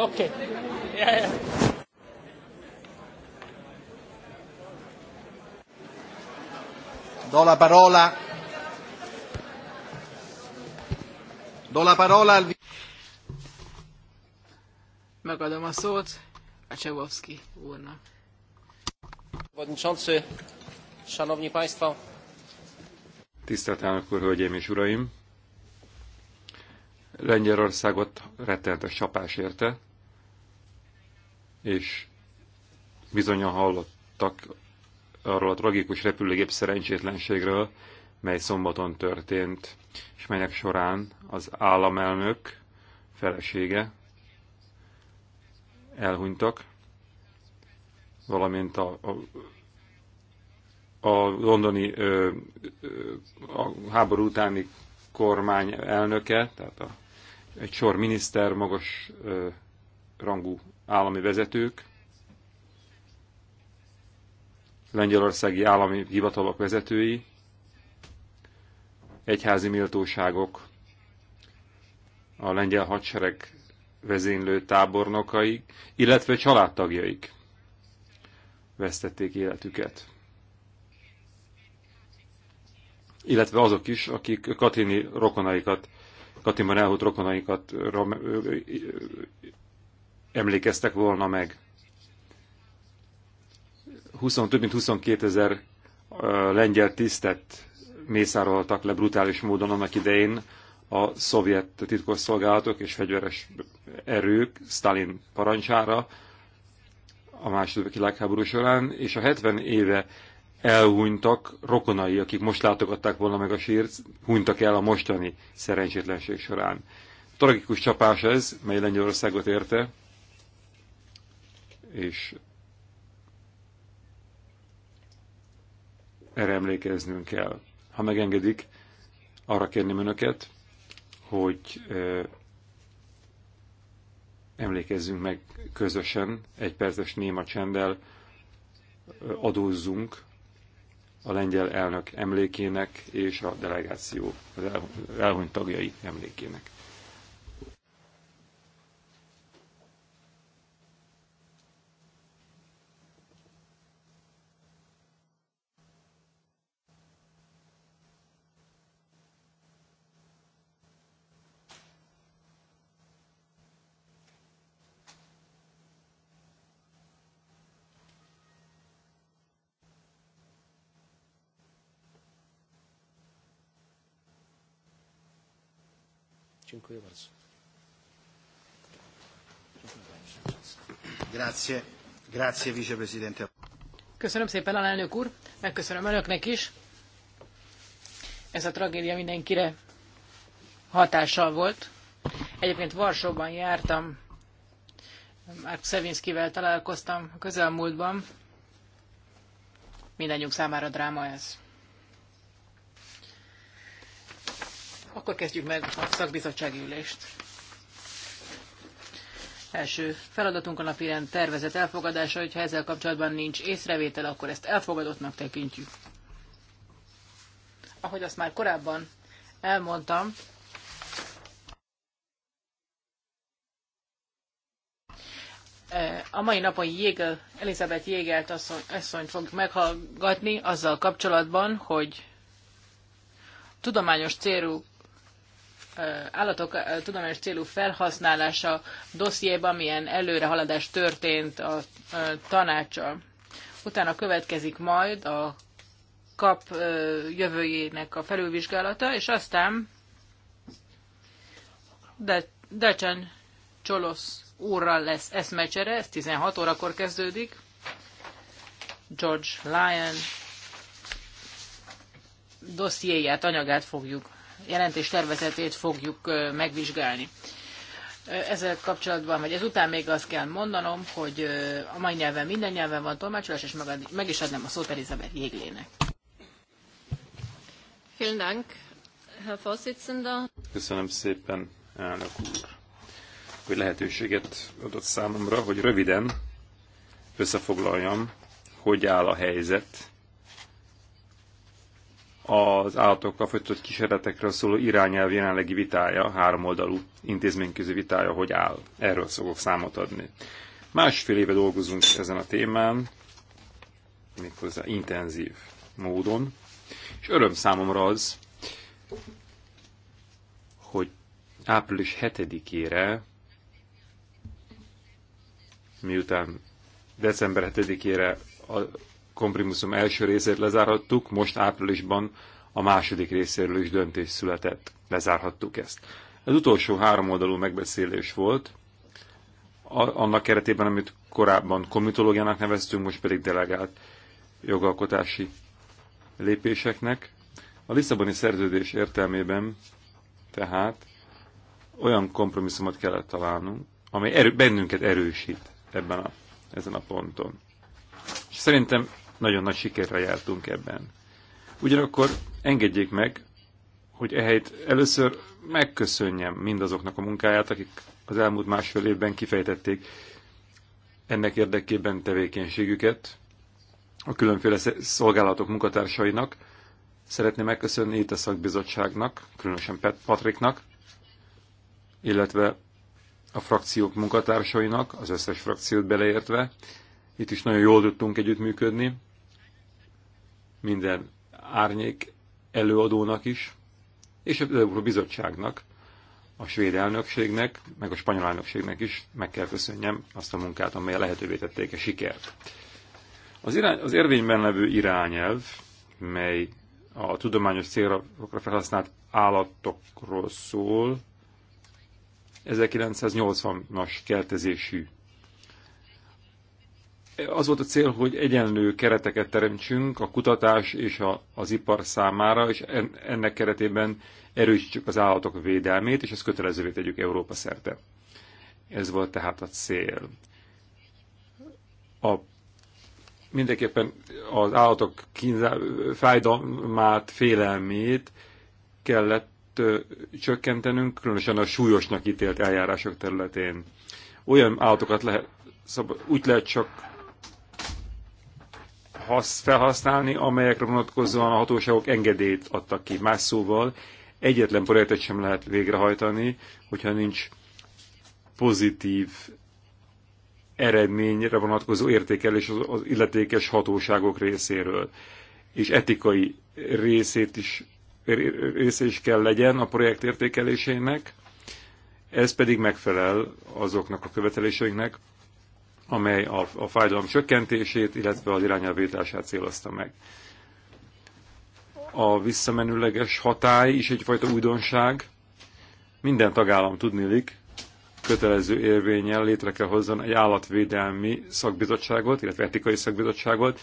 Okay. Yeah, yeah. Do la parola. Do la parola al... Megadom a szót a Csewowski úrnak. Przewodniczący, Szanowni Państwo. Tisztelt elnök úr, hölgyeim és uraim! Lengyelországot rettenetes csapás érte, és bizonyan hallottak arról a tragikus repülőgép szerencsétlenségről, mely szombaton történt, és melynek során az államelnök felesége elhunytak, valamint a, a, a londoni ö, ö, a háború utáni kormány elnöke, tehát a, egy sor miniszter, magas ö, rangú állami vezetők, lengyelországi állami hivatalok vezetői, egyházi méltóságok, a lengyel hadsereg vezénylő tábornokai, illetve családtagjaik vesztették életüket. Illetve azok is, akik Katini rokonaikat, Katinban elhult rokonaikat emlékeztek volna meg. 20, több mint 22 ezer lengyel tisztet mészároltak le brutális módon annak idején a szovjet titkosszolgálatok és fegyveres erők Stalin parancsára a második világháború során, és a 70 éve elhunytak rokonai, akik most látogatták volna meg a sírt, hunytak el a mostani szerencsétlenség során. Tragikus csapás ez, mely Lengyelországot érte, és erre emlékeznünk kell. Ha megengedik, arra kérném önöket, hogy emlékezzünk meg közösen, egy perces néma csenddel adózzunk a lengyel elnök emlékének és a delegáció, az elhunyt tagjai emlékének. Grazie. Grazie, vicepresidente. Köszönöm szépen, alelnök úr. Megköszönöm önöknek is. Ez a tragédia mindenkire hatással volt. Egyébként Varsóban jártam, Mark Szevinszkivel találkoztam a közelmúltban. Mindennyiunk számára dráma ez. Akkor kezdjük meg a szakbizottsági ülést. Első feladatunk a rend tervezett elfogadása, hogyha ezzel kapcsolatban nincs észrevétel, akkor ezt elfogadottnak tekintjük. Ahogy azt már korábban elmondtam, eh, a mai napon Jégel, Elizabeth Jégelt asszony, asszonyt fogjuk meghallgatni azzal kapcsolatban, hogy tudományos célú állatok tudományos célú felhasználása dossziéban milyen előrehaladás történt a tanácsa. Utána következik majd a kap jövőjének a felülvizsgálata, és aztán de Decsen Csolosz úrral lesz eszmecsere, ez 16 órakor kezdődik. George Lyon dossziéját, anyagát fogjuk jelentés tervezetét fogjuk megvizsgálni. Ezzel kapcsolatban, vagy ezután még azt kell mondanom, hogy a mai nyelven minden nyelven van tolmácsolás, és meg is adnám a szót Elizabeth Jéglének. Köszönöm szépen, elnök úr, hogy lehetőséget adott számomra, hogy röviden összefoglaljam, hogy áll a helyzet az állatokkal folytatott kísérletekről szóló irányelv jelenlegi vitája, háromoldalú intézményközi vitája, hogy áll. Erről szokok számot adni. Másfél éve dolgozunk ezen a témán, méghozzá intenzív módon, és öröm számomra az, hogy április 7-ére, miután december 7-ére kompromisszum első részét lezárhattuk, most áprilisban a második részéről is döntés született. Lezárhattuk ezt. Az utolsó három oldalú megbeszélés volt, annak keretében, amit korábban komitológiának neveztünk, most pedig delegált jogalkotási lépéseknek. A Lisszaboni szerződés értelmében tehát olyan kompromisszumot kellett találnunk, amely erő, bennünket erősít ebben a, ezen a ponton. És szerintem nagyon nagy sikerre jártunk ebben. Ugyanakkor engedjék meg, hogy ehelyt először megköszönjem mindazoknak a munkáját, akik az elmúlt másfél évben kifejtették ennek érdekében tevékenységüket a különféle szolgálatok munkatársainak. Szeretném megköszönni itt a szakbizottságnak, különösen Patriknak, illetve a frakciók munkatársainak, az összes frakciót beleértve. Itt is nagyon jól tudtunk együttműködni, minden árnyék előadónak is, és az Európa Bizottságnak, a svéd elnökségnek, meg a spanyol elnökségnek is meg kell köszönjem azt a munkát, amely lehetővé tették a sikert. Az, irány, az érvényben levő irányelv, mely a tudományos célra felhasznált állatokról szól, 1980-as keltezésű az volt a cél, hogy egyenlő kereteket teremtsünk a kutatás és a, az ipar számára, és en, ennek keretében erősítsük az állatok védelmét, és ezt kötelezővé tegyük Európa szerte. Ez volt tehát a cél. A, mindenképpen az állatok kínzá, fájdalmát, félelmét kellett ö, csökkentenünk, különösen a súlyosnak ítélt eljárások területén. Olyan állatokat lehet, szab, úgy lehet csak felhasználni, amelyekre vonatkozóan a hatóságok engedélyt adtak ki. Más szóval egyetlen projektet sem lehet végrehajtani, hogyha nincs pozitív eredményre vonatkozó értékelés az, az illetékes hatóságok részéről. És etikai részét is, része is kell legyen a projekt értékelésének, ez pedig megfelel azoknak a követeléseinknek, amely a, a fájdalom csökkentését, illetve az irányelvétását célozta meg. A visszamenőleges hatály is egyfajta újdonság. Minden tagállam tudnélik, kötelező érvényen létre kell hozzon egy állatvédelmi szakbizottságot, illetve etikai szakbizottságot,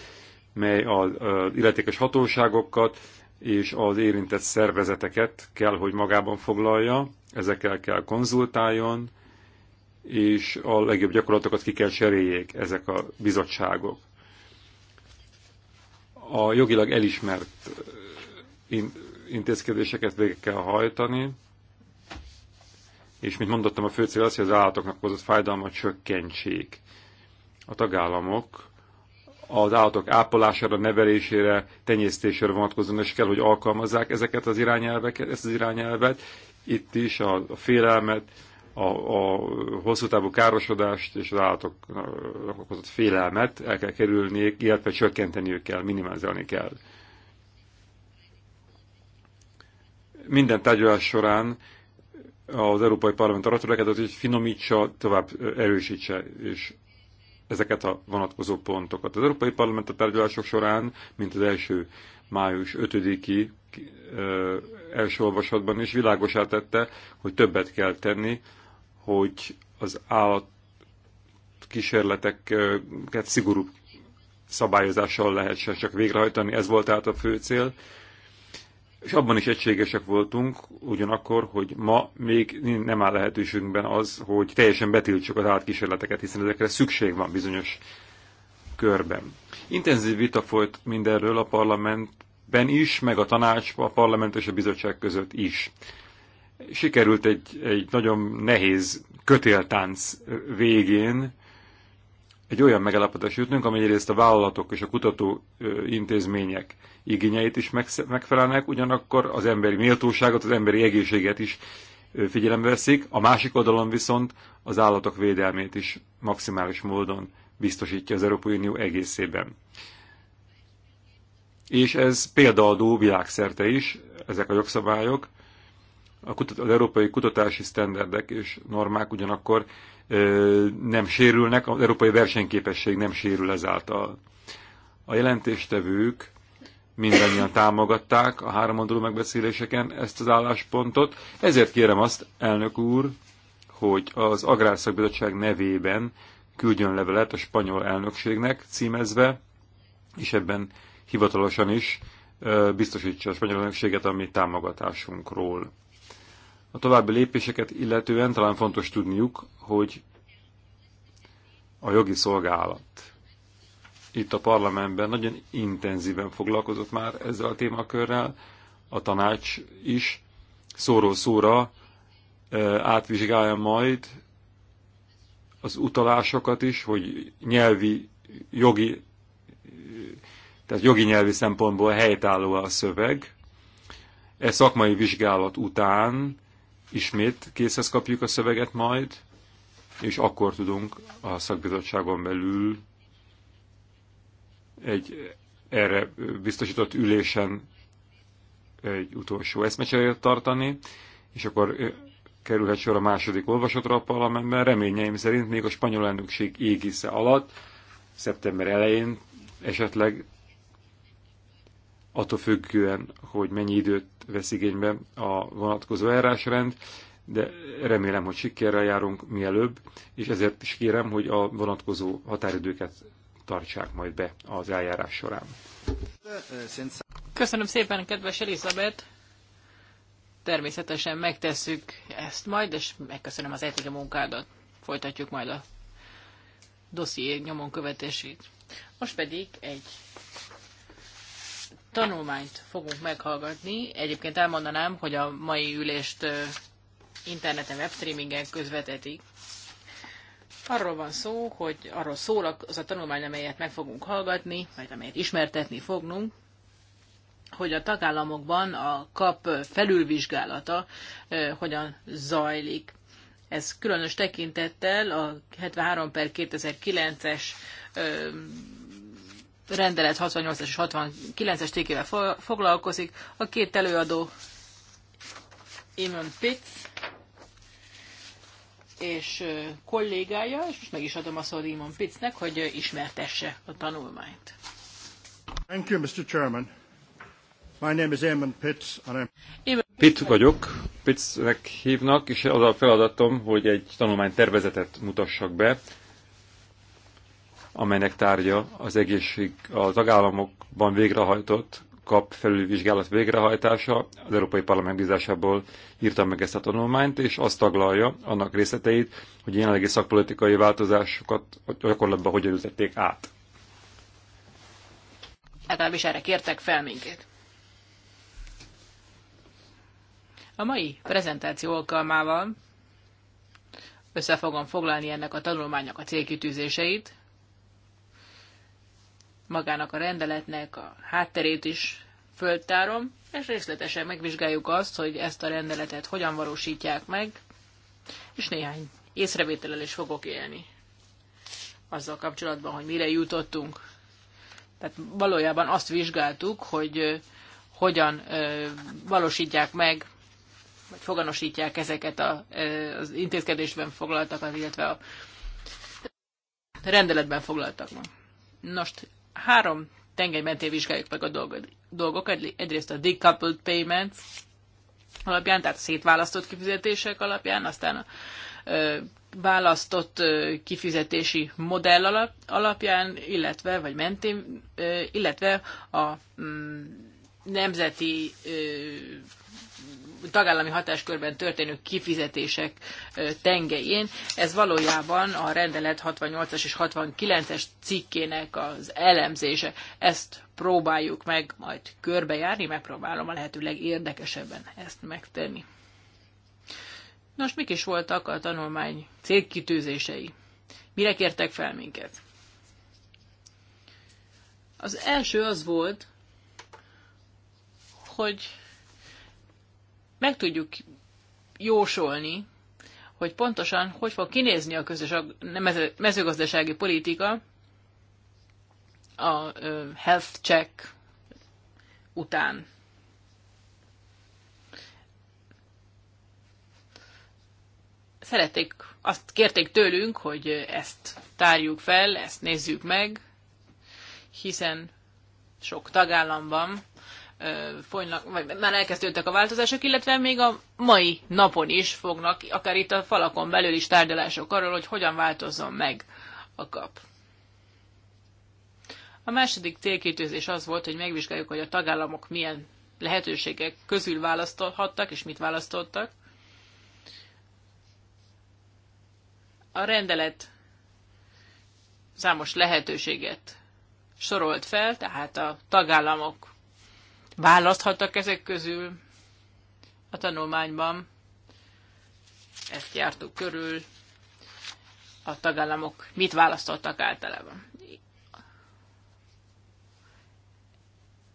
mely az illetékes hatóságokat és az érintett szervezeteket kell, hogy magában foglalja, ezekkel kell konzultáljon, és a legjobb gyakorlatokat ki kell cseréljék ezek a bizottságok. A jogilag elismert eh, intézkedéseket végig kell hajtani, és mint mondottam, a fő cél az, hogy az állatoknak hozott fájdalmat csökkentsék. A tagállamok az állatok ápolására, nevelésére, tenyésztésére vonatkozóan is kell, hogy alkalmazzák ezeket az irányelveket, ezt az irányelvet. Itt is a félelmet, a, a hosszú távú károsodást és az állatoknak okozott félelmet el kell kerülniük, illetve csökkenteniük kell, minimalizálni kell. Minden tárgyalás során az Európai Parlament arra törekedett, hogy finomítsa, tovább erősítse és ezeket a vonatkozó pontokat. Az Európai Parlament a tárgyalások során, mint az első május 5-i első olvasatban is világosá tette, hogy többet kell tenni hogy az állatkísérleteket szigorú szabályozással lehessen csak végrehajtani, ez volt tehát a fő cél. És abban is egységesek voltunk, ugyanakkor, hogy ma még nem áll lehetőségünkben az, hogy teljesen betiltsuk az állatkísérleteket, hiszen ezekre szükség van bizonyos körben. Intenzív vita folyt mindenről a parlamentben is, meg a tanács, a parlament és a bizottság között is sikerült egy, egy nagyon nehéz kötéltánc végén egy olyan megállapodás jutnunk, amely egyrészt a vállalatok és a kutató intézmények igényeit is megfelelnek, ugyanakkor az emberi méltóságot, az emberi egészséget is figyelembe veszik, a másik oldalon viszont az állatok védelmét is maximális módon biztosítja az Európai Unió egészében. És ez példaadó világszerte is, ezek a jogszabályok, a kutat, az európai kutatási sztenderdek és normák ugyanakkor ö, nem sérülnek, az európai versenyképesség nem sérül ezáltal. A jelentéstevők mindannyian támogatták a oldalú megbeszéléseken ezt az álláspontot, ezért kérem azt, elnök úr, hogy az Agrárszakbizottság nevében küldjön levelet a spanyol elnökségnek címezve, és ebben hivatalosan is biztosítsa a spanyol elnökséget a mi támogatásunkról. A további lépéseket illetően talán fontos tudniuk, hogy a jogi szolgálat itt a parlamentben nagyon intenzíven foglalkozott már ezzel a témakörrel, a tanács is szóról szóra e, átvizsgálja majd az utalásokat is, hogy nyelvi, jogi, e, tehát jogi nyelvi szempontból helytálló a szöveg. E szakmai vizsgálat után Ismét készhez kapjuk a szöveget majd, és akkor tudunk a szakbizottságon belül egy erre biztosított ülésen egy utolsó eszmecserét tartani, és akkor kerülhet sor a második olvasatra a parlamentben. Reményeim szerint még a spanyol elnökség égisze alatt, szeptember elején esetleg attól függően, hogy mennyi időt vesz igénybe a vonatkozó eljárásrend, de remélem, hogy sikerrel járunk mielőbb, és ezért is kérem, hogy a vonatkozó határidőket tartsák majd be az eljárás során. Köszönöm szépen, kedves Elizabeth! Természetesen megtesszük ezt majd, és megköszönöm az a munkádat. Folytatjuk majd a dosszié nyomon követését. Most pedig egy tanulmányt fogunk meghallgatni. Egyébként elmondanám, hogy a mai ülést interneten webstreamingen közvetetik. Arról van szó, hogy arról szól az a tanulmány, amelyet meg fogunk hallgatni, vagy amelyet ismertetni fognunk, hogy a tagállamokban a kap felülvizsgálata hogyan zajlik. Ez különös tekintettel a 73 per 2009-es rendelet 68-as és 69-es tékével foglalkozik. A két előadó Imon Pitts és kollégája, és most meg is adom a szót Imon Pittsnek, hogy ismertesse a tanulmányt. Thank you, Mr. Chairman. My name is Eamon Pitts, and I'm... Eamon Pitt vagyok, Pitznek hívnak, és az a feladatom, hogy egy tanulmány tervezetet mutassak be, amelynek tárgya az egészség a tagállamokban végrehajtott kap felülvizsgálat végrehajtása, az Európai Parlament bízásából írtam meg ezt a tanulmányt, és azt taglalja annak részleteit, hogy jelenlegi szakpolitikai változásokat gyakorlatban hogyan ütették át. Legalábbis erre kértek fel minket. A mai prezentáció alkalmával össze fogom foglalni ennek a tanulmánynak a célkitűzéseit, magának a rendeletnek a hátterét is föltárom, és részletesen megvizsgáljuk azt, hogy ezt a rendeletet hogyan valósítják meg, és néhány észrevétellel is fogok élni azzal kapcsolatban, hogy mire jutottunk. Tehát valójában azt vizsgáltuk, hogy hogyan valósítják meg, vagy foganosítják ezeket a, az intézkedésben foglaltakat, illetve a rendeletben foglaltak Most Három tengely mentén vizsgáljuk meg a dolgokat. Egyrészt a decoupled payments alapján, tehát szétválasztott kifizetések alapján, aztán a választott kifizetési modell alap, alapján, illetve, vagy mentén, illetve a mm, nemzeti tagállami hatáskörben történő kifizetések tengelyén. Ez valójában a rendelet 68-as és 69-es cikkének az elemzése. Ezt próbáljuk meg majd körbejárni, megpróbálom a lehető legérdekesebben ezt megtenni. Nos, mik is voltak a tanulmány célkitűzései? Mire kértek fel minket? Az első az volt, hogy meg tudjuk jósolni, hogy pontosan hogy fog kinézni a közös mezőgazdasági politika a health check után. Szerették, azt kérték tőlünk, hogy ezt tárjuk fel, ezt nézzük meg, hiszen sok tagállamban folynak, vagy már elkezdődtek a változások, illetve még a mai napon is fognak, akár itt a falakon belül is tárgyalások arról, hogy hogyan változzon meg a kap. A második célkítőzés az volt, hogy megvizsgáljuk, hogy a tagállamok milyen lehetőségek közül választhattak, és mit választottak. A rendelet számos lehetőséget sorolt fel, tehát a tagállamok választhattak ezek közül a tanulmányban. Ezt jártuk körül, a tagállamok mit választottak általában.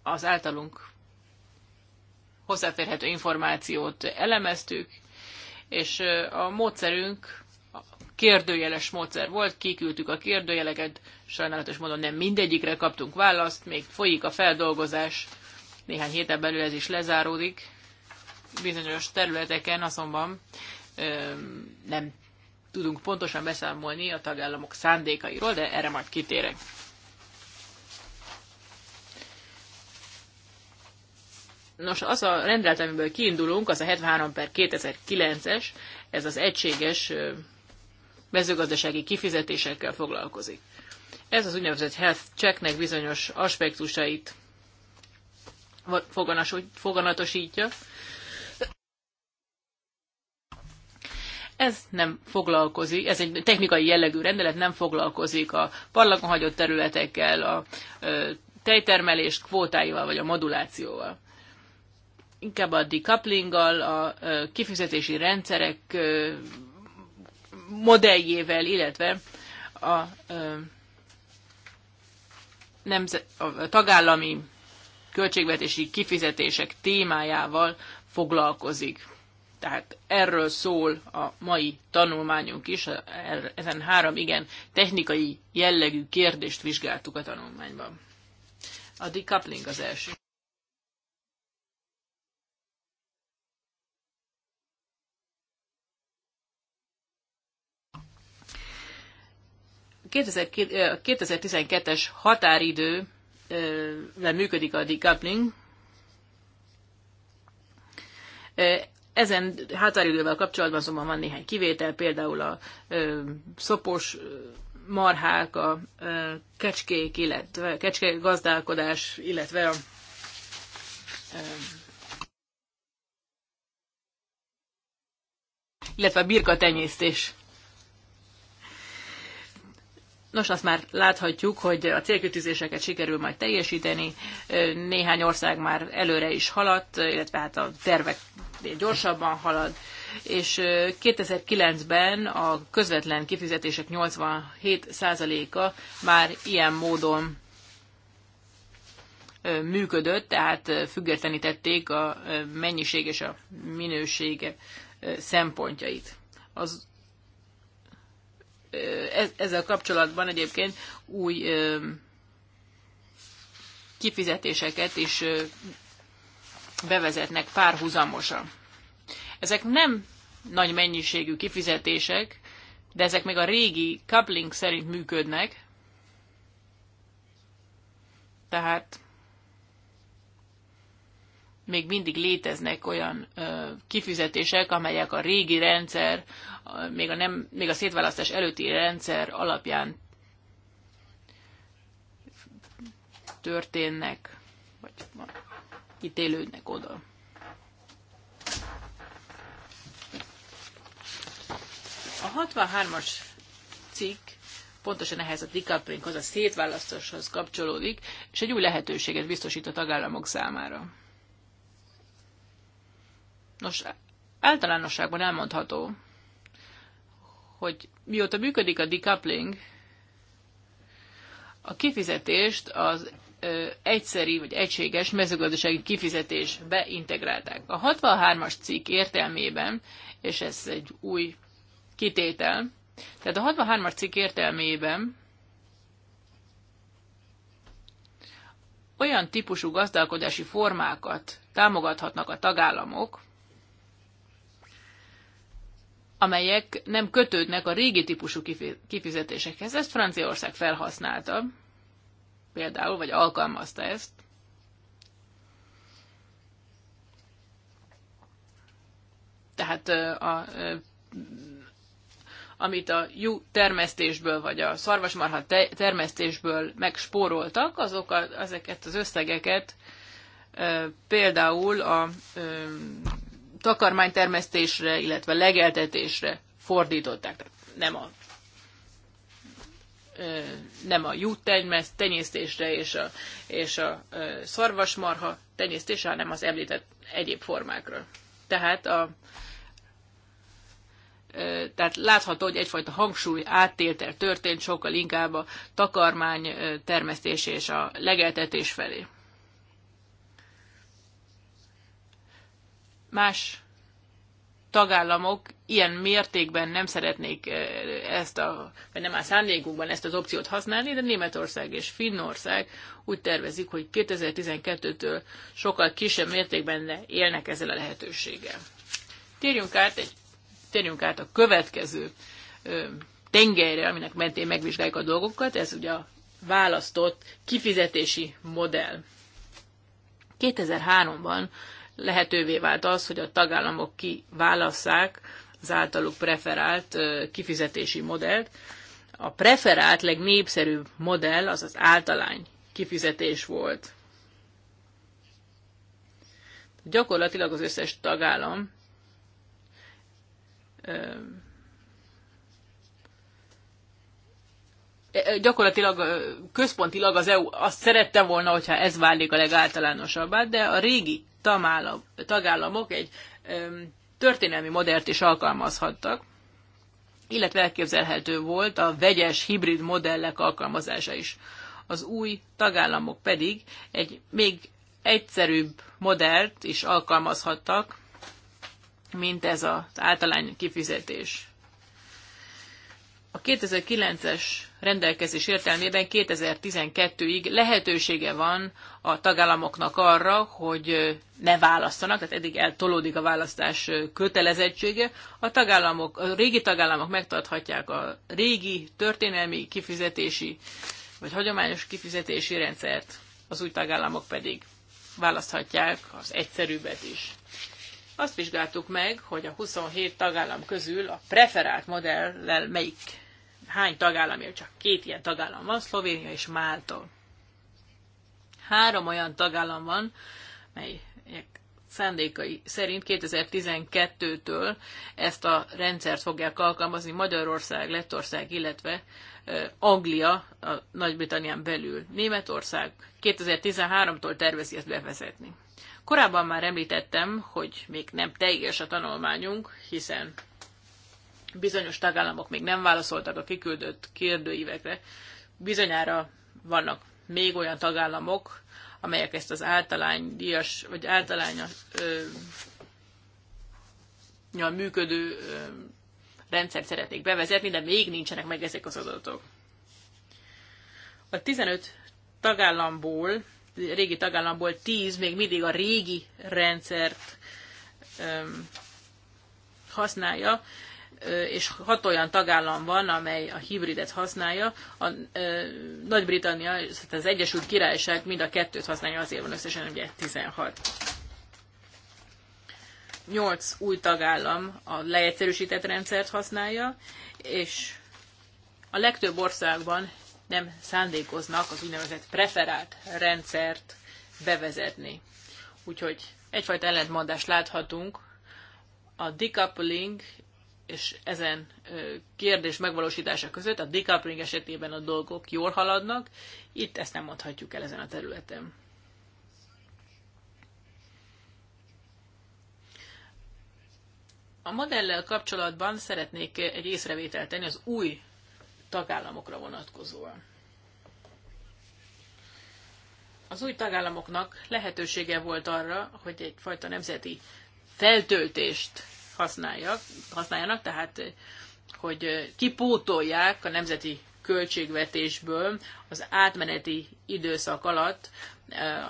Az általunk hozzáférhető információt elemeztük, és a módszerünk a kérdőjeles módszer volt, kiküldtük a kérdőjeleket, sajnálatos módon nem mindegyikre kaptunk választ, még folyik a feldolgozás, néhány héten belül ez is lezáródik. Bizonyos területeken azonban nem tudunk pontosan beszámolni a tagállamok szándékairól, de erre majd kitérek. Nos, az a rendelet, amiből kiindulunk, az a 73 per 2009-es, ez az egységes mezőgazdasági kifizetésekkel foglalkozik. Ez az úgynevezett health checknek bizonyos aspektusait foganatosítja. Ez nem foglalkozik, ez egy technikai jellegű rendelet, nem foglalkozik a parlagon hagyott területekkel, a tejtermelés kvótáival vagy a modulációval inkább a decouplinggal, a kifizetési rendszerek modelljével, illetve a, nemzet, a tagállami költségvetési kifizetések témájával foglalkozik. Tehát erről szól a mai tanulmányunk is, ezen három igen technikai jellegű kérdést vizsgáltuk a tanulmányban. A decoupling az első. A 2012-es határidő működik a decoupling. Ezen határidővel kapcsolatban azonban van néhány kivétel, például a szopos marhák, a kecskék, illetve kecske gazdálkodás, illetve a illetve a birka tenyésztés. Nos, azt már láthatjuk, hogy a célkütőzéseket sikerül majd teljesíteni. Néhány ország már előre is haladt, illetve hát a tervek gyorsabban halad, és 2009-ben a közvetlen kifizetések 87%-a már ilyen módon működött, tehát függetlenítették a mennyiség és a minősége szempontjait. Az ezzel kapcsolatban egyébként új kifizetéseket is bevezetnek párhuzamosan. Ezek nem nagy mennyiségű kifizetések, de ezek még a régi coupling szerint működnek, tehát még mindig léteznek olyan kifizetések, amelyek a régi rendszer, még a, nem, még a szétválasztás előtti rendszer alapján történnek, vagy ítélődnek oda. A 63-as cikk pontosan ehhez a decouplinghoz, a szétválasztáshoz kapcsolódik, és egy új lehetőséget biztosít a tagállamok számára. Nos, általánosságban elmondható, hogy mióta működik a decoupling, a kifizetést az egyszeri vagy egységes mezőgazdasági kifizetésbe integrálták. A 63-as cikk értelmében, és ez egy új kitétel, tehát a 63-as cikk értelmében olyan típusú gazdálkodási formákat támogathatnak a tagállamok, amelyek nem kötődnek a régi típusú kifizetésekhez. Ezt Franciaország felhasználta, például, vagy alkalmazta ezt. Tehát a amit a jó termesztésből, vagy a szarvasmarha termesztésből megspóroltak, azok a, ezeket az összegeket például a takarmánytermesztésre, illetve legeltetésre fordították. Tehát nem a nem a jút tenyésztésre és a, és a szarvasmarha tenyésztésre, hanem az említett egyéb formákra. Tehát a, tehát látható, hogy egyfajta hangsúly áttétel történt sokkal inkább a takarmány termesztés és a legeltetés felé. más tagállamok ilyen mértékben nem szeretnék eh, ezt a, vagy nem áll szándékukban ezt az opciót használni, de Németország és Finnország úgy tervezik, hogy 2012-től sokkal kisebb mértékben élnek ezzel a lehetőséggel. Térjünk át, egy, térjünk át a következő ö, tengelyre, aminek mentén megvizsgáljuk a dolgokat, ez ugye a választott kifizetési modell. 2003-ban lehetővé vált az, hogy a tagállamok kiválasszák az általuk preferált kifizetési modellt. A preferált legnépszerűbb modell az az általány kifizetés volt. Gyakorlatilag az összes tagállam gyakorlatilag központilag az EU azt szerette volna, hogyha ez válik a legáltalánosabbá, de a régi tagállamok egy történelmi modellt is alkalmazhattak, illetve elképzelhető volt a vegyes hibrid modellek alkalmazása is. Az új tagállamok pedig egy még egyszerűbb modellt is alkalmazhattak, mint ez az általány kifizetés. A 2009-es rendelkezés értelmében 2012-ig lehetősége van a tagállamoknak arra, hogy ne választanak, tehát eddig eltolódik a választás kötelezettsége. A, tagállamok, a régi tagállamok megtarthatják a régi történelmi kifizetési vagy hagyományos kifizetési rendszert, az új tagállamok pedig választhatják az egyszerűbbet is. Azt vizsgáltuk meg, hogy a 27 tagállam közül a preferált modellel melyik hány tagállamért csak két ilyen tagállam van, Szlovénia és Málta. Három olyan tagállam van, melyek szándékai szerint 2012-től ezt a rendszert fogják alkalmazni Magyarország, Lettország, illetve Anglia a Nagy-Britannián belül. Németország 2013-tól tervezi ezt bevezetni. Korábban már említettem, hogy még nem teljes a tanulmányunk, hiszen Bizonyos tagállamok még nem válaszoltak a kiküldött kérdőívekre. Bizonyára vannak még olyan tagállamok, amelyek ezt az díjas, vagy általányos ö, működő ö, rendszert szeretnék bevezetni, de még nincsenek meg ezek az adatok. A 15 tagállamból, régi tagállamból 10 még mindig a régi rendszert ö, használja, és hat olyan tagállam van, amely a hibridet használja. A Nagy-Britannia, az Egyesült Királyság mind a kettőt használja, azért van összesen ugye 16. Nyolc új tagállam a leegyszerűsített rendszert használja, és a legtöbb országban nem szándékoznak az úgynevezett preferált rendszert bevezetni. Úgyhogy egyfajta ellentmondást láthatunk a decoupling és ezen kérdés megvalósítása között a decoupling esetében a dolgok jól haladnak, itt ezt nem mondhatjuk el ezen a területen. A modellel kapcsolatban szeretnék egy észrevételt tenni az új tagállamokra vonatkozóan. Az új tagállamoknak lehetősége volt arra, hogy egyfajta nemzeti feltöltést használjanak, tehát hogy kipótolják a nemzeti költségvetésből az átmeneti időszak alatt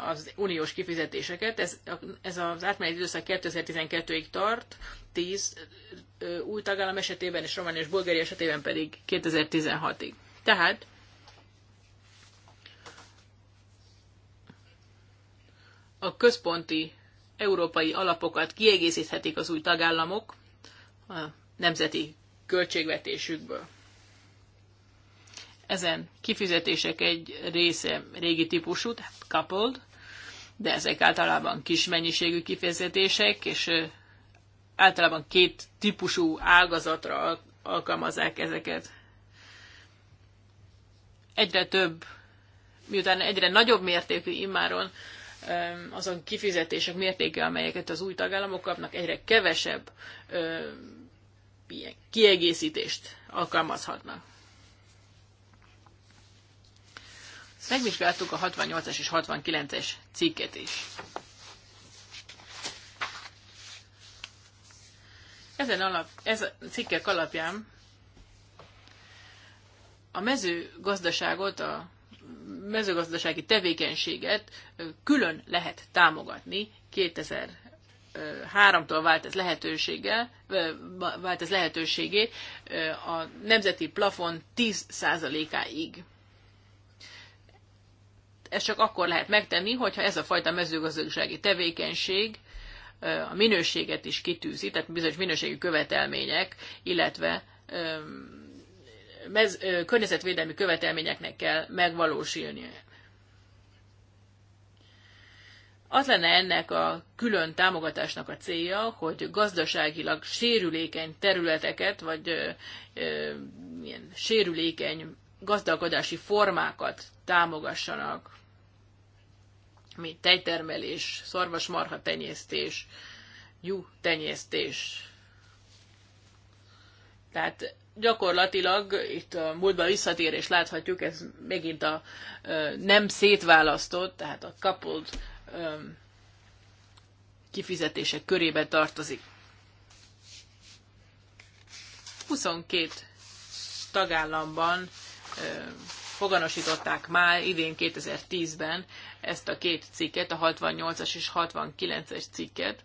az uniós kifizetéseket. Ez, ez az átmeneti időszak 2012-ig tart, 10 új tagállam esetében és Románia és Bulgária esetében pedig 2016-ig. Tehát a központi európai alapokat kiegészíthetik az új tagállamok a nemzeti költségvetésükből. Ezen kifizetések egy része régi típusú, tehát coupled, de ezek általában kis mennyiségű kifizetések, és általában két típusú ágazatra alkalmazzák ezeket. Egyre több, miután egyre nagyobb mértékű immáron azon kifizetések mértéke, amelyeket az új tagállamok kapnak, egyre kevesebb ilyen kiegészítést alkalmazhatnak. Megvizsgáltuk a 68-as és 69-es cikket is. Ezen alap, ez a cikkek alapján a mezőgazdaságot a mezőgazdasági tevékenységet külön lehet támogatni 2003 háromtól vált ez lehetősége, vált ez lehetőségé a nemzeti plafon 10%-áig. Ezt csak akkor lehet megtenni, hogyha ez a fajta mezőgazdasági tevékenység a minőséget is kitűzi, tehát bizonyos minőségi követelmények, illetve mez, környezetvédelmi követelményeknek kell megvalósulnia. Az lenne ennek a külön támogatásnak a célja, hogy gazdaságilag sérülékeny területeket, vagy ö, ö, ilyen sérülékeny gazdalkodási formákat támogassanak, mint tejtermelés, szarvasmarha tenyésztés, jó tenyésztés. Tehát gyakorlatilag itt a múltban visszatérés láthatjuk, ez megint a nem szétválasztott, tehát a coupled kifizetések körébe tartozik. 22 tagállamban foganosították már idén 2010-ben ezt a két cikket, a 68-as és 69-es cikket.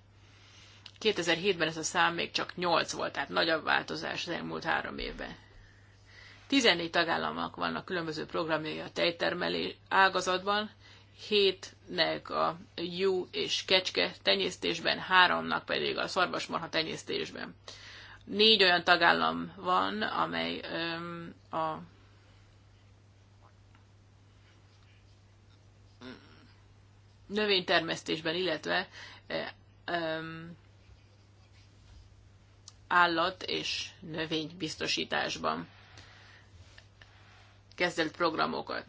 2007-ben ez a szám még csak 8 volt, tehát nagyobb változás az elmúlt három évben. 14 tagállamnak vannak különböző programjai a tejtermelé ágazatban, 7-nek a jú és kecske tenyésztésben, 3-nak pedig a szarvasmarha tenyésztésben. Négy olyan tagállam van, amely öm, a növénytermesztésben, illetve öm, állat és növénybiztosításban kezdett programokat.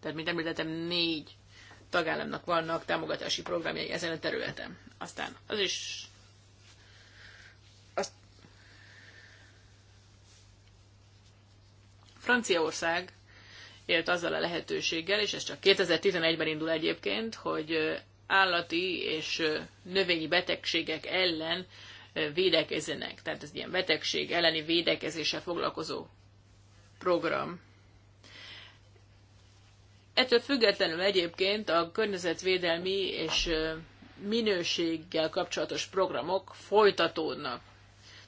Tehát, mint említettem, négy tagállamnak vannak támogatási programjai ezen a területen. Aztán az is azt Franciaország élt azzal a lehetőséggel, és ez csak 2011-ben indul egyébként, hogy állati és növényi betegségek ellen védekezzenek. Tehát ez ilyen betegség elleni védekezéssel foglalkozó program. Ettől függetlenül egyébként a környezetvédelmi és minőséggel kapcsolatos programok folytatódnak.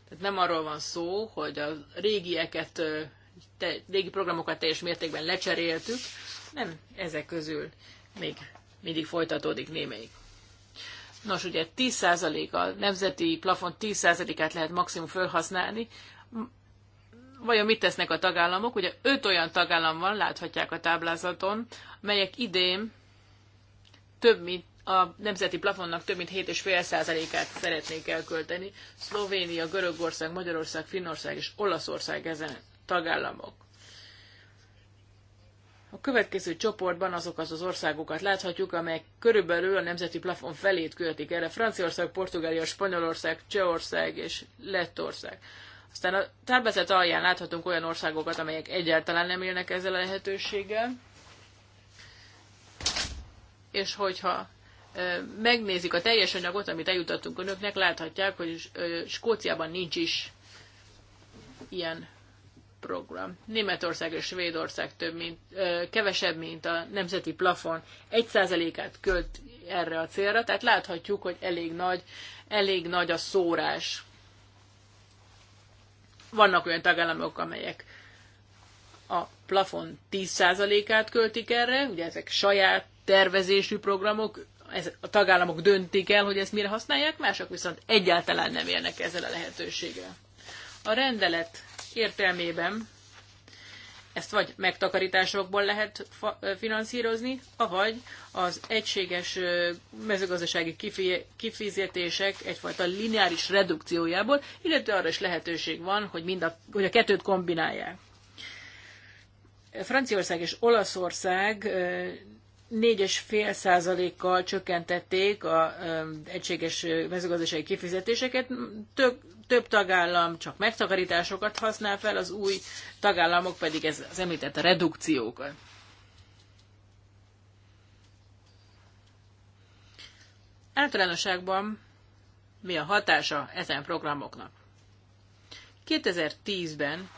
Tehát nem arról van szó, hogy a régieket, régi programokat teljes mértékben lecseréltük, nem ezek közül még mindig folytatódik némelyik. Nos, ugye 10% a nemzeti plafon 10%-át lehet maximum felhasználni. Vajon mit tesznek a tagállamok? Ugye öt olyan tagállam van, láthatják a táblázaton, melyek idén több mint a nemzeti plafonnak több mint 7,5%-át szeretnék elkölteni. Szlovénia, Görögország, Magyarország, Finnország és Olaszország ezen tagállamok. A következő csoportban azok az az országokat láthatjuk, amelyek körülbelül a nemzeti plafon felét költik erre. Franciaország, Portugália, Spanyolország, Csehország és Lettország. Aztán a táblázat alján láthatunk olyan országokat, amelyek egyáltalán nem élnek ezzel a lehetőséggel. És hogyha megnézik a teljes anyagot, amit eljutottunk önöknek, láthatják, hogy Skóciában nincs is ilyen program. Németország és Svédország több mint, ö, kevesebb, mint a nemzeti plafon 1%-át költ erre a célra, tehát láthatjuk, hogy elég nagy, elég nagy a szórás. Vannak olyan tagállamok, amelyek a plafon 10%-át költik erre, ugye ezek saját tervezésű programok, ez, a tagállamok döntik el, hogy ezt mire használják, mások viszont egyáltalán nem élnek ezzel a lehetőséggel. A rendelet értelmében ezt vagy megtakarításokból lehet finanszírozni, avagy az egységes mezőgazdasági kifizetések egyfajta lineáris redukciójából, illetve arra is lehetőség van, hogy, mind a, hogy a kettőt kombinálják. Franciaország és Olaszország 4,5 százalékkal csökkentették az egységes mezőgazdasági kifizetéseket, több tagállam csak megtakarításokat használ fel, az új tagállamok pedig ez, az említett a redukciókat. Általánosságban mi a hatása ezen programoknak? 2010-ben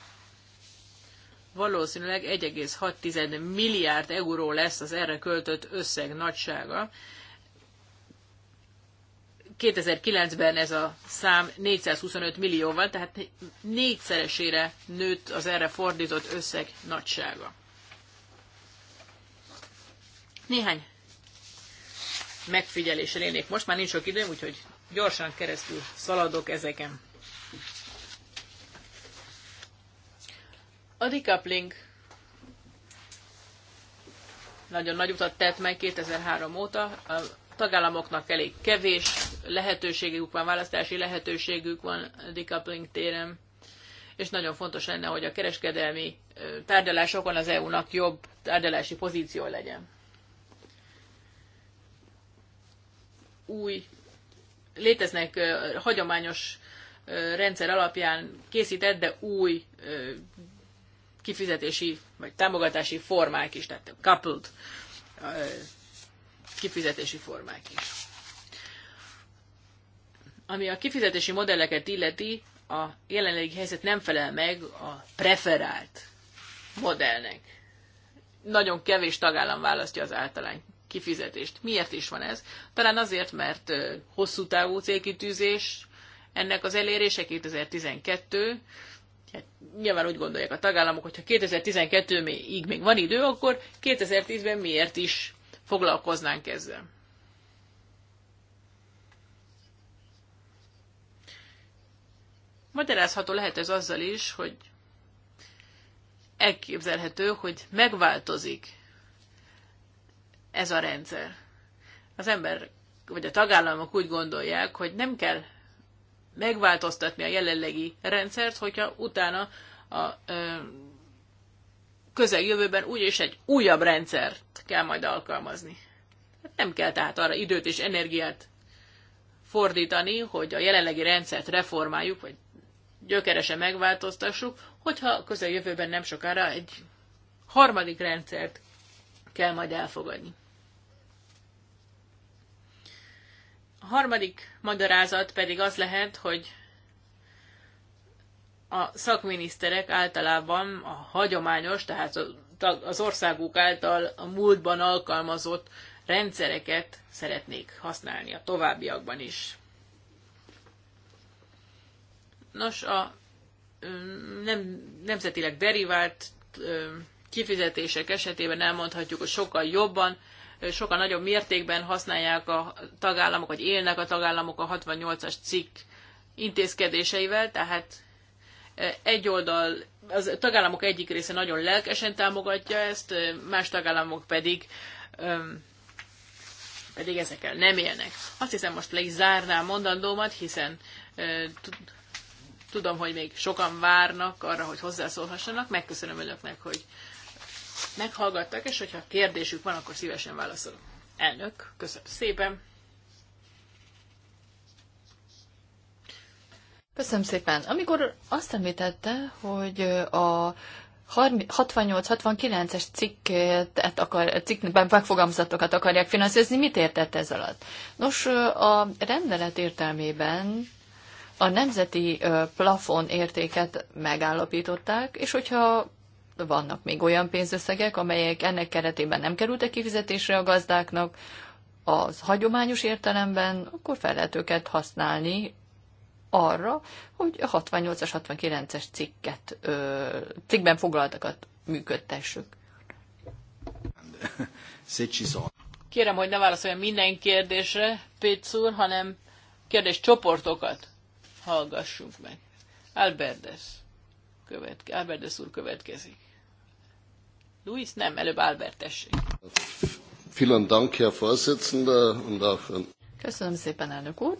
valószínűleg 1,6 milliárd euró lesz az erre költött összeg nagysága, 2009-ben ez a szám 425 millióval, tehát négyszeresére nőtt az erre fordított összeg nagysága. Néhány megfigyelésre lennék. Most már nincs sok időm, úgyhogy gyorsan keresztül szaladok ezeken. A decoupling nagyon nagy utat tett meg 2003 óta. A tagállamoknak elég kevés lehetőségük van, választási lehetőségük van decoupling téren, és nagyon fontos lenne, hogy a kereskedelmi tárgyalásokon az EU-nak jobb tárgyalási pozíció legyen. Új, léteznek hagyományos rendszer alapján készített, de új kifizetési vagy támogatási formák is, tehát coupled kifizetési formák is. Ami a kifizetési modelleket illeti, a jelenlegi helyzet nem felel meg a preferált modellnek. Nagyon kevés tagállam választja az általány kifizetést. Miért is van ez? Talán azért, mert hosszú távú célkitűzés ennek az elérése 2012, hát nyilván úgy gondolják a tagállamok, hogyha 2012-ig még van idő, akkor 2010-ben miért is foglalkoznánk ezzel. Magyarázható lehet ez azzal is, hogy elképzelhető, hogy megváltozik ez a rendszer. Az ember, vagy a tagállamok úgy gondolják, hogy nem kell megváltoztatni a jelenlegi rendszert, hogyha utána a ö, közeljövőben úgyis egy újabb rendszert kell majd alkalmazni. Hát nem kell tehát arra időt és energiát fordítani, hogy a jelenlegi rendszert reformáljuk, vagy gyökeresen megváltoztassuk, hogyha közeljövőben nem sokára egy harmadik rendszert kell majd elfogadni. A harmadik magyarázat pedig az lehet, hogy a szakminiszterek általában a hagyományos, tehát az országuk által a múltban alkalmazott rendszereket szeretnék használni a továbbiakban is. Nos, a nem, nemzetileg derivált kifizetések esetében elmondhatjuk, hogy sokkal jobban, sokkal nagyobb mértékben használják a tagállamok, vagy élnek a tagállamok a 68-as cikk intézkedéseivel, tehát egy oldal, az tagállamok egyik része nagyon lelkesen támogatja ezt, más tagállamok pedig pedig ezekkel nem élnek. Azt hiszem, most le is zárnám mondandómat, hiszen Tudom, hogy még sokan várnak arra, hogy hozzászólhassanak. Megköszönöm önöknek, hogy meghallgattak, és hogyha kérdésük van, akkor szívesen válaszolok. Elnök, köszönöm szépen. Köszönöm szépen. Amikor azt említette, hogy a 68-69-es cikket akar, cikkben megfogalmazatokat akarják finanszírozni, mit értett ez alatt? Nos, a rendelet értelmében a nemzeti plafon értéket megállapították, és hogyha vannak még olyan pénzösszegek, amelyek ennek keretében nem kerültek kifizetésre a gazdáknak, az hagyományos értelemben, akkor fel lehet őket használni arra, hogy a 68-as, 69-es cikket, ö, cikkben foglaltakat működtessük. Kérem, hogy ne válaszoljon minden kérdésre, Pécs úr, hanem csoportokat hallgassunk meg. Alberdes. Követke, Alberdes úr következik. Luis, nem, előbb Albert, tessék. Vielen Dank, Herr Vorsitzender, und auch... Köszönöm szépen, elnök úr.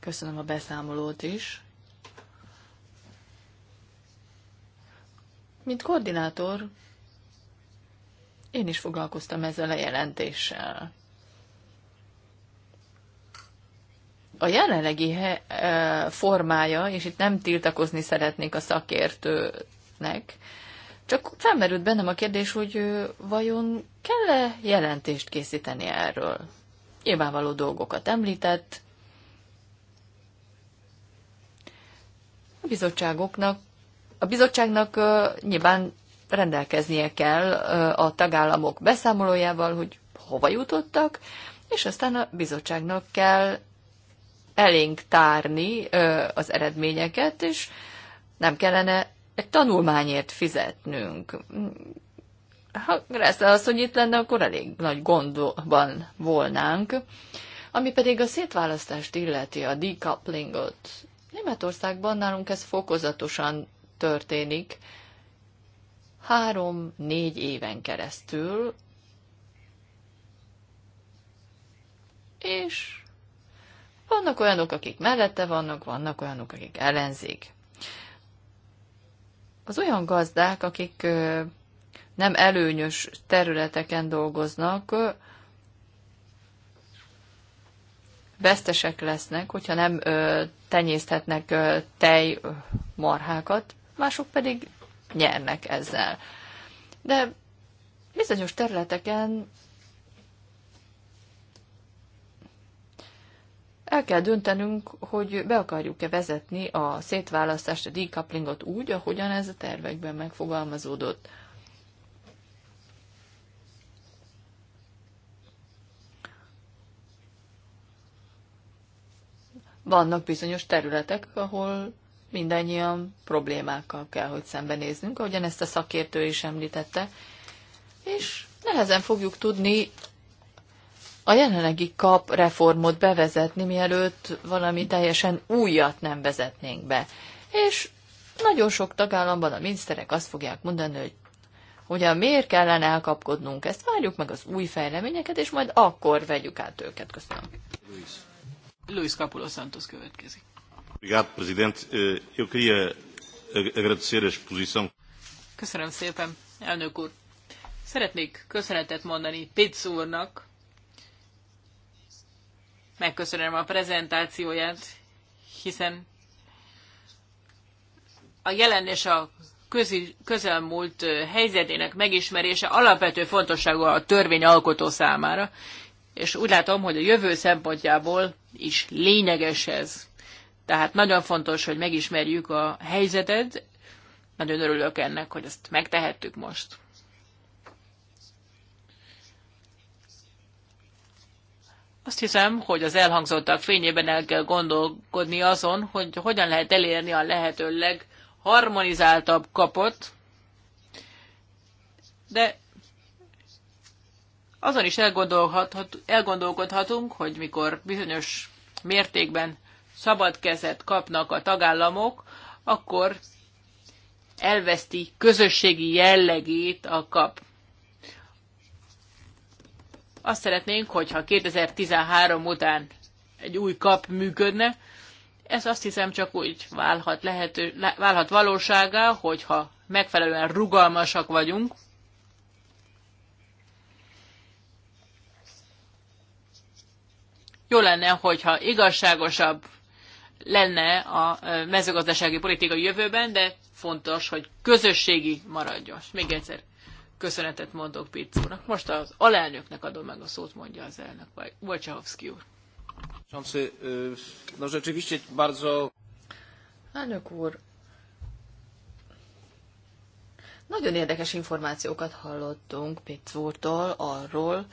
Köszönöm a beszámolót is. Mint koordinátor, én is foglalkoztam ezzel a jelentéssel. a jelenlegi formája, és itt nem tiltakozni szeretnék a szakértőnek, csak felmerült bennem a kérdés, hogy vajon kell-e jelentést készíteni erről? Nyilvánvaló dolgokat említett. A bizottságoknak, a bizottságnak nyilván rendelkeznie kell a tagállamok beszámolójával, hogy hova jutottak, és aztán a bizottságnak kell elénk tárni az eredményeket, és nem kellene egy tanulmányért fizetnünk. Ha Gresszel az, hogy itt lenne, akkor elég nagy gondban volnánk. Ami pedig a szétválasztást illeti, a decouplingot. Németországban nálunk ez fokozatosan történik. Három-négy éven keresztül, és vannak olyanok, akik mellette vannak, vannak olyanok, akik ellenzik. Az olyan gazdák, akik nem előnyös területeken dolgoznak, vesztesek lesznek, hogyha nem tenyészthetnek tejmarhákat, mások pedig nyernek ezzel. De bizonyos területeken el kell döntenünk, hogy be akarjuk-e vezetni a szétválasztást, a decouplingot úgy, ahogyan ez a tervekben megfogalmazódott. Vannak bizonyos területek, ahol mindannyian problémákkal kell, hogy szembenéznünk, ahogyan ezt a szakértő is említette, és nehezen fogjuk tudni a jelenlegi kap reformot bevezetni, mielőtt valami teljesen újat nem vezetnénk be. És nagyon sok tagállamban a miniszterek azt fogják mondani, hogy hogyan miért kellene elkapkodnunk ezt, várjuk meg az új fejleményeket, és majd akkor vegyük át őket. Köszönöm. Luis, Capulo Santos következik. Obrigado, Presidente. Eh, eu queria agradecer a exposição. Köszönöm szépen, elnök úr. Szeretnék köszönetet mondani Pitz úrnak megköszönöm a prezentációját, hiszen a jelen és a közi, közelmúlt helyzetének megismerése alapvető fontosságú a törvényalkotó számára, és úgy látom, hogy a jövő szempontjából is lényeges ez. Tehát nagyon fontos, hogy megismerjük a helyzetet, nagyon örülök ennek, hogy ezt megtehettük most. Azt hiszem, hogy az elhangzottak fényében el kell gondolkodni azon, hogy hogyan lehet elérni a lehető legharmonizáltabb kapot, de azon is elgondolkodhatunk, hogy mikor bizonyos mértékben szabad kezet kapnak a tagállamok, akkor elveszti közösségi jellegét a kap. Azt szeretnénk, hogyha 2013 után egy új kap működne, ez azt hiszem csak úgy válhat, lehető, válhat valóságá, hogyha megfelelően rugalmasak vagyunk, jó lenne, hogyha igazságosabb lenne a mezőgazdasági politika jövőben, de fontos, hogy közösségi maradjon. Még egyszer köszönetet mondok Pirc úrnak. Most az alelnöknek adom meg a szót, mondja az elnök, vagy Wojciechowski úr. No rzeczywiście bardzo... Elnök úr, nagyon érdekes információkat hallottunk Pitz úrtól arról,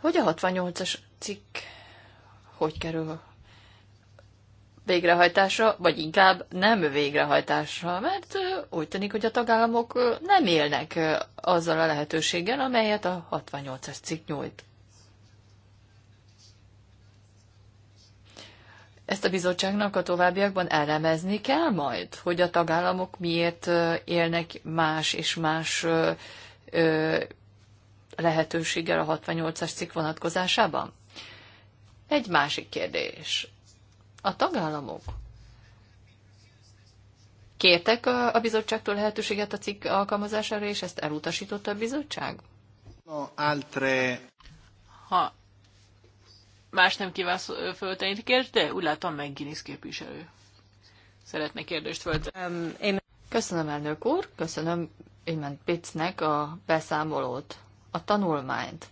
hogy a 68-as cikk hogy kerül végrehajtása vagy inkább nem végrehajtása, mert úgy tűnik, hogy a tagállamok nem élnek azzal a lehetőséggel, amelyet a 68-as cikk nyújt. Ezt a bizottságnak a továbbiakban elemezni kell majd, hogy a tagállamok miért élnek más és más lehetőséggel a 68-as cikk vonatkozásában? Egy másik kérdés a tagállamok kértek a bizottságtól lehetőséget a cikk alkalmazására, és ezt elutasította a bizottság? No, altre... Ha más nem kíván föltenni kérdést, de úgy látom meg Guinness képviselő. Szeretne kérdést föltenni. Um, én... Köszönöm, elnök úr, köszönöm Imen Pitznek a beszámolót, a tanulmányt.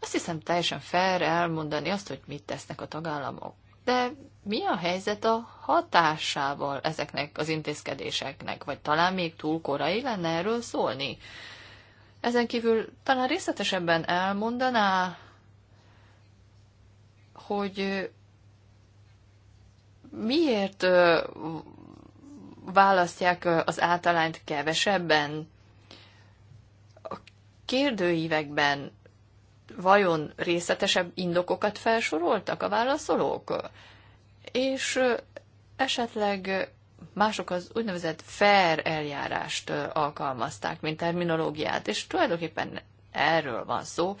Azt hiszem teljesen fair elmondani azt, hogy mit tesznek a tagállamok de mi a helyzet a hatásával ezeknek az intézkedéseknek, vagy talán még túl korai lenne erről szólni? Ezen kívül talán részletesebben elmondaná, hogy miért választják az általányt kevesebben? A kérdőívekben vajon részletesebb indokokat felsoroltak a válaszolók? És esetleg mások az úgynevezett fair eljárást alkalmazták, mint terminológiát, és tulajdonképpen erről van szó,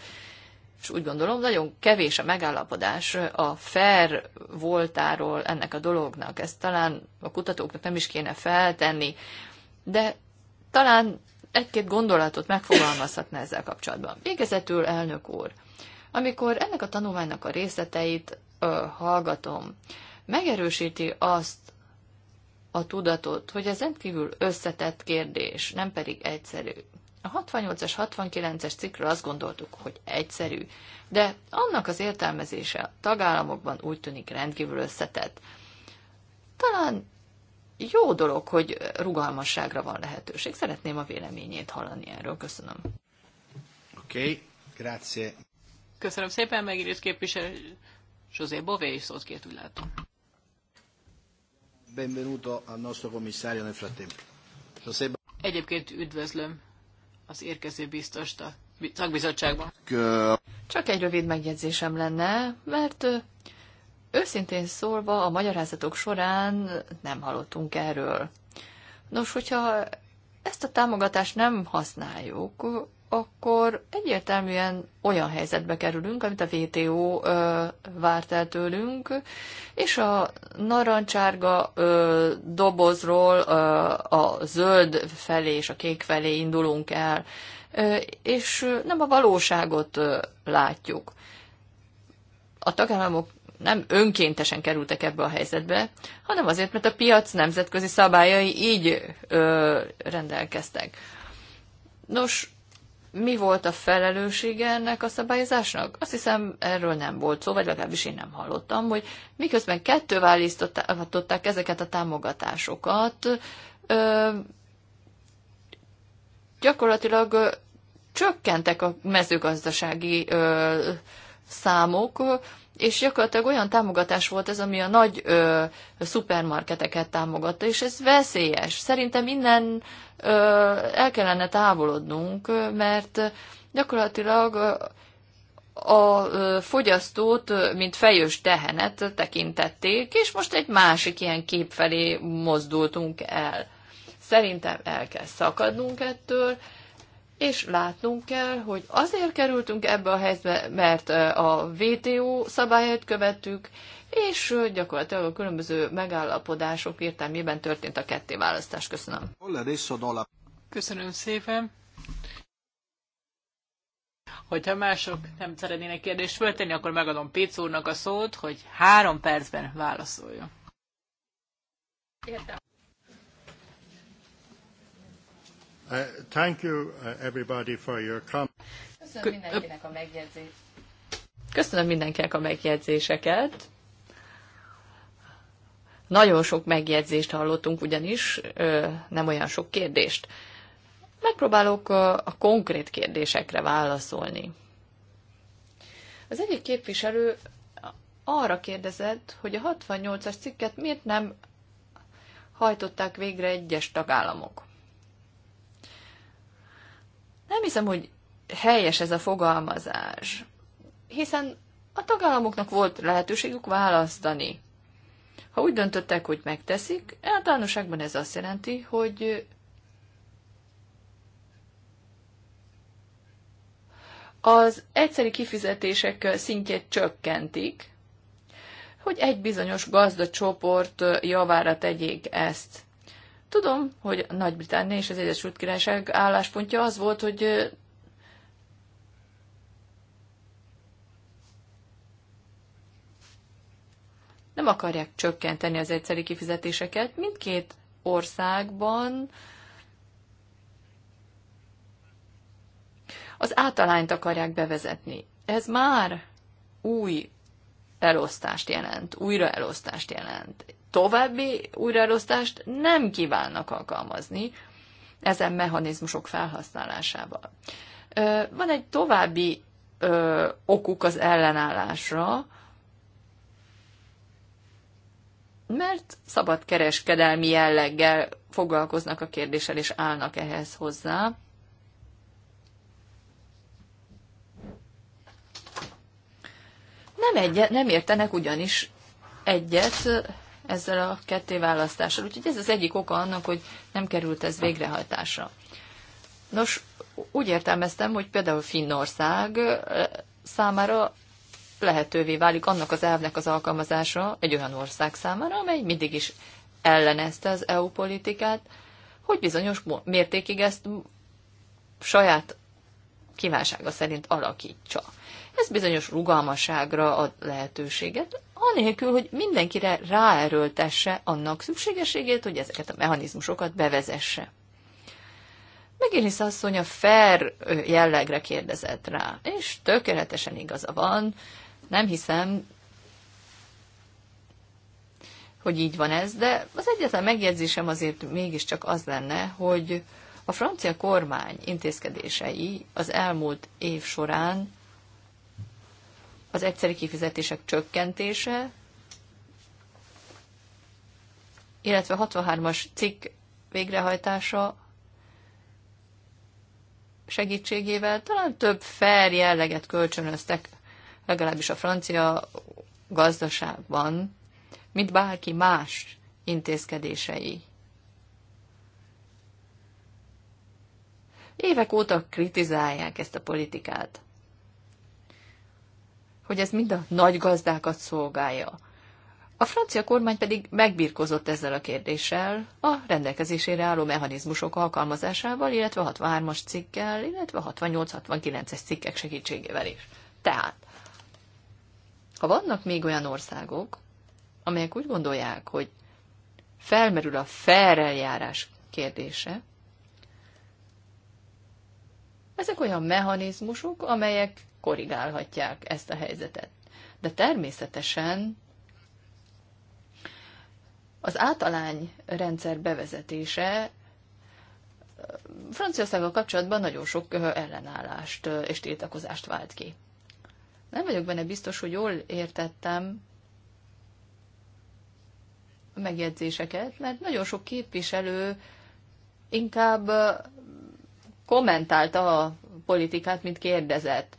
és úgy gondolom, nagyon kevés a megállapodás a fair voltáról ennek a dolognak. Ezt talán a kutatóknak nem is kéne feltenni, de talán egy-két gondolatot megfogalmazhatna ezzel kapcsolatban. Végezetül, elnök úr, amikor ennek a tanulmánynak a részleteit ö, hallgatom, megerősíti azt a tudatot, hogy ez rendkívül összetett kérdés, nem pedig egyszerű. A 68-as, 69-es cikkről azt gondoltuk, hogy egyszerű, de annak az értelmezése a tagállamokban úgy tűnik rendkívül összetett. Talán jó dolog, hogy rugalmasságra van lehetőség. Szeretném a véleményét hallani erről. Köszönöm. Oké, okay, grazie. Köszönöm szépen, megírt képviselő José Bové, és szót kért, úgy látom. Benvenuto al nostro commissario nel frattempo. José... Egyébként üdvözlöm az érkező biztost a szakbizottságban. Csak egy rövid megjegyzésem lenne, mert Őszintén szólva a magyarázatok során nem hallottunk erről. Nos, hogyha ezt a támogatást nem használjuk, akkor egyértelműen olyan helyzetbe kerülünk, amit a VTO ö, várt el tőlünk, és a narancsárga ö, dobozról ö, a zöld felé és a kék felé indulunk el, ö, és nem a valóságot ö, látjuk. A tagállamok nem önkéntesen kerültek ebbe a helyzetbe, hanem azért, mert a piac nemzetközi szabályai így ö, rendelkeztek. Nos, mi volt a felelőssége ennek a szabályozásnak? Azt hiszem, erről nem volt szó, vagy legalábbis én nem hallottam, hogy miközben kettő választották ezeket a támogatásokat, ö, gyakorlatilag ö, csökkentek a mezőgazdasági ö, számok, és gyakorlatilag olyan támogatás volt ez, ami a nagy ö, szupermarketeket támogatta, és ez veszélyes. Szerintem innen ö, el kellene távolodnunk, mert gyakorlatilag a fogyasztót, mint fejős tehenet tekintették, és most egy másik ilyen kép felé mozdultunk el. Szerintem el kell szakadnunk ettől, és látnunk kell, hogy azért kerültünk ebbe a helyzetbe, mert a WTO szabályait követtük, és gyakorlatilag a különböző megállapodások értelmében történt a választás. Köszönöm. Köszönöm szépen. Hogyha mások nem szeretnének kérdést föltenni, akkor megadom Péc úrnak a szót, hogy három percben válaszoljon. Értem. Uh, thank you uh, everybody for your Köszönöm mindenkinek a Köszönöm mindenkinek a megjegyzéseket. Nagyon sok megjegyzést hallottunk ugyanis, nem olyan sok kérdést. Megpróbálok a konkrét kérdésekre válaszolni. Az egyik képviselő arra kérdezett, hogy a 68-as cikket miért nem hajtották végre egyes tagállamok. Nem hiszem, hogy helyes ez a fogalmazás, hiszen a tagállamoknak volt lehetőségük választani. Ha úgy döntöttek, hogy megteszik, általánosságban ez azt jelenti, hogy az egyszeri kifizetések szintjét csökkentik, hogy egy bizonyos gazdacsoport javára tegyék ezt. Tudom, hogy Nagy-Britannia és az Egyesült Királyság álláspontja az volt, hogy nem akarják csökkenteni az egyszeri kifizetéseket. Mindkét országban az általányt akarják bevezetni. Ez már új elosztást jelent, újra elosztást jelent további újraelosztást nem kívánnak alkalmazni ezen mechanizmusok felhasználásával. Van egy további okuk az ellenállásra, mert szabadkereskedelmi jelleggel foglalkoznak a kérdéssel, és állnak ehhez hozzá. Nem, egyet, nem értenek ugyanis egyet ezzel a ketté választással. Úgyhogy ez az egyik oka annak, hogy nem került ez végrehajtásra. Nos, úgy értelmeztem, hogy például Finnország számára lehetővé válik annak az elvnek az alkalmazása egy olyan ország számára, amely mindig is ellenezte az EU politikát, hogy bizonyos mértékig ezt saját kívánsága szerint alakítsa. Ez bizonyos rugalmasságra ad lehetőséget, anélkül, hogy mindenkire ráerőltesse annak szükségességét, hogy ezeket a mechanizmusokat bevezesse. Megéris asszony a fair jellegre kérdezett rá, és tökéletesen igaza van, nem hiszem, hogy így van ez, de az egyetlen megjegyzésem azért mégiscsak az lenne, hogy a francia kormány intézkedései az elmúlt év során az egyszeri kifizetések csökkentése, illetve 63-as cikk végrehajtása segítségével talán több fair jelleget kölcsönöztek, legalábbis a francia gazdaságban, mint bárki más intézkedései. Évek óta kritizálják ezt a politikát hogy ez mind a nagy gazdákat szolgálja. A francia kormány pedig megbírkozott ezzel a kérdéssel a rendelkezésére álló mechanizmusok alkalmazásával, illetve 63-as cikkel, illetve 68-69-es cikkek segítségével is. Tehát, ha vannak még olyan országok, amelyek úgy gondolják, hogy felmerül a fereljárás kérdése, ezek olyan mechanizmusok, amelyek korrigálhatják ezt a helyzetet. De természetesen az általány rendszer bevezetése Franciaországgal kapcsolatban nagyon sok ellenállást és tiltakozást vált ki. Nem vagyok benne biztos, hogy jól értettem a megjegyzéseket, mert nagyon sok képviselő inkább kommentálta a politikát, mint kérdezett.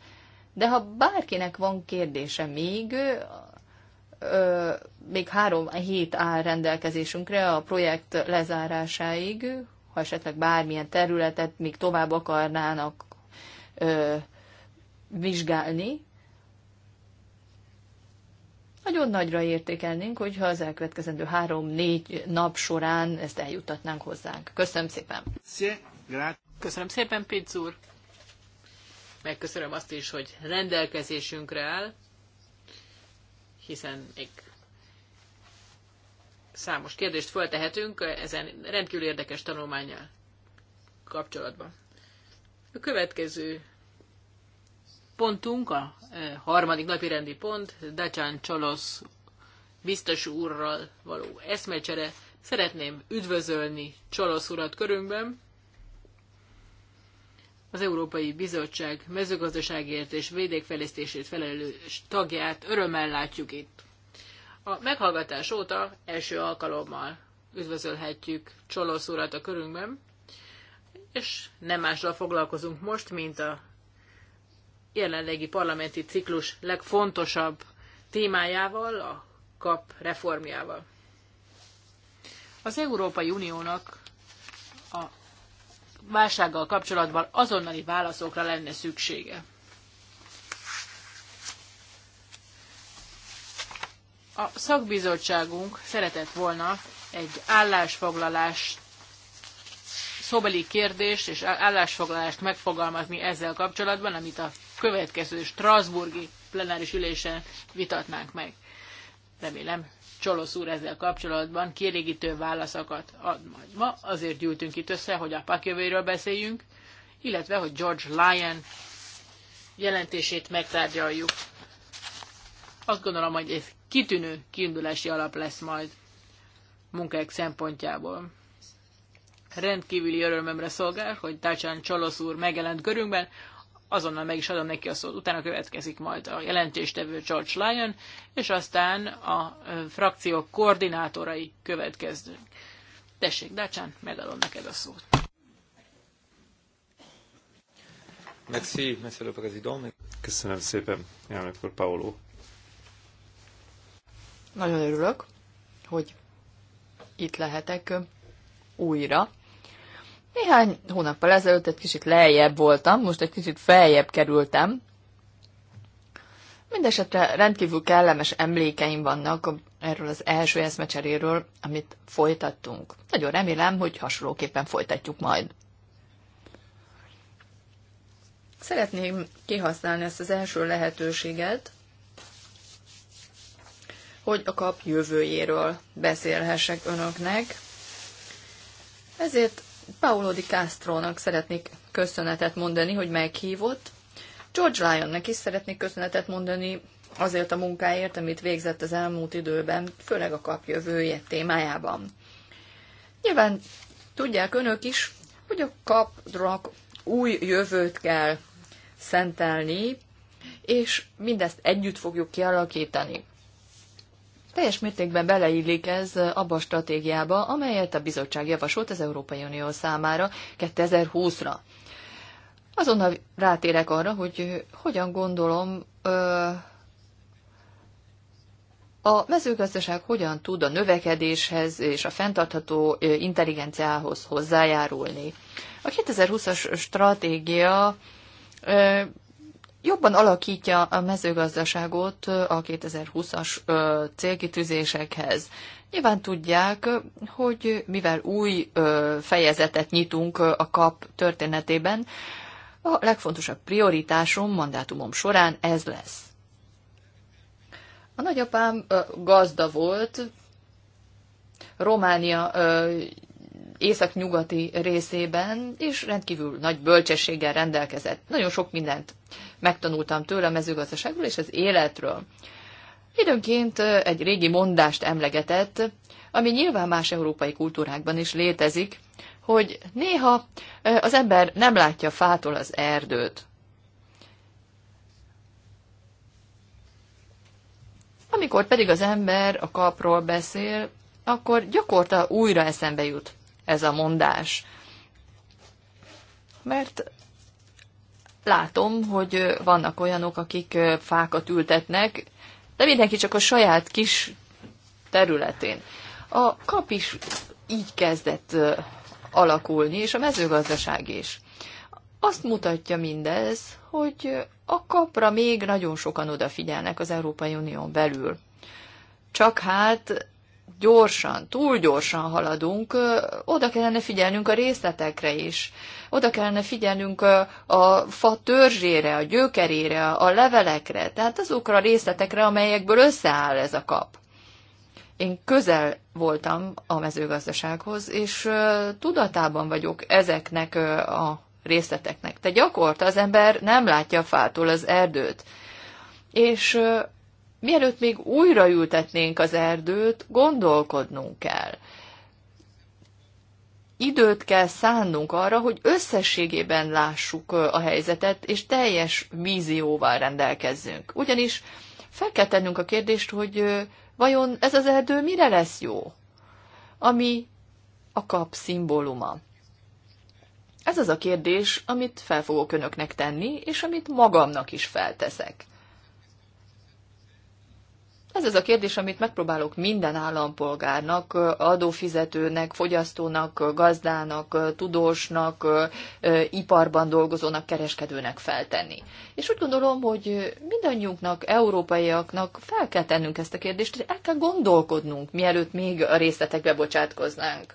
De ha bárkinek van kérdése még, ö, még három hét áll rendelkezésünkre a projekt lezárásáig, ha esetleg bármilyen területet még tovább akarnának ö, vizsgálni, nagyon nagyra értékelnénk, hogyha az elkövetkezendő három-négy nap során ezt eljutatnánk hozzánk. Köszönöm szépen! Köszönöm szépen, pizzur úr! Megköszönöm azt is, hogy rendelkezésünkre áll, hiszen még számos kérdést feltehetünk ezen rendkívül érdekes tanulmányjal kapcsolatban. A következő pontunk, a e, harmadik napi rendi pont, Dacsán Csalosz biztos úrral való eszmecsere. Szeretném üdvözölni Csalosz urat körünkben az Európai Bizottság mezőgazdaságért és védékfejlesztésért felelős tagját örömmel látjuk itt. A meghallgatás óta első alkalommal üdvözölhetjük Csolosz urat a körünkben, és nem másra foglalkozunk most, mint a jelenlegi parlamenti ciklus legfontosabb témájával, a kap reformjával. Az Európai Uniónak a válsággal kapcsolatban azonnali válaszokra lenne szüksége. A szakbizottságunk szeretett volna egy állásfoglalást, szobeli kérdést és állásfoglalást megfogalmazni ezzel kapcsolatban, amit a következő Strasburgi plenáris ülésen vitatnánk meg. Remélem Csolosz úr ezzel kapcsolatban kielégítő válaszokat ad majd. Ma azért gyűltünk itt össze, hogy a pakjövőről beszéljünk, illetve hogy George Lyon jelentését megtárgyaljuk. Azt gondolom, hogy ez kitűnő kiindulási alap lesz majd munkák szempontjából. Rendkívüli örömömre szolgál, hogy Tácsán Csolosz úr megjelent körünkben, azonnal meg is adom neki a szót. Utána következik majd a jelentéstevő George Lyon, és aztán a frakciók koordinátorai következnek. Tessék, Dácsán, megadom neked a szót. Merci, monsieur le président. Köszönöm szépen, elnök úr Paolo. Nagyon örülök, hogy itt lehetek újra néhány hónappal ezelőtt egy kicsit lejjebb voltam, most egy kicsit feljebb kerültem. Mindenesetre rendkívül kellemes emlékeim vannak erről az első eszmecseréről, amit folytattunk. Nagyon remélem, hogy hasonlóképpen folytatjuk majd. Szeretném kihasználni ezt az első lehetőséget, hogy a kap jövőjéről beszélhessek önöknek. Ezért Paolo Di Castro-nak szeretnék köszönetet mondani, hogy meghívott. George Lyonnek is szeretnék köszönetet mondani azért a munkáért, amit végzett az elmúlt időben, főleg a kapjövője témájában. Nyilván tudják önök is, hogy a kapdrak új jövőt kell szentelni, és mindezt együtt fogjuk kialakítani. Teljes mértékben beleillik ez abba a stratégiába, amelyet a bizottság javasolt az Európai Unió számára 2020-ra. Azonnal rátérek arra, hogy hogyan gondolom, a mezőgazdaság hogyan tud a növekedéshez és a fenntartható intelligenciához hozzájárulni. A 2020-as stratégia jobban alakítja a mezőgazdaságot a 2020-as célkitűzésekhez. Nyilván tudják, hogy mivel új fejezetet nyitunk a kap történetében, a legfontosabb prioritásom mandátumom során ez lesz. A nagyapám gazda volt, Románia északnyugati részében, és rendkívül nagy bölcsességgel rendelkezett. Nagyon sok mindent megtanultam tőle a mezőgazdaságról és az életről. Időnként egy régi mondást emlegetett, ami nyilván más európai kultúrákban is létezik, hogy néha az ember nem látja fától az erdőt. Amikor pedig az ember a kapról beszél, akkor gyakorta újra eszembe jut ez a mondás. Mert látom, hogy vannak olyanok, akik fákat ültetnek, de mindenki csak a saját kis területén. A kap is így kezdett alakulni, és a mezőgazdaság is. Azt mutatja mindez, hogy a kapra még nagyon sokan odafigyelnek az Európai Unión belül. Csak hát gyorsan, túl gyorsan haladunk, oda kellene figyelnünk a részletekre is. Oda kellene figyelnünk a, a fa törzsére, a gyökerére, a levelekre, tehát azokra a részletekre, amelyekből összeáll ez a kap. Én közel voltam a mezőgazdasághoz, és tudatában vagyok ezeknek a részleteknek. Te gyakorta az ember nem látja a fától az erdőt. És Mielőtt még újra ültetnénk az erdőt, gondolkodnunk kell. Időt kell szánnunk arra, hogy összességében lássuk a helyzetet, és teljes vízióval rendelkezzünk. Ugyanis fel kell tennünk a kérdést, hogy vajon ez az erdő mire lesz jó? Ami a kap szimbóluma. Ez az a kérdés, amit fel fogok önöknek tenni, és amit magamnak is felteszek. Ez az a kérdés, amit megpróbálok minden állampolgárnak, adófizetőnek, fogyasztónak, gazdának, tudósnak, iparban dolgozónak, kereskedőnek feltenni. És úgy gondolom, hogy mindannyiunknak, európaiaknak fel kell tennünk ezt a kérdést, el kell gondolkodnunk, mielőtt még a részletekbe bocsátkoznánk.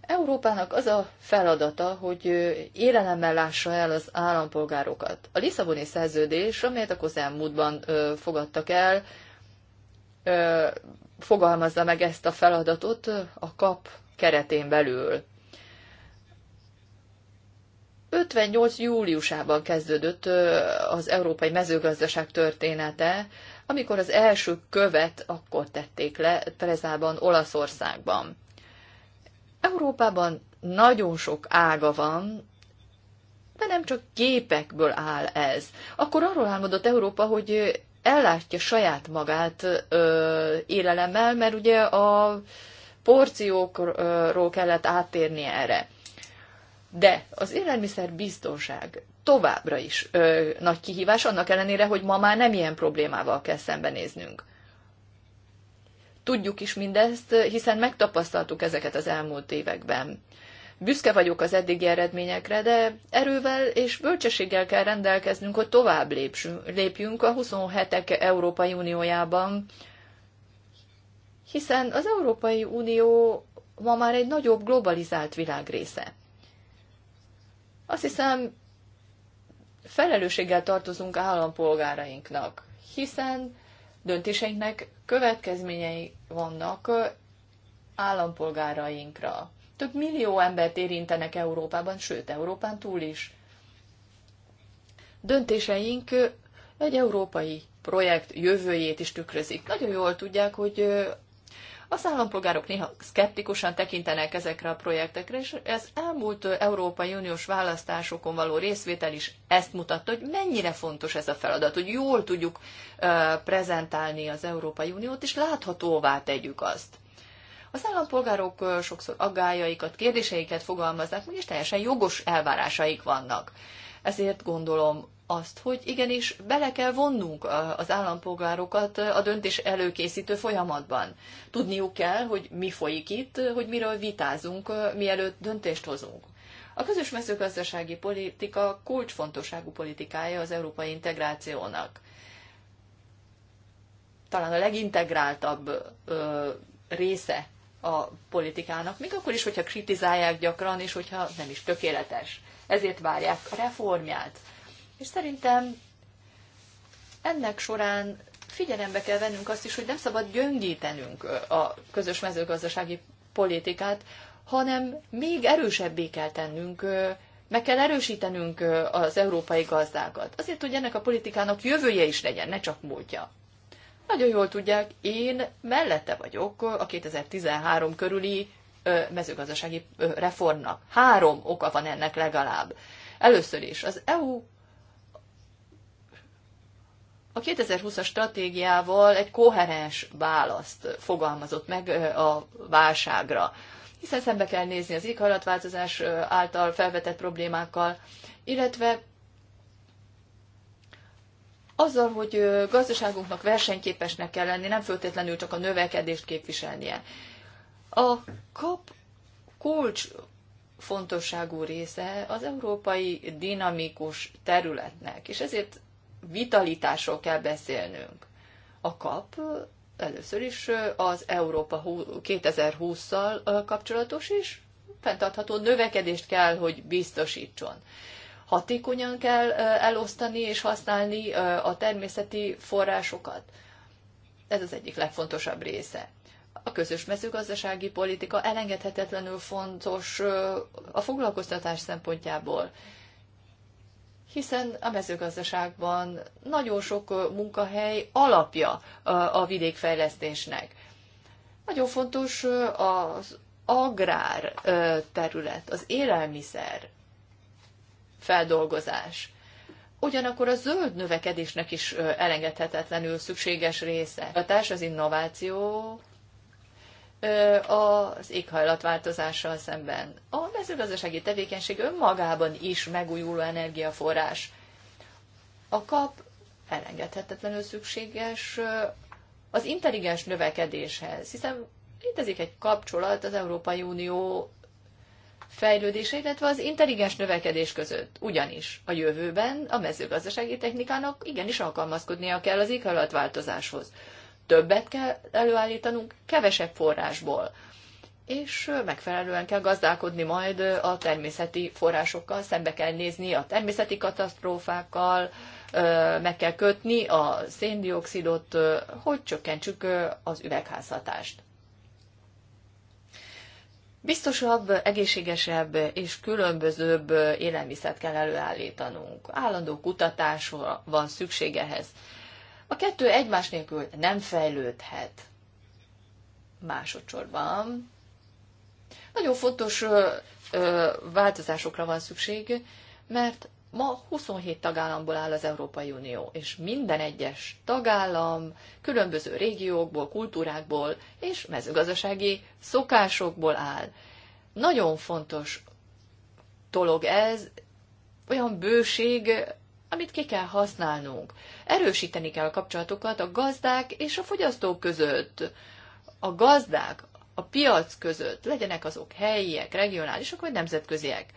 Európának az a feladata, hogy élelemmel lássa el az állampolgárokat. A Lisszaboni szerződés, amelyet a közelmúltban fogadtak el, fogalmazza meg ezt a feladatot a kap keretén belül. 58. júliusában kezdődött az európai mezőgazdaság története, amikor az első követ akkor tették le Trezában, Olaszországban. Európában nagyon sok ága van, de nem csak gépekből áll ez. Akkor arról álmodott Európa, hogy ellátja saját magát ö, élelemmel, mert ugye a porciókról kellett áttérni erre. De az élelmiszer biztonság továbbra is ö, nagy kihívás, annak ellenére, hogy ma már nem ilyen problémával kell szembenéznünk. Tudjuk is mindezt, hiszen megtapasztaltuk ezeket az elmúlt években. Büszke vagyok az eddigi eredményekre, de erővel és bölcsességgel kell rendelkeznünk, hogy tovább lépjünk a 27-ek Európai Uniójában, hiszen az Európai Unió ma már egy nagyobb globalizált világ része. Azt hiszem, felelősséggel tartozunk állampolgárainknak, hiszen döntéseinknek következményei vannak állampolgárainkra több millió embert érintenek Európában, sőt, Európán túl is. Döntéseink egy európai projekt jövőjét is tükrözik. Nagyon jól tudják, hogy az állampolgárok néha szkeptikusan tekintenek ezekre a projektekre, és ez elmúlt Európai Uniós választásokon való részvétel is ezt mutatta, hogy mennyire fontos ez a feladat, hogy jól tudjuk prezentálni az Európai Uniót, és láthatóvá tegyük azt. Az állampolgárok sokszor aggájaikat, kérdéseiket fogalmaznak, és teljesen jogos elvárásaik vannak. Ezért gondolom azt, hogy igenis bele kell vonnunk az állampolgárokat a döntés előkészítő folyamatban. Tudniuk kell, hogy mi folyik itt, hogy miről vitázunk, mielőtt döntést hozunk. A közös mezőgazdasági politika kulcsfontosságú politikája az európai integrációnak. Talán a legintegráltabb ö, része a politikának, még akkor is, hogyha kritizálják gyakran, és hogyha nem is tökéletes. Ezért várják a reformját. És szerintem ennek során figyelembe kell vennünk azt is, hogy nem szabad gyöngítenünk a közös mezőgazdasági politikát, hanem még erősebbé kell tennünk, meg kell erősítenünk az európai gazdákat. Azért, hogy ennek a politikának jövője is legyen, ne csak múltja. Nagyon jól tudják, én mellette vagyok a 2013 körüli mezőgazdasági reformnak. Három oka van ennek legalább. Először is az EU a 2020-as stratégiával egy koherens választ fogalmazott meg a válságra, hiszen szembe kell nézni az éghajlatváltozás által felvetett problémákkal, illetve azzal, hogy gazdaságunknak versenyképesnek kell lenni, nem föltétlenül csak a növekedést képviselnie. A kap kulcs fontosságú része az európai dinamikus területnek, és ezért vitalitásról kell beszélnünk. A kap először is az Európa 2020-szal kapcsolatos is, fenntartható növekedést kell, hogy biztosítson hatékonyan kell elosztani és használni a természeti forrásokat. Ez az egyik legfontosabb része. A közös mezőgazdasági politika elengedhetetlenül fontos a foglalkoztatás szempontjából, hiszen a mezőgazdaságban nagyon sok munkahely alapja a vidékfejlesztésnek. Nagyon fontos az agrár terület, az élelmiszer feldolgozás. Ugyanakkor a zöld növekedésnek is elengedhetetlenül szükséges része. A társ az innováció az éghajlatváltozással szemben. A mezőgazdasági tevékenység önmagában is megújuló energiaforrás. A kap elengedhetetlenül szükséges az intelligens növekedéshez, hiszen létezik egy kapcsolat az Európai Unió fejlődése, illetve az intelligens növekedés között. Ugyanis a jövőben a mezőgazdasági technikának igenis alkalmazkodnia kell az éghajlatváltozáshoz. Többet kell előállítanunk kevesebb forrásból, és megfelelően kell gazdálkodni majd a természeti forrásokkal, szembe kell nézni a természeti katasztrófákkal, meg kell kötni a széndiokszidot, hogy csökkentsük az üvegházhatást. Biztosabb, egészségesebb és különbözőbb élelmiszert kell előállítanunk. Állandó kutatásra van szükség ehhez. A kettő egymás nélkül nem fejlődhet. Másodszorban nagyon fontos változásokra van szükség, mert Ma 27 tagállamból áll az Európai Unió, és minden egyes tagállam különböző régiókból, kultúrákból és mezőgazdasági szokásokból áll. Nagyon fontos dolog ez, olyan bőség, amit ki kell használnunk. Erősíteni kell a kapcsolatokat a gazdák és a fogyasztók között. A gazdák a piac között legyenek azok helyiek, regionálisok vagy nemzetköziek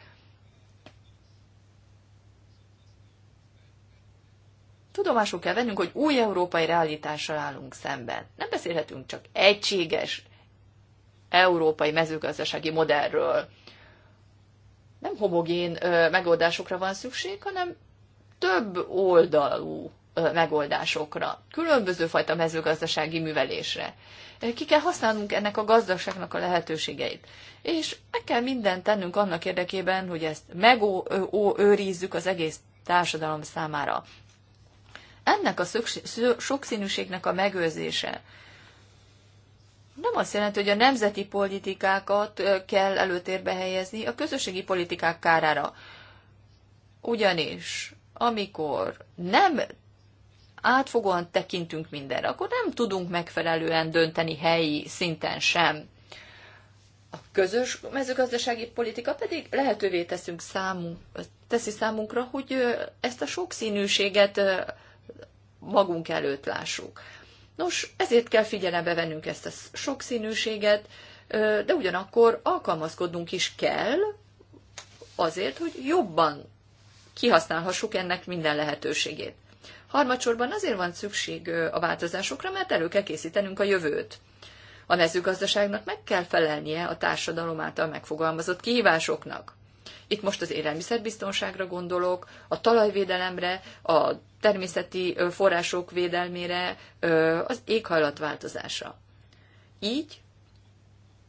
tudomásul kell vennünk, hogy új európai realitással állunk szemben. Nem beszélhetünk csak egységes európai mezőgazdasági modellről. Nem homogén ö, megoldásokra van szükség, hanem több oldalú ö, megoldásokra, különböző fajta mezőgazdasági művelésre. Ki kell használnunk ennek a gazdaságnak a lehetőségeit. És meg kell mindent tennünk annak érdekében, hogy ezt megőrizzük az egész társadalom számára. Ennek a sokszínűségnek a megőrzése nem azt jelenti, hogy a nemzeti politikákat kell előtérbe helyezni a közösségi politikák kárára. Ugyanis, amikor nem átfogóan tekintünk mindenre, akkor nem tudunk megfelelően dönteni helyi szinten sem. A közös mezőgazdasági politika pedig lehetővé teszünk számunk, teszi számunkra, hogy ezt a sokszínűséget magunk előtt lássuk. Nos, ezért kell figyelembe vennünk ezt a sokszínűséget, de ugyanakkor alkalmazkodnunk is kell azért, hogy jobban kihasználhassuk ennek minden lehetőségét. Harmadsorban azért van szükség a változásokra, mert elő kell készítenünk a jövőt. A mezőgazdaságnak meg kell felelnie a társadalom által megfogalmazott kihívásoknak. Itt most az élelmiszerbiztonságra gondolok, a talajvédelemre, a természeti források védelmére, az éghajlatváltozásra. Így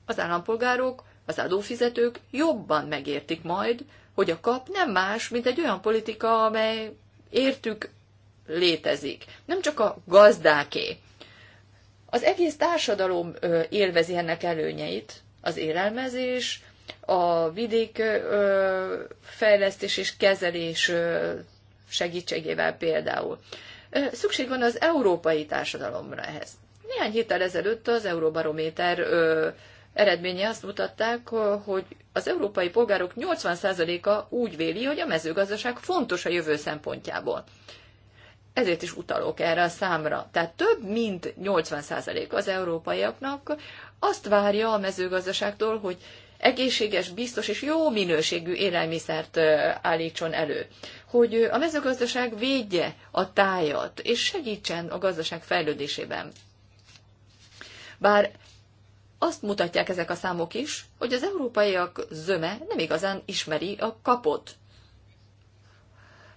az állampolgárok, az adófizetők jobban megértik majd, hogy a kap nem más, mint egy olyan politika, amely értük létezik. Nem csak a gazdáké. Az egész társadalom élvezi ennek előnyeit, az élelmezés, a vidék fejlesztés és kezelés segítségével például. Szükség van az európai társadalomra ehhez. Néhány héttel ezelőtt az Euróbarométer eredménye azt mutatták, hogy az európai polgárok 80%-a úgy véli, hogy a mezőgazdaság fontos a jövő szempontjából. Ezért is utalok erre a számra. Tehát több mint 80% az európaiaknak azt várja a mezőgazdaságtól, hogy egészséges, biztos és jó minőségű élelmiszert állítson elő. Hogy a mezőgazdaság védje a tájat, és segítsen a gazdaság fejlődésében. Bár azt mutatják ezek a számok is, hogy az európaiak zöme nem igazán ismeri a kapot.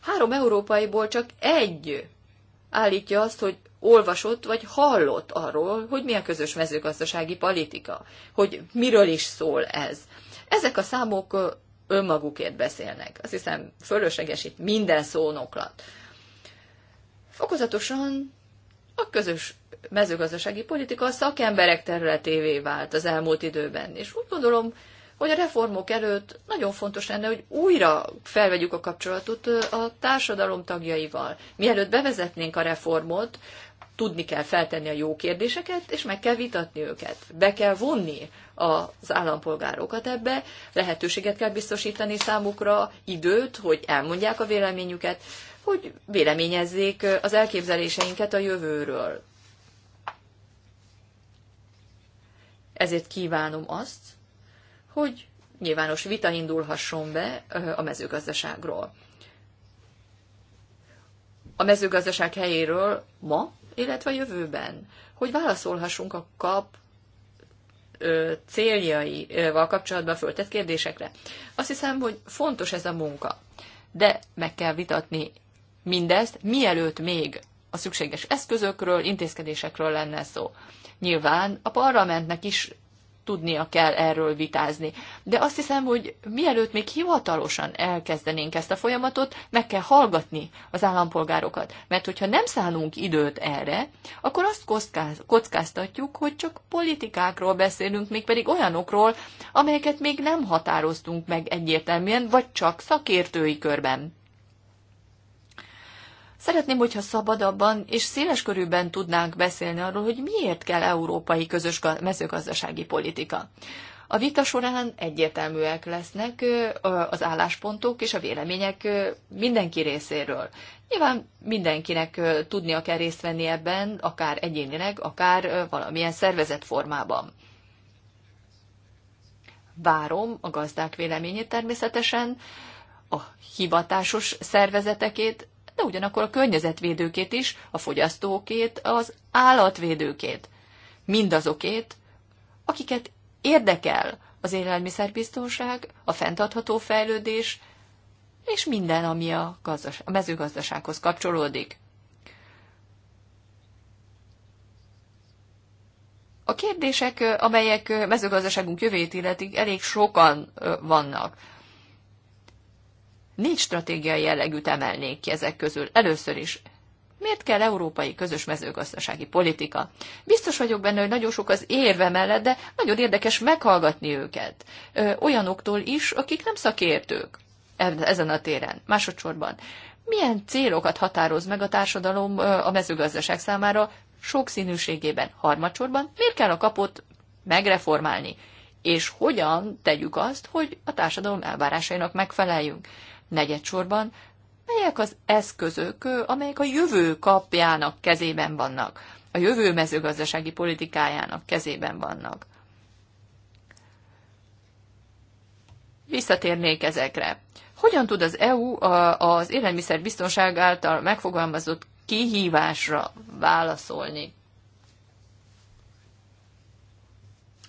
Három európaiból csak egy állítja azt, hogy olvasott vagy hallott arról, hogy mi a közös mezőgazdasági politika, hogy miről is szól ez. Ezek a számok önmagukért beszélnek. Azt hiszem, fölösleges itt minden szónoklat. Fokozatosan a közös mezőgazdasági politika a szakemberek területévé vált az elmúlt időben, és úgy gondolom, hogy a reformok előtt nagyon fontos lenne, hogy újra felvegyük a kapcsolatot a társadalom tagjaival. Mielőtt bevezetnénk a reformot, tudni kell feltenni a jó kérdéseket, és meg kell vitatni őket. Be kell vonni az állampolgárokat ebbe, lehetőséget kell biztosítani számukra, időt, hogy elmondják a véleményüket, hogy véleményezzék az elképzeléseinket a jövőről. Ezért kívánom azt, hogy nyilvános vita indulhasson be a mezőgazdaságról. A mezőgazdaság helyéről ma illetve a jövőben, hogy válaszolhassunk a kap céljaival kapcsolatban föltett kérdésekre. Azt hiszem, hogy fontos ez a munka, de meg kell vitatni mindezt, mielőtt még a szükséges eszközökről, intézkedésekről lenne szó. Nyilván a parlamentnek is tudnia kell erről vitázni. De azt hiszem, hogy mielőtt még hivatalosan elkezdenénk ezt a folyamatot, meg kell hallgatni az állampolgárokat. Mert hogyha nem szállunk időt erre, akkor azt kockáztatjuk, hogy csak politikákról beszélünk, mégpedig olyanokról, amelyeket még nem határoztunk meg egyértelműen, vagy csak szakértői körben. Szeretném, hogyha szabadabban és széles körülben tudnánk beszélni arról, hogy miért kell európai közös mezőgazdasági politika. A vita során egyértelműek lesznek az álláspontok és a vélemények mindenki részéről. Nyilván mindenkinek tudnia kell részt venni ebben, akár egyénileg, akár valamilyen szervezet formában. Várom a gazdák véleményét természetesen, a hivatásos szervezetekét, de ugyanakkor a környezetvédőkét is, a fogyasztókét, az állatvédőkét, mindazokét, akiket érdekel az élelmiszerbiztonság, a fenntartható fejlődés, és minden, ami a, gazdas- a mezőgazdasághoz kapcsolódik. A kérdések, amelyek mezőgazdaságunk jövőjét illetik, elég sokan vannak négy stratégiai jellegűt emelnék ki ezek közül. Először is Miért kell európai közös mezőgazdasági politika? Biztos vagyok benne, hogy nagyon sok az érve mellett, de nagyon érdekes meghallgatni őket. Ö, olyanoktól is, akik nem szakértők e- ezen a téren. Másodszorban, milyen célokat határoz meg a társadalom a mezőgazdaság számára sokszínűségében? Harmadsorban, miért kell a kapot megreformálni? És hogyan tegyük azt, hogy a társadalom elvárásainak megfeleljünk? negyedsorban, melyek az eszközök, amelyek a jövő kapjának kezében vannak, a jövő mezőgazdasági politikájának kezében vannak. Visszatérnék ezekre. Hogyan tud az EU az élelmiszerbiztonság által megfogalmazott kihívásra válaszolni?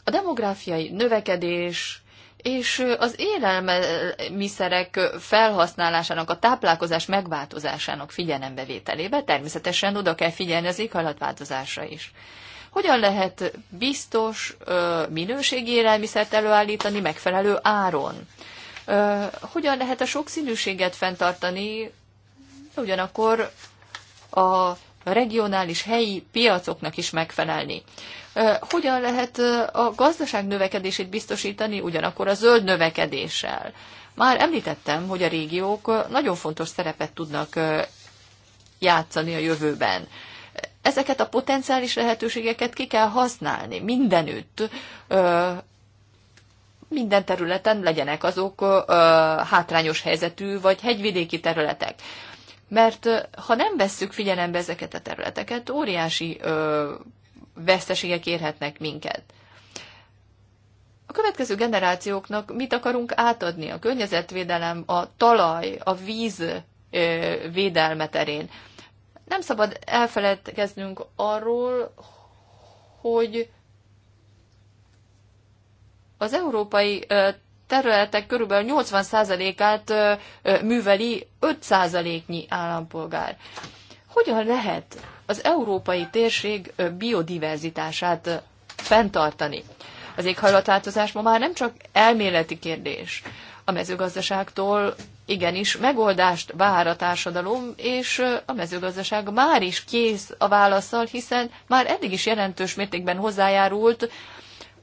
A demográfiai növekedés, és az élelmiszerek felhasználásának, a táplálkozás megváltozásának figyelembevételébe természetesen oda kell figyelni az éghajlatváltozásra is. Hogyan lehet biztos minőségi élelmiszert előállítani megfelelő áron? Hogyan lehet a sokszínűséget fenntartani, ugyanakkor a regionális helyi piacoknak is megfelelni? hogyan lehet a gazdaság növekedését biztosítani ugyanakkor a zöld növekedéssel. Már említettem, hogy a régiók nagyon fontos szerepet tudnak játszani a jövőben. Ezeket a potenciális lehetőségeket ki kell használni mindenütt, minden területen legyenek azok hátrányos helyzetű vagy hegyvidéki területek. Mert ha nem vesszük figyelembe ezeket a területeket, óriási veszteségek érhetnek minket. A következő generációknak mit akarunk átadni? A környezetvédelem, a talaj, a víz védelme terén. Nem szabad elfeledkeznünk arról, hogy az európai területek körülbelül 80%-át műveli 5%-nyi állampolgár. Hogyan lehet az európai térség biodiverzitását fenntartani. Az éghajlatváltozás ma már nem csak elméleti kérdés. A mezőgazdaságtól igenis megoldást vár a társadalom, és a mezőgazdaság már is kész a válaszsal, hiszen már eddig is jelentős mértékben hozzájárult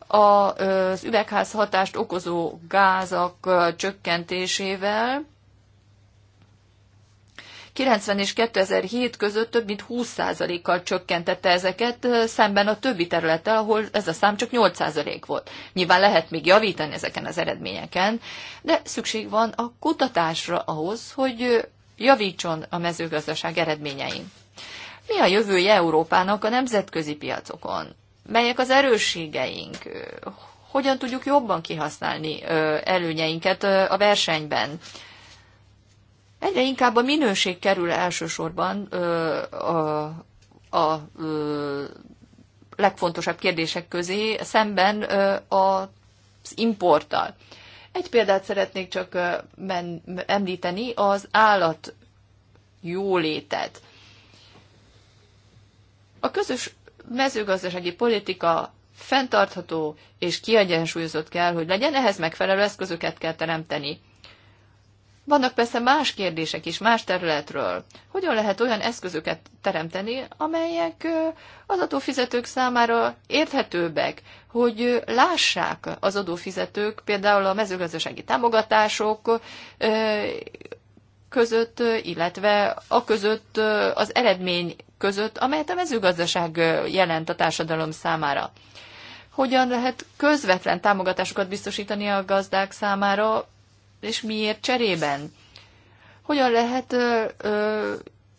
az üvegházhatást okozó gázak csökkentésével, 90 és 2007 között több mint 20%-kal csökkentette ezeket, szemben a többi területtel, ahol ez a szám csak 8% volt. Nyilván lehet még javítani ezeken az eredményeken, de szükség van a kutatásra ahhoz, hogy javítson a mezőgazdaság eredményein. Mi a jövője Európának a nemzetközi piacokon? Melyek az erősségeink? Hogyan tudjuk jobban kihasználni előnyeinket a versenyben? Egyre inkább a minőség kerül elsősorban a, a legfontosabb kérdések közé, szemben az importtal. Egy példát szeretnék csak men, említeni, az állat jólétet. A közös mezőgazdasági politika fenntartható és kiegyensúlyozott kell, hogy legyen, ehhez megfelelő eszközöket kell teremteni. Vannak persze más kérdések is, más területről. Hogyan lehet olyan eszközöket teremteni, amelyek az adófizetők számára érthetőbbek, hogy lássák az adófizetők például a mezőgazdasági támogatások között, illetve a között az eredmény között, amelyet a mezőgazdaság jelent a társadalom számára hogyan lehet közvetlen támogatásokat biztosítani a gazdák számára, és miért cserében? Hogyan lehet ö, ö,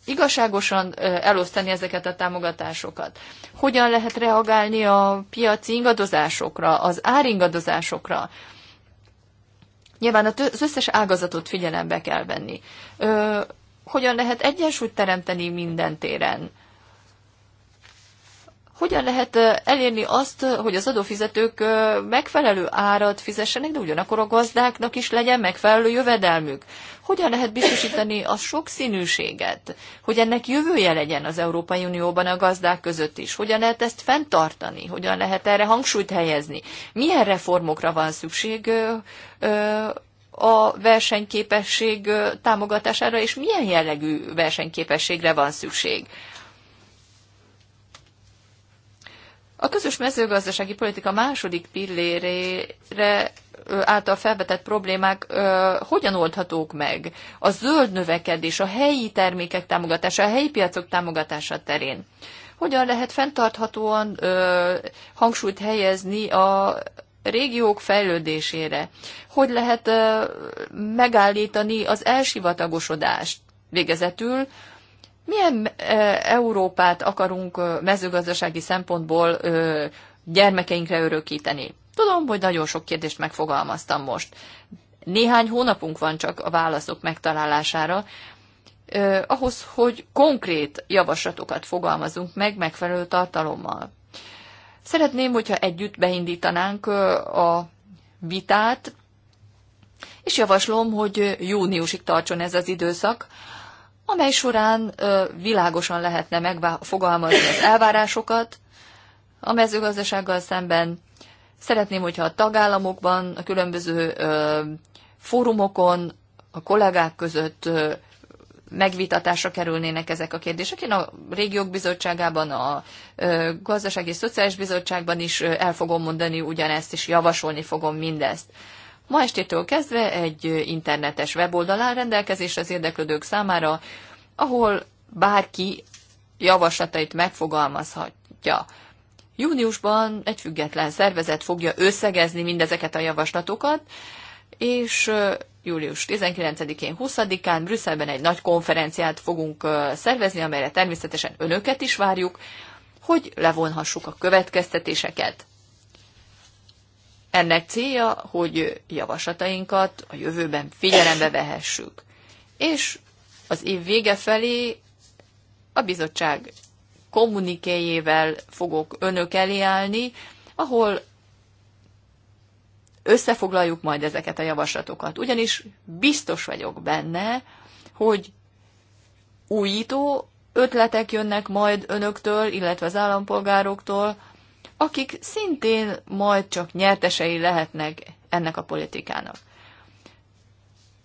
igazságosan ö, elosztani ezeket a támogatásokat? Hogyan lehet reagálni a piaci ingadozásokra, az áringadozásokra? Nyilván az összes ágazatot figyelembe kell venni. Ö, hogyan lehet egyensúlyt teremteni minden téren? hogyan lehet elérni azt, hogy az adófizetők megfelelő árat fizessenek, de ugyanakkor a gazdáknak is legyen megfelelő jövedelmük? Hogyan lehet biztosítani a sokszínűséget, hogy ennek jövője legyen az Európai Unióban a gazdák között is? Hogyan lehet ezt fenntartani? Hogyan lehet erre hangsúlyt helyezni? Milyen reformokra van szükség a versenyképesség támogatására, és milyen jellegű versenyképességre van szükség? A közös mezőgazdasági politika második pillérére által felvetett problémák ö, hogyan oldhatók meg? A zöld növekedés, a helyi termékek támogatása, a helyi piacok támogatása terén. Hogyan lehet fenntarthatóan ö, hangsúlyt helyezni a régiók fejlődésére? Hogy lehet ö, megállítani az elsivatagosodást? Végezetül milyen Európát akarunk mezőgazdasági szempontból gyermekeinkre örökíteni? Tudom, hogy nagyon sok kérdést megfogalmaztam most. Néhány hónapunk van csak a válaszok megtalálására, eh, ahhoz, hogy konkrét javaslatokat fogalmazunk meg megfelelő tartalommal. Szeretném, hogyha együtt beindítanánk a vitát, és javaslom, hogy júniusig tartson ez az időszak, amely során világosan lehetne megfogalmazni az elvárásokat a mezőgazdasággal szemben. Szeretném, hogyha a tagállamokban, a különböző fórumokon, a kollégák között megvitatásra kerülnének ezek a kérdések. Én a régiók bizottságában, a gazdasági és szociális bizottságban is el fogom mondani ugyanezt, és javasolni fogom mindezt. Ma estétől kezdve egy internetes weboldalán rendelkezésre az érdeklődők számára, ahol bárki javaslatait megfogalmazhatja. Júniusban egy független szervezet fogja összegezni mindezeket a javaslatokat, és július 19-én, 20-án Brüsszelben egy nagy konferenciát fogunk szervezni, amelyre természetesen önöket is várjuk, hogy levonhassuk a következtetéseket. Ennek célja, hogy javaslatainkat a jövőben figyelembe vehessük. És az év vége felé a bizottság kommunikéjével fogok önök elé állni, ahol összefoglaljuk majd ezeket a javaslatokat. Ugyanis biztos vagyok benne, hogy újító ötletek jönnek majd önöktől, illetve az állampolgároktól, akik szintén majd csak nyertesei lehetnek ennek a politikának.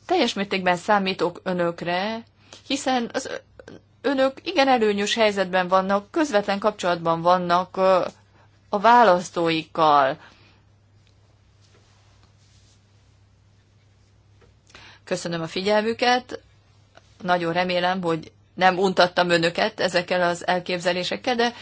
Teljes mértékben számítok önökre, hiszen az önök igen előnyös helyzetben vannak, közvetlen kapcsolatban vannak a választóikkal. Köszönöm a figyelmüket, nagyon remélem, hogy nem untattam önöket ezekkel az elképzelésekkel, de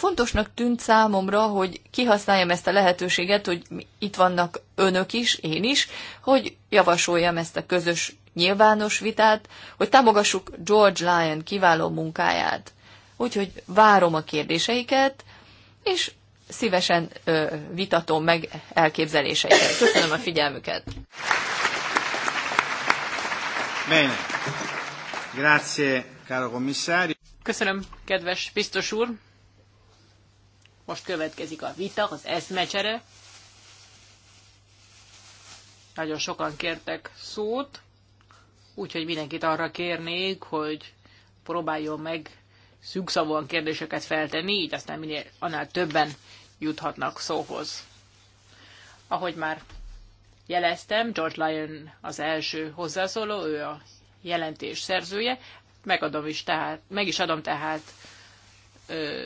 Fontosnak tűnt számomra, hogy kihasználjam ezt a lehetőséget, hogy itt vannak önök is, én is, hogy javasoljam ezt a közös nyilvános vitát, hogy támogassuk George Lyon kiváló munkáját. Úgyhogy várom a kérdéseiket, és szívesen ö, vitatom meg elképzeléseiket. Köszönöm a figyelmüket. Bene. Grazie, caro commissario. Köszönöm, kedves biztos úr. Most következik a vita, az eszmecsere. Nagyon sokan kértek szót, úgyhogy mindenkit arra kérnék, hogy próbáljon meg szűkszavúan kérdéseket feltenni, így aztán minél annál többen juthatnak szóhoz. Ahogy már jeleztem, George Lyon az első hozzászóló, ő a jelentés szerzője, megadom is tehát, meg is adom tehát ö,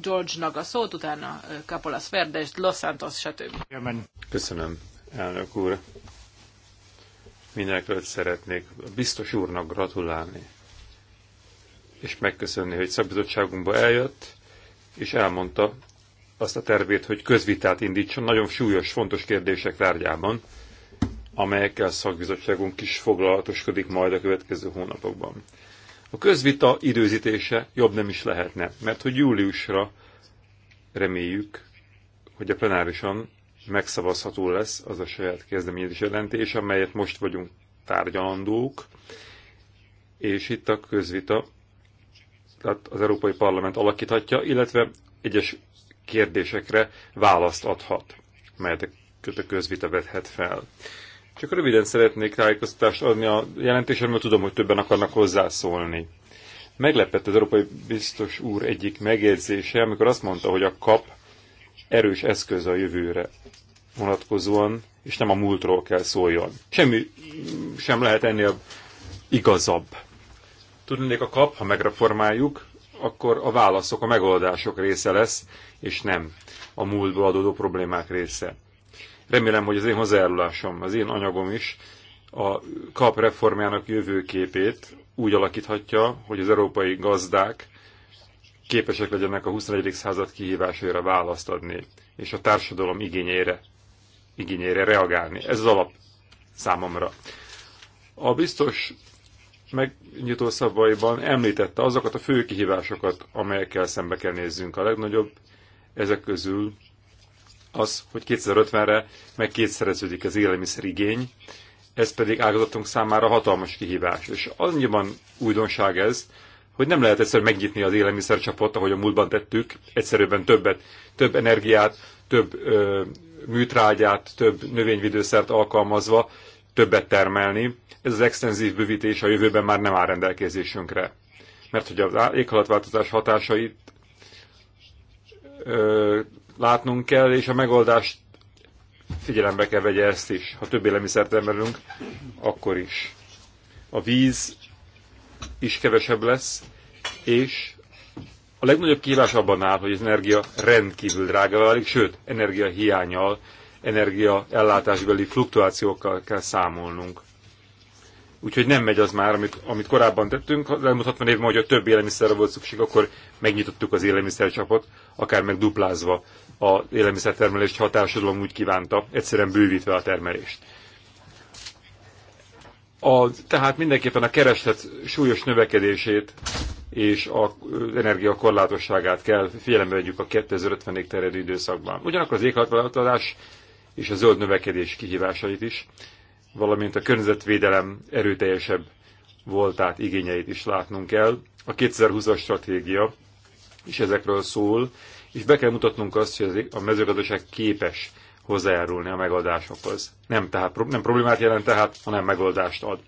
George-nak a szót, utána Capolas Verdes, Los Santos, stb. Köszönöm, elnök úr. Mindenekről szeretnék biztos úrnak gratulálni, és megköszönni, hogy szakbizottságunkba eljött, és elmondta azt a tervét, hogy közvitát indítson nagyon súlyos, fontos kérdések tárgyában, amelyekkel szakbizottságunk is foglalatoskodik majd a következő hónapokban. A közvita időzítése jobb nem is lehetne, mert hogy júliusra reméljük, hogy a plenárisan megszavazható lesz az a saját kezdeményezés jelentés, amelyet most vagyunk tárgyalandók, és itt a közvita, tehát az Európai Parlament alakíthatja, illetve egyes kérdésekre választ adhat, melyet a közvita vethet fel. Csak röviden szeretnék tájékoztatást adni a mert tudom, hogy többen akarnak hozzászólni. Meglepett az Európai Biztos úr egyik megjegyzése, amikor azt mondta, hogy a kap erős eszköz a jövőre vonatkozóan, és nem a múltról kell szóljon. Semmi sem lehet ennél igazabb. Tudnék a kap, ha megreformáljuk, akkor a válaszok, a megoldások része lesz, és nem a múltból adódó problémák része. Remélem, hogy az én hozzájárulásom, az én anyagom is a KAP reformjának jövőképét úgy alakíthatja, hogy az európai gazdák képesek legyenek a 21. század kihívásaira választ adni, és a társadalom igényére, igényére reagálni. Ez az alap számomra. A biztos megnyitó szavaiban említette azokat a fő kihívásokat, amelyekkel szembe kell nézzünk. A legnagyobb ezek közül az, hogy 2050-re meg kétszereződik az élelmiszerigény, ez pedig ágazatunk számára hatalmas kihívás. És annyiban újdonság ez, hogy nem lehet egyszer megnyitni az élelmiszercsapot, ahogy a múltban tettük, egyszerűbben többet, több energiát, több ö, műtrágyát, több növényvidőszert alkalmazva többet termelni. Ez az extenzív bővítés a jövőben már nem áll rendelkezésünkre. Mert hogy az éghajlatváltozás hatásait ö, látnunk kell, és a megoldást figyelembe kell vegye ezt is. Ha több élelmiszert termelünk, akkor is. A víz is kevesebb lesz, és a legnagyobb kihívás abban áll, hogy az energia rendkívül drága válik, sőt, energia hiányal, energia ellátásbeli fluktuációkkal kell számolnunk. Úgyhogy nem megy az már, amit, amit korábban tettünk. Az elmúlt 60 évben, hogy a több élelmiszerre volt szükség, akkor megnyitottuk az élelmiszercsapot, akár meg duplázva az élelmiszertermelést, ha a társadalom úgy kívánta, egyszerűen bővítve a termelést. A, tehát mindenképpen a kereslet súlyos növekedését és az energia korlátosságát kell figyelembe vegyük a 2050-ig terjedő időszakban. Ugyanakkor az éghajlatváltozás és a zöld növekedés kihívásait is valamint a környezetvédelem erőteljesebb voltát igényeit is látnunk kell. A 2020-as stratégia is ezekről szól, és be kell mutatnunk azt, hogy a mezőgazdaság képes hozzájárulni a megoldásokhoz. Nem, tehát, nem problémát jelent tehát, hanem megoldást ad.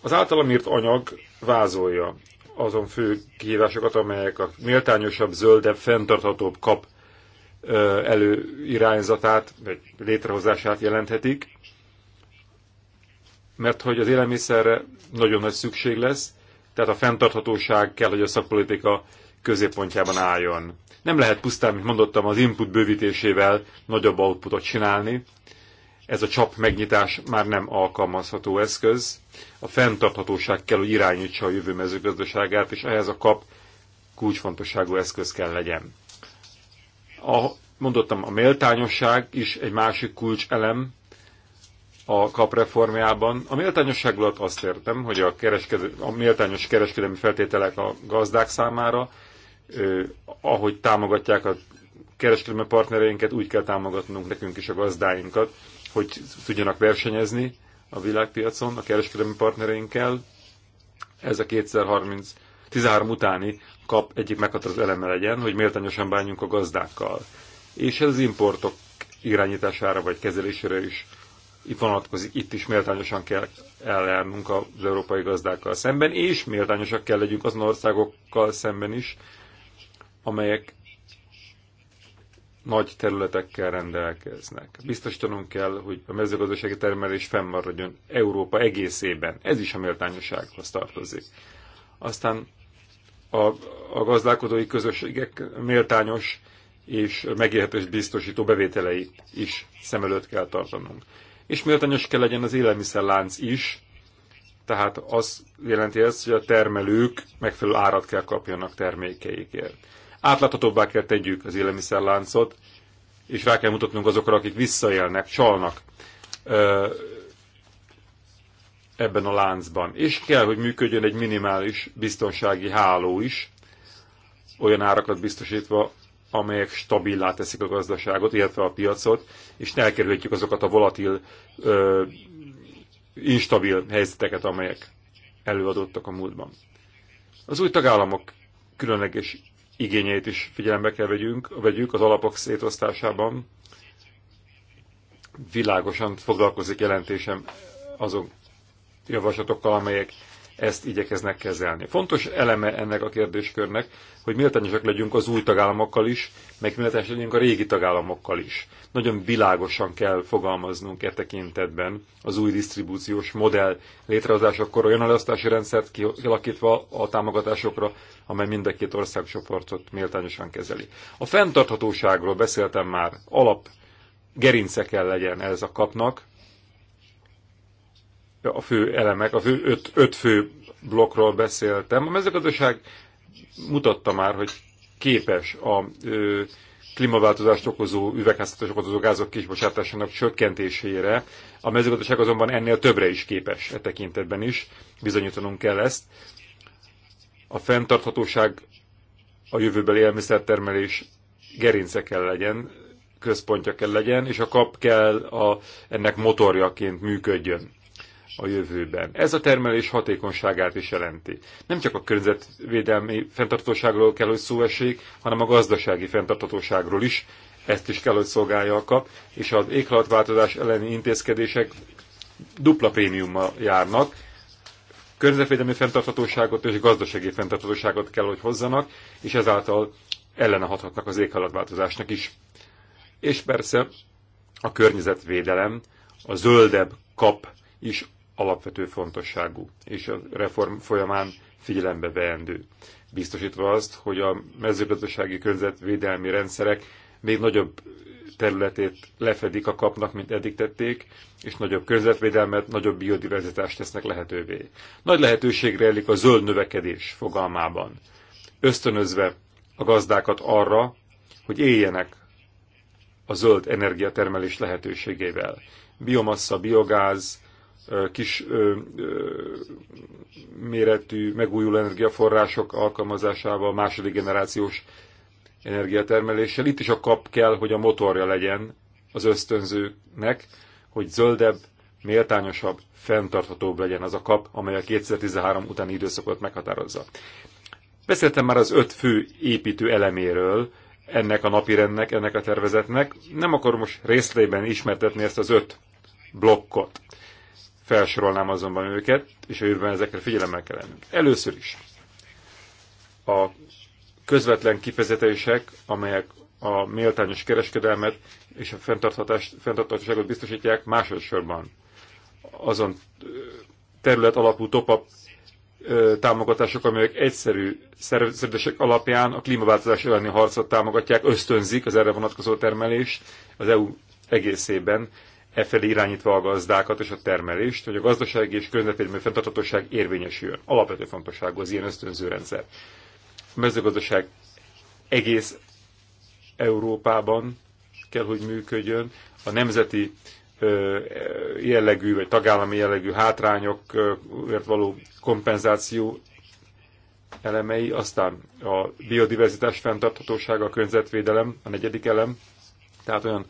Az általam írt anyag vázolja azon fő kihívásokat, amelyek a méltányosabb, zöldebb, fenntarthatóbb kap előirányzatát, vagy létrehozását jelenthetik mert hogy az élelmiszerre nagyon nagy szükség lesz, tehát a fenntarthatóság kell, hogy a szakpolitika középpontjában álljon. Nem lehet pusztán, mint mondottam, az input bővítésével nagyobb outputot csinálni. Ez a csap megnyitás már nem alkalmazható eszköz. A fenntarthatóság kell, hogy irányítsa a jövő mezőgazdaságát, és ehhez a kap kulcsfontosságú eszköz kell legyen. A, mondottam, a méltányosság is egy másik kulcselem, a kapreformjában. A méltányosság alatt azt értem, hogy a, kereskedő, a méltányos kereskedelmi feltételek a gazdák számára, ö, ahogy támogatják a kereskedelmi partnereinket, úgy kell támogatnunk nekünk is a gazdáinkat, hogy tudjanak versenyezni a világpiacon a kereskedelmi partnereinkkel. Ez a 2030 13 utáni kap egyik meghatározó eleme legyen, hogy méltányosan bánjunk a gazdákkal. És ez az importok irányítására vagy kezelésére is itt vonatkozik, itt is méltányosan kell ellenállnunk az európai gazdákkal szemben, és méltányosak kell legyünk az országokkal szemben is, amelyek nagy területekkel rendelkeznek. Biztosítanunk kell, hogy a mezőgazdasági termelés fennmaradjon Európa egészében. Ez is a méltányossághoz tartozik. Aztán a, a gazdálkodói közösségek méltányos és megélhetést biztosító bevételeit is szem előtt kell tartanunk és méltányos kell legyen az élelmiszerlánc is, tehát az jelenti ezt, hogy a termelők megfelelő árat kell kapjanak termékeikért. Átláthatóbbá kell tegyük az élelmiszerláncot, és rá kell mutatnunk azokra, akik visszaélnek, csalnak ebben a láncban. És kell, hogy működjön egy minimális biztonsági háló is, olyan árakat biztosítva, amelyek stabilá teszik a gazdaságot, illetve a piacot, és elkerülhetjük azokat a volatil, ö, instabil helyzeteket, amelyek előadottak a múltban. Az új tagállamok különleges igényeit is figyelembe kell vegyünk, vegyük az alapok szétosztásában. Világosan foglalkozik jelentésem azon javaslatokkal, amelyek ezt igyekeznek kezelni. Fontos eleme ennek a kérdéskörnek, hogy méltányosak legyünk az új tagállamokkal is, meg méltányosak legyünk a régi tagállamokkal is. Nagyon világosan kell fogalmaznunk e tekintetben az új disztribúciós modell létrehozásakor olyan elosztási rendszert kialakítva a támogatásokra, amely mind a két országcsoportot méltányosan kezeli. A fenntarthatóságról beszéltem már, alap gerince kell legyen ez a kapnak, a fő elemek, a fő, öt, öt fő blokkról beszéltem. A mezőgazdaság mutatta már, hogy képes a ö, klímaváltozást okozó, üvegházhatás okozó gázok kisbocsátásának csökkentésére. A mezőgazdaság azonban ennél többre is képes e tekintetben is. Bizonyítanunk kell ezt. A fenntarthatóság a jövőbeli élmiszertermelés gerince kell legyen, központja kell legyen, és a kap kell a, ennek motorjaként működjön a jövőben. Ez a termelés hatékonyságát is jelenti. Nem csak a környezetvédelmi fenntartatóságról kell, hogy szó esik, hanem a gazdasági fenntartatóságról is. Ezt is kell, hogy szolgálja a kap, és az éghajlatváltozás elleni intézkedések dupla prémiummal járnak. Környezetvédelmi fenntarthatóságot és gazdasági fenntarthatóságot kell, hogy hozzanak, és ezáltal ellene hathatnak az éghajlatváltozásnak is. És persze a környezetvédelem, a zöldebb kap is alapvető fontosságú, és a reform folyamán figyelembe veendő. Biztosítva azt, hogy a mezőgazdasági környezetvédelmi rendszerek még nagyobb területét lefedik a kapnak, mint eddig tették, és nagyobb környezetvédelmet, nagyobb biodiverzitást tesznek lehetővé. Nagy lehetőségre elik a zöld növekedés fogalmában, ösztönözve a gazdákat arra, hogy éljenek a zöld energiatermelés lehetőségével. Biomassa, biogáz, kis ö, ö, méretű megújuló energiaforrások alkalmazásával, második generációs energiatermeléssel. Itt is a kap kell, hogy a motorja legyen az ösztönzőnek, hogy zöldebb, méltányosabb, fenntarthatóbb legyen az a kap, amely a 2013 utáni időszakot meghatározza. Beszéltem már az öt fő építő eleméről ennek a napirendnek, ennek a tervezetnek. Nem akarom most részleiben ismertetni ezt az öt blokkot. Felsorolnám azonban őket, és a jövőben ezekre figyelemmel kell lennünk. Először is a közvetlen kifezetések, amelyek a méltányos kereskedelmet és a fenntarthatóságot biztosítják másodszorban. Azon terület alapú top támogatások, amelyek egyszerű szerződések alapján a klímaváltozás elleni harcot támogatják, ösztönzik az erre vonatkozó termelést az EU egészében, efelé irányítva a gazdákat és a termelést, hogy a gazdaság és környezetvédelmi fenntarthatóság érvényesüljön. Alapvető fontosságú az ilyen ösztönző rendszer. A mezőgazdaság egész Európában kell, hogy működjön. A nemzeti jellegű vagy tagállami jellegű hátrányokért való kompenzáció elemei, aztán a biodiverzitás fenntarthatósága, a környezetvédelem, a negyedik elem, tehát olyan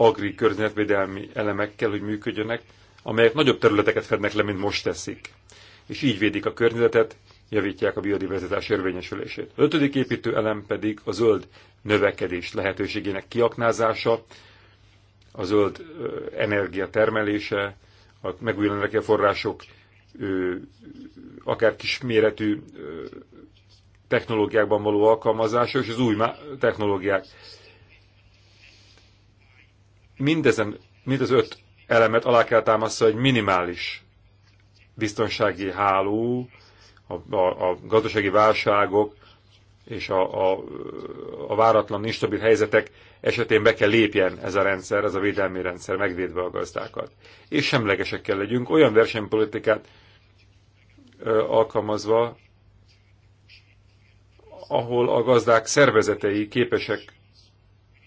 agri környezetvédelmi elemekkel, hogy működjönek, amelyek nagyobb területeket fednek le, mint most teszik. És így védik a környezetet, javítják a biodiverzitás érvényesülését. A ötödik építő elem pedig a zöld növekedés lehetőségének kiaknázása, a zöld energia termelése, a megújuló energiaforrások, akár kisméretű technológiákban való alkalmazása, és az új technológiák mindezen, mind az öt elemet alá kell támasztani, egy minimális biztonsági háló, a, a, a gazdasági válságok és a, a, a váratlan, instabil helyzetek esetén be kell lépjen ez a rendszer, ez a védelmi rendszer, megvédve a gazdákat. És semlegesek kell legyünk, olyan versenypolitikát ö, alkalmazva, ahol a gazdák szervezetei képesek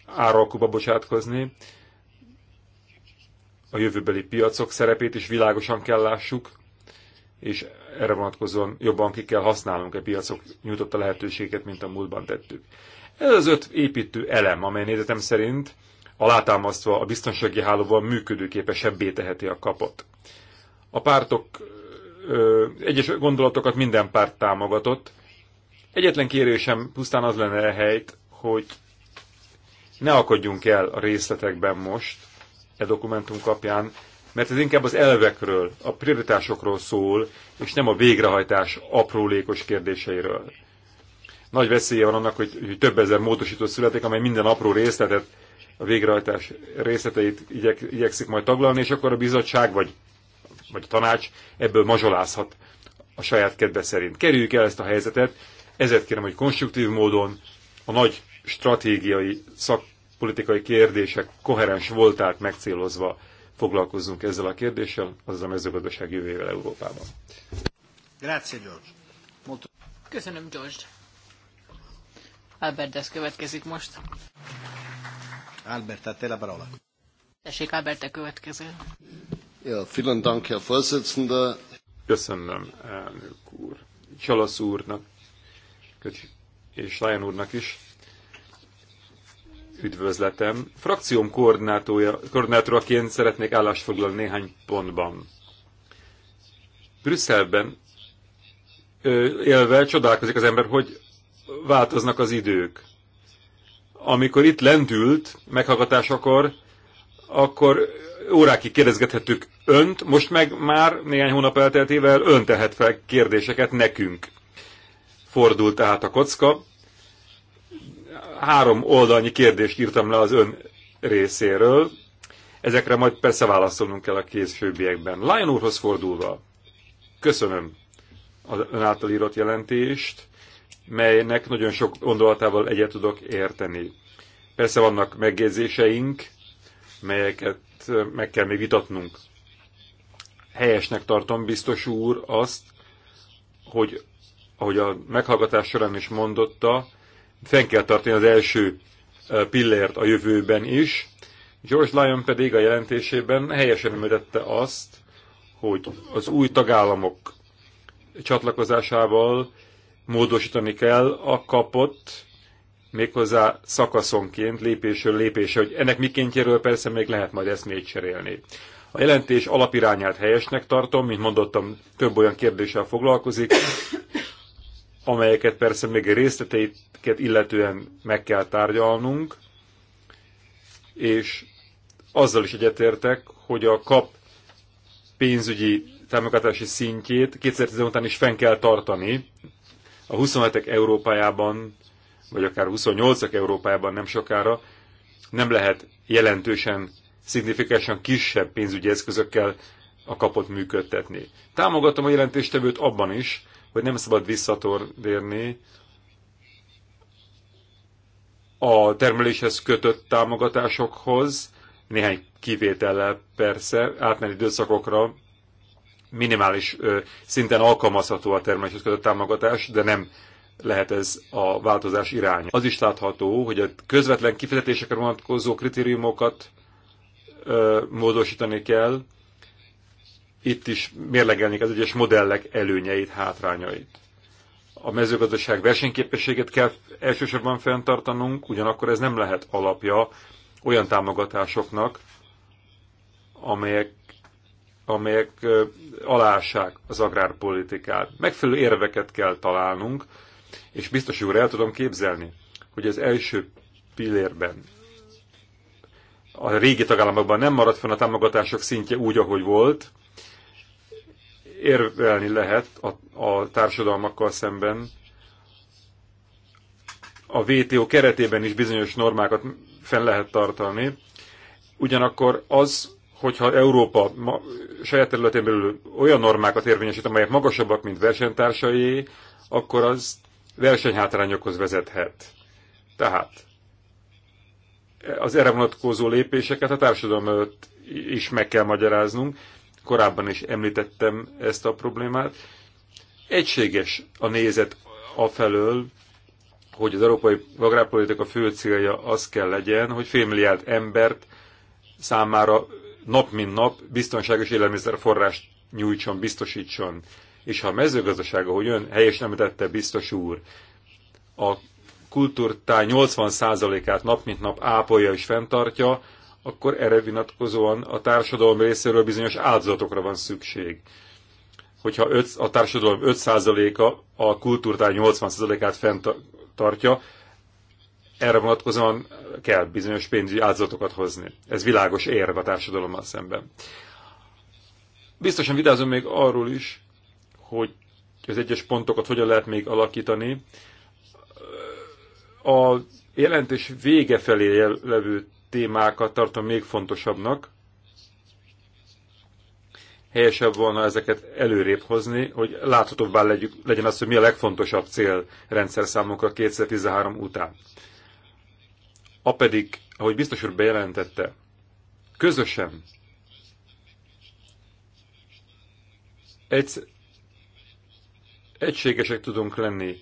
árakúba bocsátkozni, a jövőbeli piacok szerepét is világosan kell lássuk, és erre vonatkozóan jobban ki kell használnunk a piacok nyújtotta lehetőséget, mint a múltban tettük. Ez az öt építő elem, amely nézetem szerint alátámasztva a biztonsági hálóval működőképesebbé teheti a kapot. A pártok ö, egyes gondolatokat minden párt támogatott. Egyetlen kérésem pusztán az lenne a helyt, hogy ne akadjunk el a részletekben most, e dokumentum kapján, mert ez inkább az elvekről, a prioritásokról szól, és nem a végrehajtás aprólékos kérdéseiről. Nagy veszélye van annak, hogy, hogy több ezer módosító születik, amely minden apró részletet, a végrehajtás részleteit igyek, igyekszik majd taglalni, és akkor a bizottság vagy, vagy a tanács ebből mazsolázhat a saját kedve szerint. Kerüljük el ezt a helyzetet, ezért kérem, hogy konstruktív módon a nagy stratégiai szak politikai kérdések koherens voltát megcélozva foglalkozzunk ezzel a kérdéssel, az a mezőgazdaság jövőjével Európában. Grazie, George. Köszönöm, George. Albert, ez következik most. Albert, a te la parola. Tessék, Albert, te következő. Ja, vielen Dank, Herr Vorsitzender. Köszönöm, elnök úr. Csalasz úrnak és Lajan úrnak is üdvözletem. Frakcióm koordinátoraként szeretnék állást foglalni néhány pontban. Brüsszelben élve csodálkozik az ember, hogy változnak az idők. Amikor itt lendült meghallgatásakor, akkor órákig kérdezgethettük önt, most meg már néhány hónap elteltével ön tehet fel kérdéseket nekünk. Fordult tehát a kocka, három oldalnyi kérdést írtam le az ön részéről. Ezekre majd persze válaszolnunk kell a későbbiekben. Lion úrhoz fordulva, köszönöm az ön által írott jelentést, melynek nagyon sok gondolatával egyet tudok érteni. Persze vannak megjegyzéseink, melyeket meg kell még vitatnunk. Helyesnek tartom, biztos úr, azt, hogy ahogy a meghallgatás során is mondotta, fenn kell tartani az első pillért a jövőben is. George Lyon pedig a jelentésében helyesen említette azt, hogy az új tagállamok csatlakozásával módosítani kell a kapott, méghozzá szakaszonként, lépésről lépésre, hogy ennek mikéntjéről persze még lehet majd eszmét cserélni. A jelentés alapirányát helyesnek tartom, mint mondottam, több olyan kérdéssel foglalkozik, amelyeket persze még részleteiket illetően meg kell tárgyalnunk, és azzal is egyetértek, hogy a kap pénzügyi támogatási szintjét 2010 után is fenn kell tartani. A 27-ek Európájában, vagy akár 28-ak Európájában nem sokára nem lehet jelentősen, szignifikánsan kisebb pénzügyi eszközökkel a kapot működtetni. Támogatom a jelentéstevőt abban is, hogy nem szabad visszatordérni a termeléshez kötött támogatásokhoz, néhány kivétellel persze, átmeneti időszakokra minimális ö, szinten alkalmazható a termeléshez kötött támogatás, de nem lehet ez a változás irány. Az is látható, hogy a közvetlen kifizetésekre vonatkozó kritériumokat ö, módosítani kell, itt is mérlegelnék az egyes modellek előnyeit, hátrányait. A mezőgazdaság versenyképességet kell elsősorban fenntartanunk, ugyanakkor ez nem lehet alapja olyan támogatásoknak, amelyek, amelyek alássák az agrárpolitikát. Megfelelő érveket kell találnunk, és biztos úr, el tudom képzelni, hogy az első pillérben a régi tagállamokban nem maradt fenn a támogatások szintje úgy, ahogy volt, érvelni lehet a, a társadalmakkal szemben. A VTO keretében is bizonyos normákat fenn lehet tartani. Ugyanakkor az, hogyha Európa ma, saját területén belül olyan normákat érvényesít, amelyek magasabbak, mint versenytársaié, akkor az versenyhátrányokhoz vezethet. Tehát az erre vonatkozó lépéseket a társadalom előtt is meg kell magyaráznunk, korábban is említettem ezt a problémát. Egységes a nézet afelől, hogy az európai agrárpolitika fő célja az kell legyen, hogy félmilliárd embert számára nap mint nap biztonságos élelmiszerforrást nyújtson, biztosítson. És ha a mezőgazdaság, ahogy ön helyesen említette, biztos úr, a kultúrtáj 80%-át nap mint nap ápolja és fenntartja, akkor erre vonatkozóan a társadalom részéről bizonyos áldozatokra van szükség. Hogyha öt, a társadalom 5%-a a kultúrtár 80%-át fenntartja, erre vonatkozóan kell bizonyos pénzügyi áldozatokat hozni. Ez világos érv a társadalommal szemben. Biztosan vidázom még arról is, hogy az egyes pontokat hogyan lehet még alakítani. A jelentés vége felé levő témákat tartom még fontosabbnak. Helyesebb volna ezeket előrébb hozni, hogy láthatóbbá legyen az, hogy mi a legfontosabb cél rendszer számunkra 2013 után. A pedig, ahogy biztos úr bejelentette, közösen egy, egységesek tudunk lenni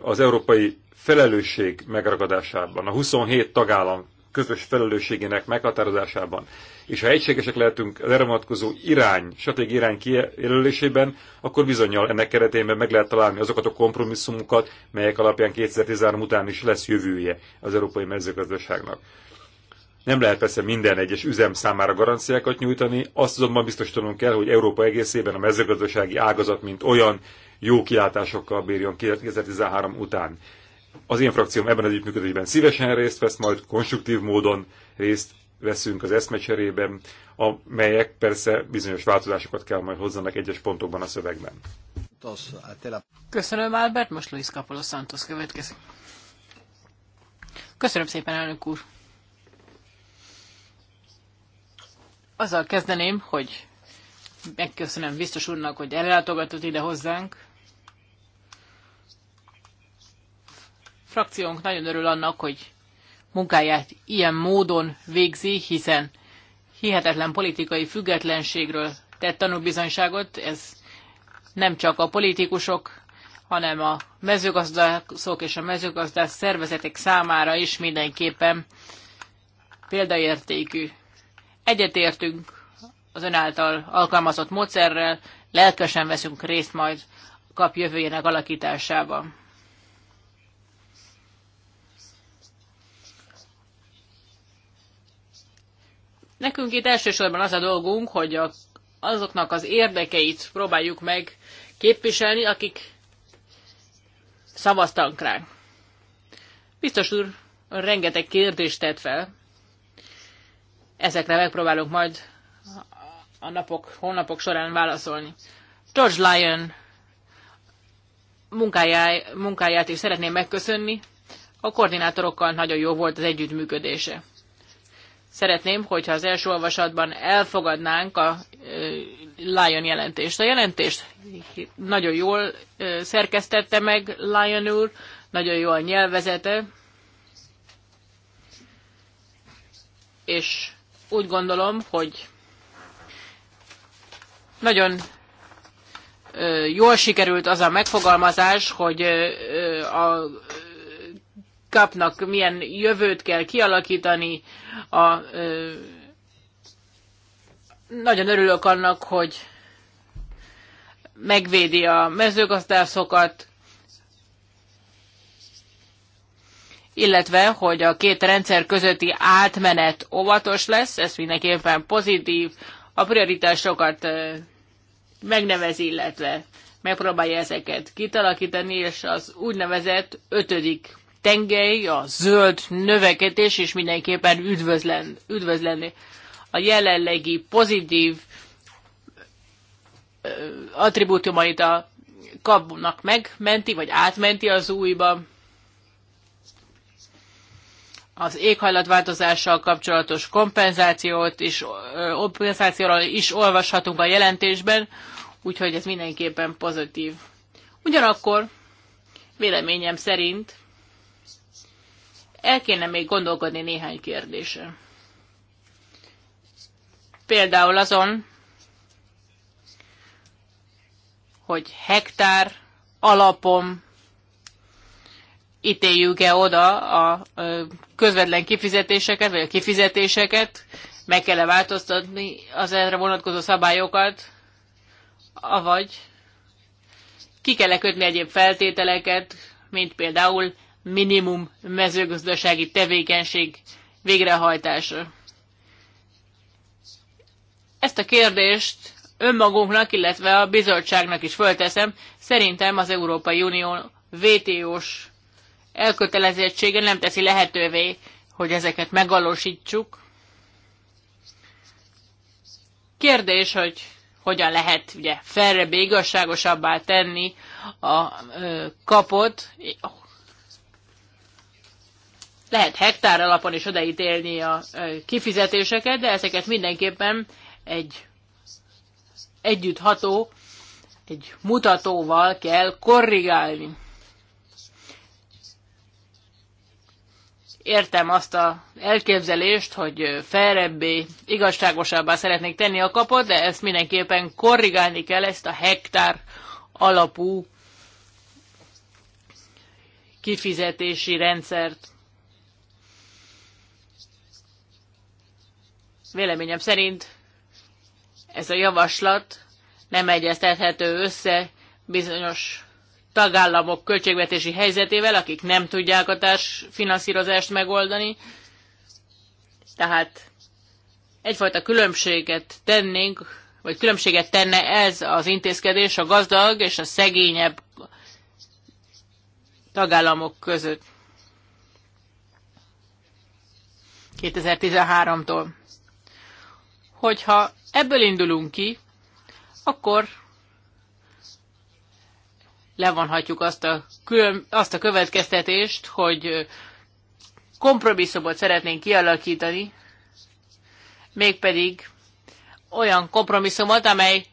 az európai felelősség megragadásában, a 27 tagállam közös felelősségének meghatározásában, és ha egységesek lehetünk az erre vonatkozó irány, stratégiai irány kijelölésében, akkor bizonyal ennek keretében meg lehet találni azokat a kompromisszumokat, melyek alapján 2013 után is lesz jövője az európai mezőgazdaságnak. Nem lehet persze minden egyes üzem számára garanciákat nyújtani, azt azonban biztosítanunk kell, hogy Európa egészében a mezőgazdasági ágazat, mint olyan jó kilátásokkal bírjon 2013 után. Az én frakcióm ebben az együttműködésben szívesen részt vesz, majd konstruktív módon részt veszünk az eszmecserében, amelyek persze bizonyos változásokat kell majd hozzanak egyes pontokban a szövegben. Köszönöm, Albert. Most Luis Capolo Santos következik. Köszönöm szépen, elnök úr. Azzal kezdeném, hogy megköszönöm biztos úrnak, hogy ellátogatott ide hozzánk. frakciónk nagyon örül annak, hogy munkáját ilyen módon végzi, hiszen hihetetlen politikai függetlenségről tett tanúbizonyságot, ez nem csak a politikusok, hanem a mezőgazdászok és a mezőgazdász szervezetek számára is mindenképpen példaértékű. Egyetértünk az ön által alkalmazott módszerrel, lelkesen veszünk részt majd kap jövőjének alakításában. Nekünk itt elsősorban az a dolgunk, hogy a, azoknak az érdekeit próbáljuk meg képviselni, akik szavaztak ránk. Biztos úr rengeteg kérdést tett fel. Ezekre megpróbálunk majd a napok, hónapok során válaszolni. George Lyon munkáját, is szeretném megköszönni. A koordinátorokkal nagyon jó volt az együttműködése. Szeretném, hogyha az első olvasatban elfogadnánk a Lion jelentést. A jelentést nagyon jól szerkesztette meg Lion úr, nagyon jól nyelvezete, és úgy gondolom, hogy nagyon jól sikerült az a megfogalmazás, hogy a kapnak, milyen jövőt kell kialakítani. A, ö, nagyon örülök annak, hogy megvédi a mezőgazdászokat, illetve, hogy a két rendszer közötti átmenet óvatos lesz, ez mindenképpen pozitív, a prioritásokat megnevezi, illetve megpróbálja ezeket kitalakítani, és az úgynevezett ötödik tengely, a zöld növekedés is mindenképpen üdvözlen, üdvözlenné. A jelenlegi pozitív attribútumait a kapnak megmenti, vagy átmenti az újba. Az éghajlatváltozással kapcsolatos kompenzációt is, kompenzációról is olvashatunk a jelentésben, úgyhogy ez mindenképpen pozitív. Ugyanakkor véleményem szerint el kéne még gondolkodni néhány kérdése. Például azon, hogy hektár alapon ítéljük-e oda a közvetlen kifizetéseket, vagy a kifizetéseket, meg kell-e változtatni az erre vonatkozó szabályokat, avagy ki kell -e kötni egyéb feltételeket, mint például minimum mezőgazdasági tevékenység végrehajtása. Ezt a kérdést önmagunknak, illetve a bizottságnak is fölteszem. Szerintem az Európai Unió VTO-s elkötelezettsége nem teszi lehetővé, hogy ezeket megvalósítsuk. Kérdés, hogy hogyan lehet ugye felrebb igazságosabbá tenni a kapot, lehet hektár alapon is odaítélni a kifizetéseket, de ezeket mindenképpen egy együttható, egy mutatóval kell korrigálni. értem azt a elképzelést, hogy felrebbé, igazságosabbá szeretnék tenni a kapot, de ezt mindenképpen korrigálni kell, ezt a hektár alapú kifizetési rendszert. Véleményem szerint ez a javaslat nem egyeztethető össze bizonyos tagállamok költségvetési helyzetével, akik nem tudják a társfinanszírozást megoldani. Tehát egyfajta különbséget tennénk, vagy különbséget tenne ez az intézkedés a gazdag és a szegényebb tagállamok között. 2013-tól hogyha ebből indulunk ki, akkor levonhatjuk azt a, külön, azt a következtetést, hogy kompromisszumot szeretnénk kialakítani, mégpedig olyan kompromisszumot, amely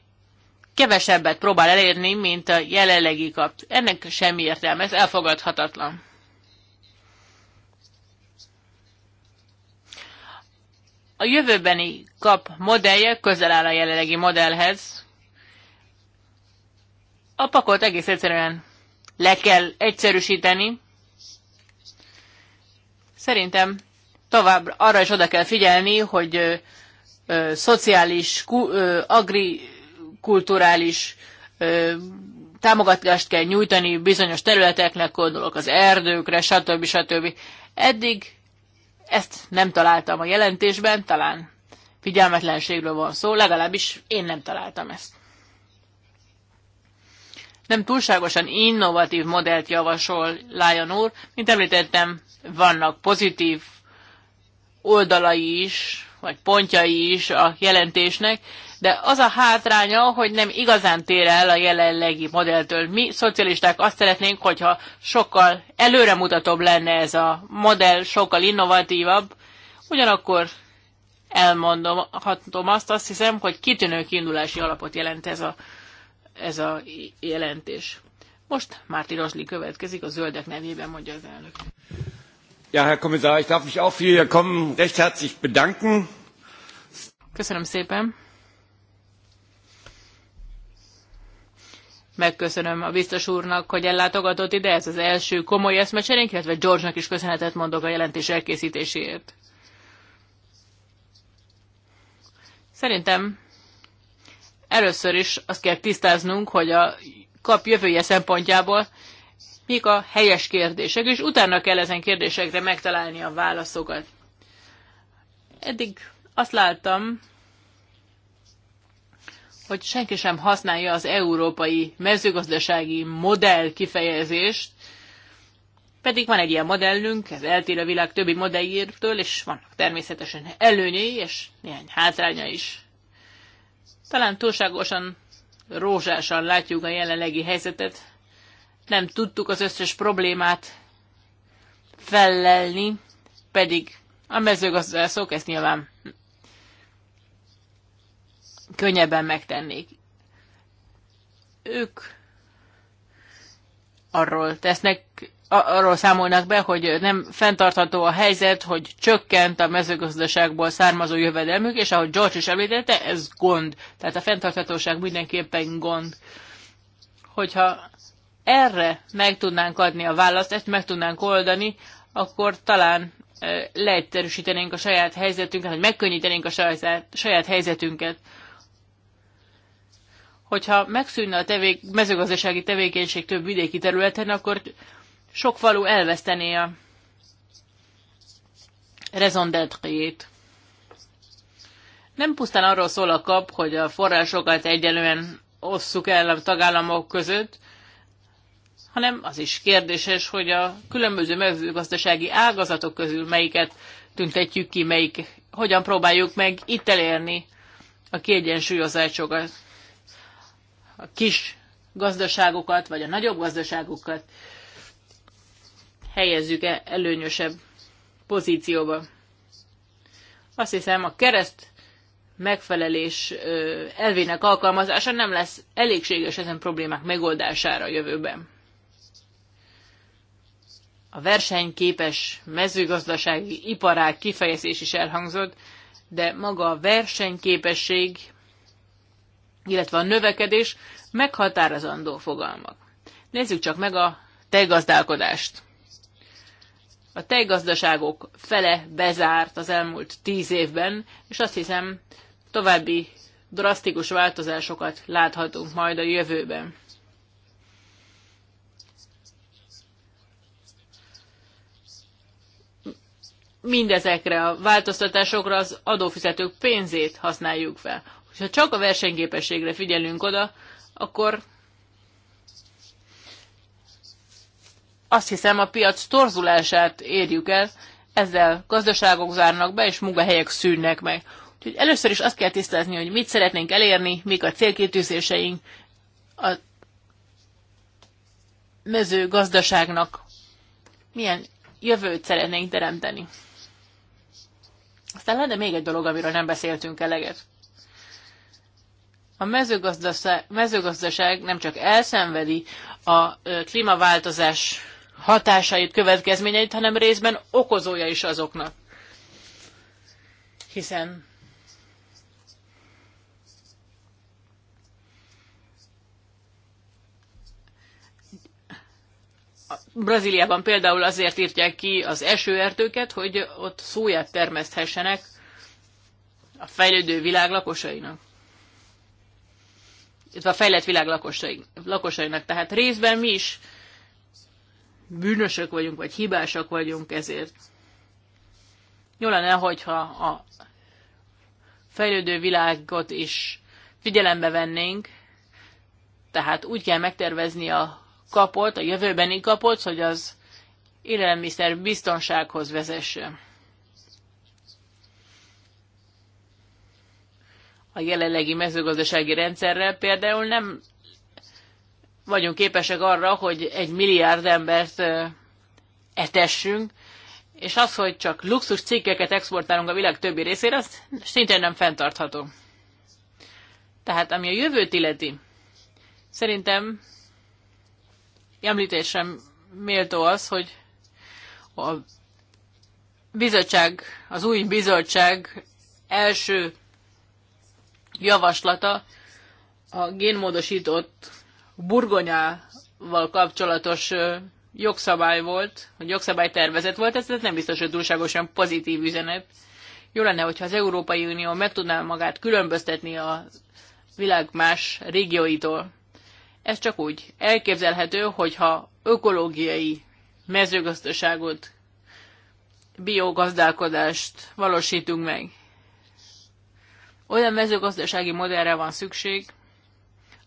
kevesebbet próbál elérni, mint a jelenlegi kap. Ennek semmi értelme, ez elfogadhatatlan. A jövőbeni kap modellje közel áll a jelenlegi modellhez. A pakot egész egyszerűen le kell egyszerűsíteni. Szerintem tovább arra is oda kell figyelni, hogy ö, ö, szociális, ku, ö, agrikulturális ö, támogatást kell nyújtani bizonyos területeknek, gondolok az erdőkre, stb. stb. Eddig ezt nem találtam a jelentésben, talán figyelmetlenségről van szó, legalábbis én nem találtam ezt. Nem túlságosan innovatív modellt javasol Lion úr, mint említettem, vannak pozitív oldalai is, vagy pontjai is a jelentésnek, de az a hátránya, hogy nem igazán tér el a jelenlegi modelltől. Mi szocialisták azt szeretnénk, hogyha sokkal előremutatóbb lenne ez a modell, sokkal innovatívabb, ugyanakkor elmondom azt, azt hiszem, hogy kitűnő kiindulási alapot jelent ez a, ez a jelentés. Most Márti Rosli következik, a zöldek nevében mondja az elnök. Ja, Herr Kommissar, ich darf mich auch für Ihr Kommen recht herzlich bedanken. Köszönöm szépen. Megköszönöm a biztos úrnak, hogy ellátogatott ide, ez az első komoly eszmecserénk, illetve George-nak is köszönetet mondok a jelentés elkészítéséért. Szerintem először is azt kell tisztáznunk, hogy a kap jövője szempontjából mik a helyes kérdések, és utána kell ezen kérdésekre megtalálni a válaszokat. Eddig azt láttam, hogy senki sem használja az európai mezőgazdasági modell kifejezést, pedig van egy ilyen modellünk, ez eltér a világ többi modelljértől, és vannak természetesen előnyei, és néhány hátránya is. Talán túlságosan rózsásan látjuk a jelenlegi helyzetet. Nem tudtuk az összes problémát fellelni, pedig a mezőgazdászok ezt nyilván könnyebben megtennék. Ők arról tesznek, arról számolnak be, hogy nem fenntartható a helyzet, hogy csökkent a mezőgazdaságból származó jövedelmük, és ahogy George is említette, ez gond. Tehát a fenntarthatóság mindenképpen gond. Hogyha erre meg tudnánk adni a választ, ezt meg tudnánk oldani, akkor talán eh, leegyszerűsítenénk a saját helyzetünket, hogy megkönnyítenénk a saját, saját helyzetünket hogyha megszűnne a tevék, mezőgazdasági tevékenység több vidéki területen, akkor sok falu elvesztené a raison Nem pusztán arról szól a kap, hogy a forrásokat egyenlően osszuk el a tagállamok között, hanem az is kérdéses, hogy a különböző mezőgazdasági ágazatok közül melyiket tüntetjük ki, melyik, hogyan próbáljuk meg itt elérni a kiegyensúlyozásokat a kis gazdaságokat, vagy a nagyobb gazdaságokat helyezzük -e előnyösebb pozícióba. Azt hiszem, a kereszt megfelelés elvének alkalmazása nem lesz elégséges ezen problémák megoldására a jövőben. A versenyképes mezőgazdasági iparág kifejezés is elhangzott, de maga a versenyképesség illetve a növekedés meghatározandó fogalmak. Nézzük csak meg a tejgazdálkodást. A tejgazdaságok fele bezárt az elmúlt tíz évben, és azt hiszem további drasztikus változásokat láthatunk majd a jövőben. mindezekre a változtatásokra az adófizetők pénzét használjuk fel. És ha csak a versenyképességre figyelünk oda, akkor azt hiszem a piac torzulását érjük el, ezzel gazdaságok zárnak be, és munkahelyek szűnnek meg. Úgyhogy először is azt kell tisztázni, hogy mit szeretnénk elérni, mik a célkitűzéseink, a mezőgazdaságnak milyen jövőt szeretnénk teremteni. Aztán lenne még egy dolog, amiről nem beszéltünk eleget a mezőgazdaság, mezőgazdaság nem csak elszenvedi a klímaváltozás hatásait, következményeit, hanem részben okozója is azoknak. Hiszen Brazíliában például azért írtják ki az esőerdőket, hogy ott szóját termeszthessenek a fejlődő világ lakosainak illetve a fejlett világ lakosai, lakosainak. Tehát részben mi is bűnösök vagyunk, vagy hibásak vagyunk ezért. Jó lenne, hogyha a fejlődő világot is figyelembe vennénk, tehát úgy kell megtervezni a kapot, a jövőbeni kapot, hogy az élelmiszer biztonsághoz vezesse. a jelenlegi mezőgazdasági rendszerrel például nem vagyunk képesek arra, hogy egy milliárd embert etessünk, és az, hogy csak luxus cikkeket exportálunk a világ többi részére, az szintén nem fenntartható. Tehát ami a jövőt illeti, szerintem említésem méltó az, hogy a bizottság, az új bizottság első javaslata a génmódosított burgonyával kapcsolatos jogszabály volt, vagy jogszabálytervezet volt, ez nem biztos, hogy túlságosan pozitív üzenet. Jó lenne, hogyha az Európai Unió meg tudná magát különböztetni a világ más régióitól. Ez csak úgy elképzelhető, hogyha ökológiai mezőgazdaságot, biogazdálkodást valósítunk meg. Olyan mezőgazdasági modellre van szükség,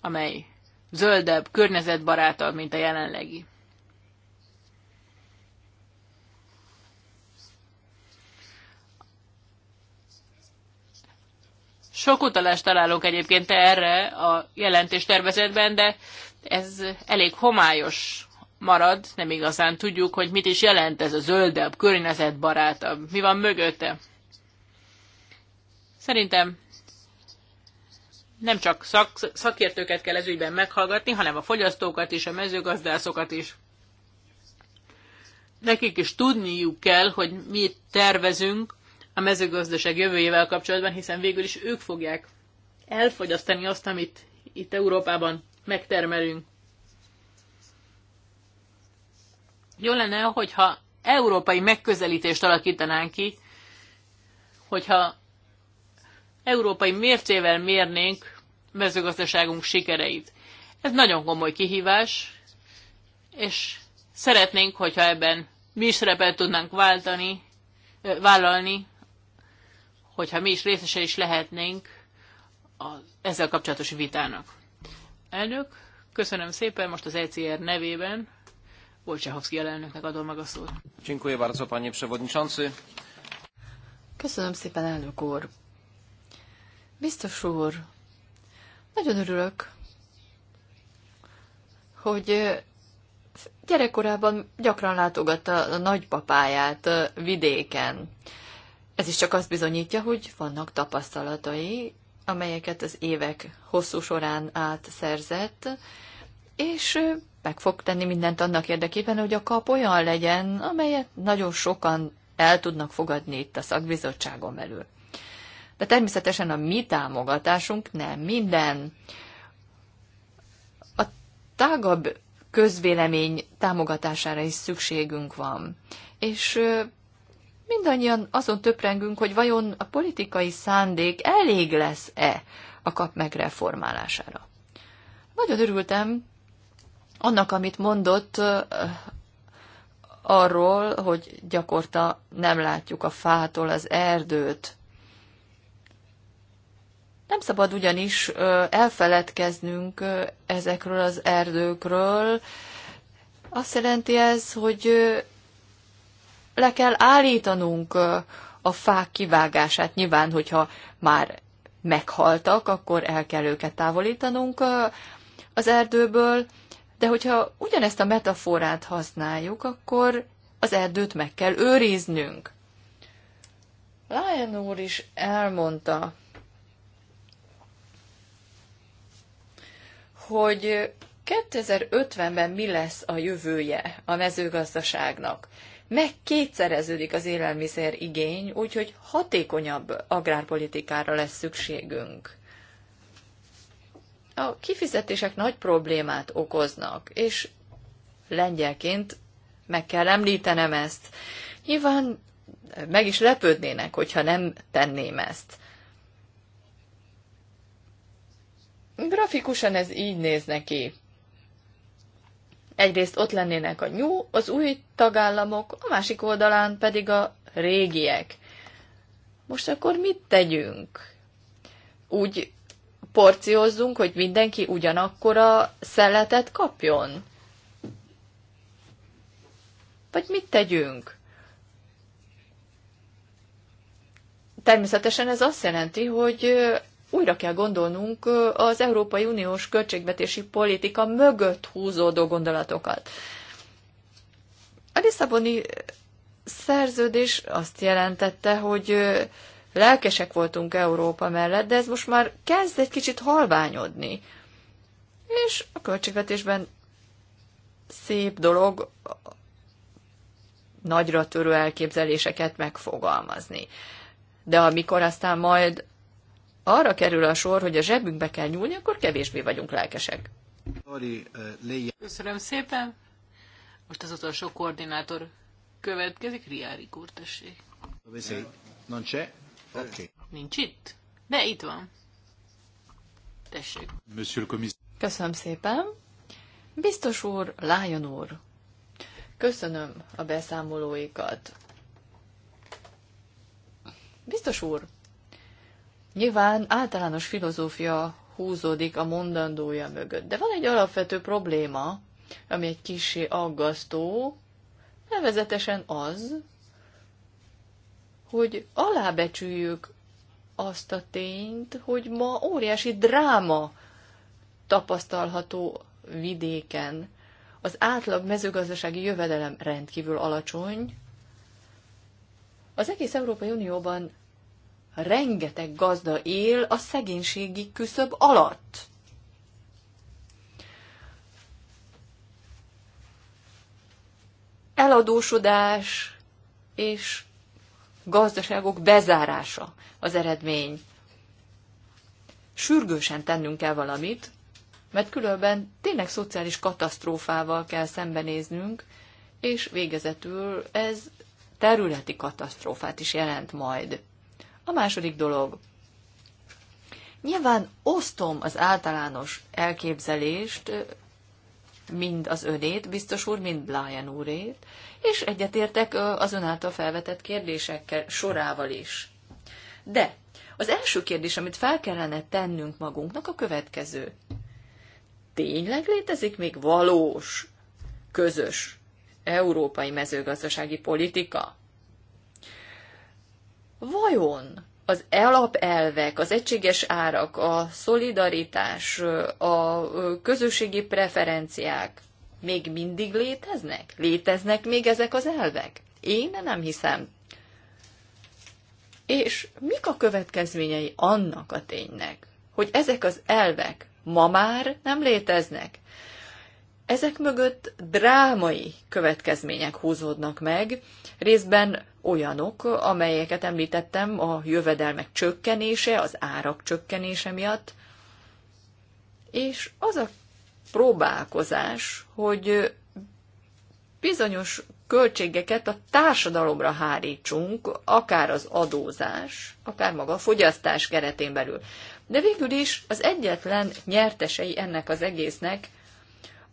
amely zöldebb, környezetbarátabb, mint a jelenlegi. Sok utalást találunk egyébként erre a jelentés tervezetben, de ez elég homályos marad, nem igazán tudjuk, hogy mit is jelent ez a zöldebb, környezetbarátabb, mi van mögötte. Szerintem nem csak szak, szakértőket kell ezügyben meghallgatni, hanem a fogyasztókat is, a mezőgazdászokat is. Nekik is tudniuk kell, hogy mit tervezünk a mezőgazdaság jövőjével kapcsolatban, hiszen végül is ők fogják elfogyasztani azt, amit itt Európában megtermelünk. Jó lenne, hogyha európai megközelítést alakítanánk ki, hogyha európai mércével mérnénk mezőgazdaságunk sikereit. Ez nagyon komoly kihívás, és szeretnénk, hogyha ebben mi is szerepet tudnánk váltani, vállalni, hogyha mi is részese is lehetnénk a, ezzel kapcsolatos vitának. Elnök, köszönöm szépen, most az ECR nevében Wojciechowski elnöknek adom meg a szót. Dziękuję bardzo, panie przewodniczący. Köszönöm szépen, elnök úr. Biztos úr, nagyon örülök, hogy gyerekkorában gyakran látogatta a nagypapáját vidéken. Ez is csak azt bizonyítja, hogy vannak tapasztalatai, amelyeket az évek hosszú során átszerzett, és meg fog tenni mindent annak érdekében, hogy a kap olyan legyen, amelyet nagyon sokan el tudnak fogadni itt a szakbizottságon belül de természetesen a mi támogatásunk nem minden. A tágabb közvélemény támogatására is szükségünk van. És mindannyian azon töprengünk, hogy vajon a politikai szándék elég lesz-e a kap megreformálására. Nagyon örültem annak, amit mondott arról, hogy gyakorta nem látjuk a fától az erdőt. Nem szabad ugyanis elfeledkeznünk ezekről az erdőkről. Azt jelenti ez, hogy le kell állítanunk a fák kivágását. Nyilván, hogyha már meghaltak, akkor el kell őket távolítanunk az erdőből, de hogyha ugyanezt a metaforát használjuk, akkor az erdőt meg kell őriznünk. Lion úr is elmondta, hogy 2050-ben mi lesz a jövője a mezőgazdaságnak. Meg kétszereződik az élelmiszer igény, úgyhogy hatékonyabb agrárpolitikára lesz szükségünk. A kifizetések nagy problémát okoznak, és lengyelként meg kell említenem ezt. Nyilván meg is lepődnének, hogyha nem tenném ezt. grafikusan ez így néz neki. Egyrészt ott lennének a nyú, az új tagállamok, a másik oldalán pedig a régiek. Most akkor mit tegyünk? Úgy porciózzunk, hogy mindenki ugyanakkora szeletet kapjon? Vagy mit tegyünk? Természetesen ez azt jelenti, hogy újra kell gondolnunk az Európai Uniós költségvetési politika mögött húzódó gondolatokat. A Lisszaboni szerződés azt jelentette, hogy lelkesek voltunk Európa mellett, de ez most már kezd egy kicsit halványodni. És a költségvetésben szép dolog nagyra törő elképzeléseket megfogalmazni. De amikor aztán majd arra kerül a sor, hogy a zsebünkbe kell nyúlni, akkor kevésbé vagyunk lelkesek. Köszönöm szépen. Most az utolsó koordinátor következik, Riári úr, tessék. Non c'è? Nincs itt? De itt van. Tessék. Monsieur Köszönöm szépen. Biztos úr, Lájon úr, köszönöm a beszámolóikat. Biztos úr, Nyilván általános filozófia húzódik a mondandója mögött, de van egy alapvető probléma, ami egy kisé aggasztó, nevezetesen az, hogy alábecsüljük azt a tényt, hogy ma óriási dráma tapasztalható vidéken. Az átlag mezőgazdasági jövedelem rendkívül alacsony. Az egész Európai Unióban rengeteg gazda él a szegénységi küszöb alatt. Eladósodás és gazdaságok bezárása az eredmény. Sürgősen tennünk kell valamit, mert különben tényleg szociális katasztrófával kell szembenéznünk, és végezetül ez területi katasztrófát is jelent majd. A második dolog. Nyilván osztom az általános elképzelést, mind az önét, biztos úr, mind Blájan úrét, és egyetértek az ön által felvetett kérdésekkel, sorával is. De az első kérdés, amit fel kellene tennünk magunknak, a következő. Tényleg létezik még valós, közös európai mezőgazdasági politika? vajon az alapelvek, az egységes árak, a szolidaritás, a közösségi preferenciák még mindig léteznek? Léteznek még ezek az elvek? Én nem hiszem. És mik a következményei annak a ténynek, hogy ezek az elvek ma már nem léteznek? Ezek mögött drámai következmények húzódnak meg, részben olyanok, amelyeket említettem, a jövedelmek csökkenése, az árak csökkenése miatt, és az a próbálkozás, hogy bizonyos költségeket a társadalomra hárítsunk, akár az adózás, akár maga a fogyasztás keretén belül. De végül is az egyetlen nyertesei ennek az egésznek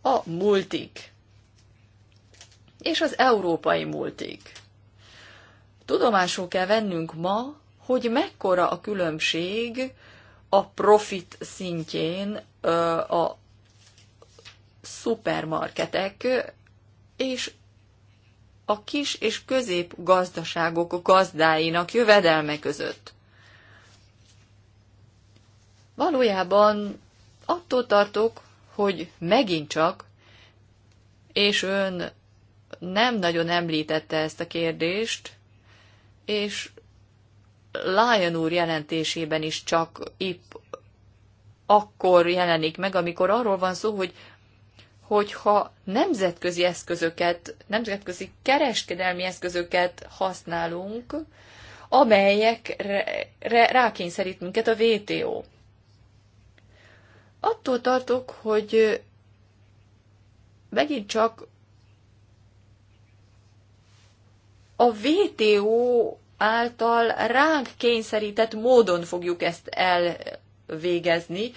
a multik, és az európai multik. Tudomásul kell vennünk ma, hogy mekkora a különbség a profit szintjén a szupermarketek és a kis és közép gazdaságok gazdáinak jövedelme között. Valójában attól tartok, hogy megint csak, és ön nem nagyon említette ezt a kérdést, és Lion úr jelentésében is csak épp akkor jelenik meg, amikor arról van szó, hogy hogyha nemzetközi eszközöket, nemzetközi kereskedelmi eszközöket használunk, amelyekre rákényszerít minket a WTO attól tartok, hogy megint csak a VTO által ránk kényszerített módon fogjuk ezt elvégezni,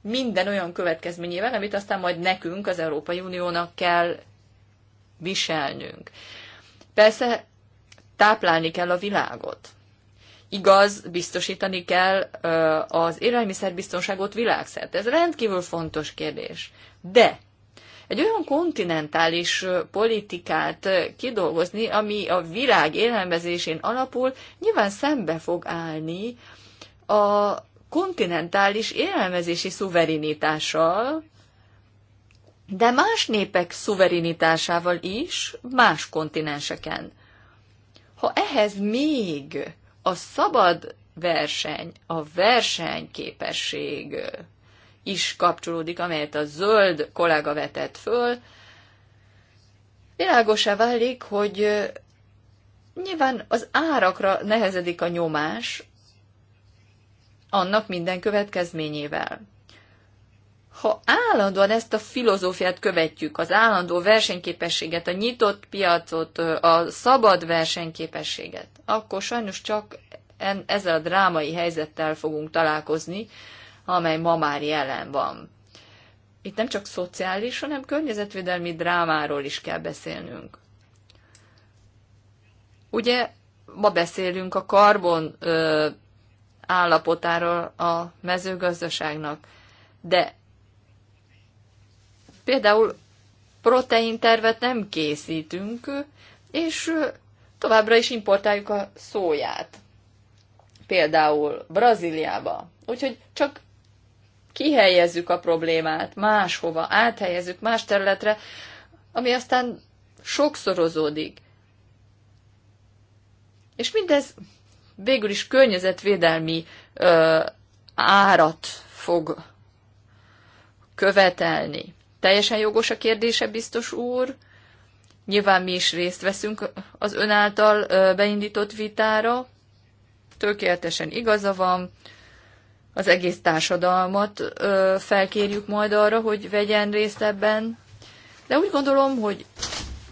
minden olyan következményével, amit aztán majd nekünk, az Európai Uniónak kell viselnünk. Persze táplálni kell a világot igaz, biztosítani kell az élelmiszerbiztonságot világszerte. Ez rendkívül fontos kérdés. De egy olyan kontinentális politikát kidolgozni, ami a világ élelmezésén alapul, nyilván szembe fog állni a kontinentális élelmezési szuverinitással, de más népek szuverinitásával is más kontinenseken. Ha ehhez még a szabad verseny, a versenyképesség is kapcsolódik, amelyet a zöld kollega vetett föl, világosá válik, hogy nyilván az árakra nehezedik a nyomás, annak minden következményével ha állandóan ezt a filozófiát követjük, az állandó versenyképességet, a nyitott piacot, a szabad versenyképességet, akkor sajnos csak en, ezzel a drámai helyzettel fogunk találkozni, amely ma már jelen van. Itt nem csak szociális, hanem környezetvédelmi drámáról is kell beszélnünk. Ugye ma beszélünk a karbon ö, állapotáról a mezőgazdaságnak, de Például proteintervet nem készítünk, és továbbra is importáljuk a szóját. Például Brazíliába. Úgyhogy csak kihelyezzük a problémát máshova, áthelyezzük más területre, ami aztán sokszorozódik. És mindez végül is környezetvédelmi ö, árat fog követelni. Teljesen jogos a kérdése, biztos úr. Nyilván mi is részt veszünk az ön által beindított vitára. Tökéletesen igaza van. Az egész társadalmat felkérjük majd arra, hogy vegyen részt ebben. De úgy gondolom, hogy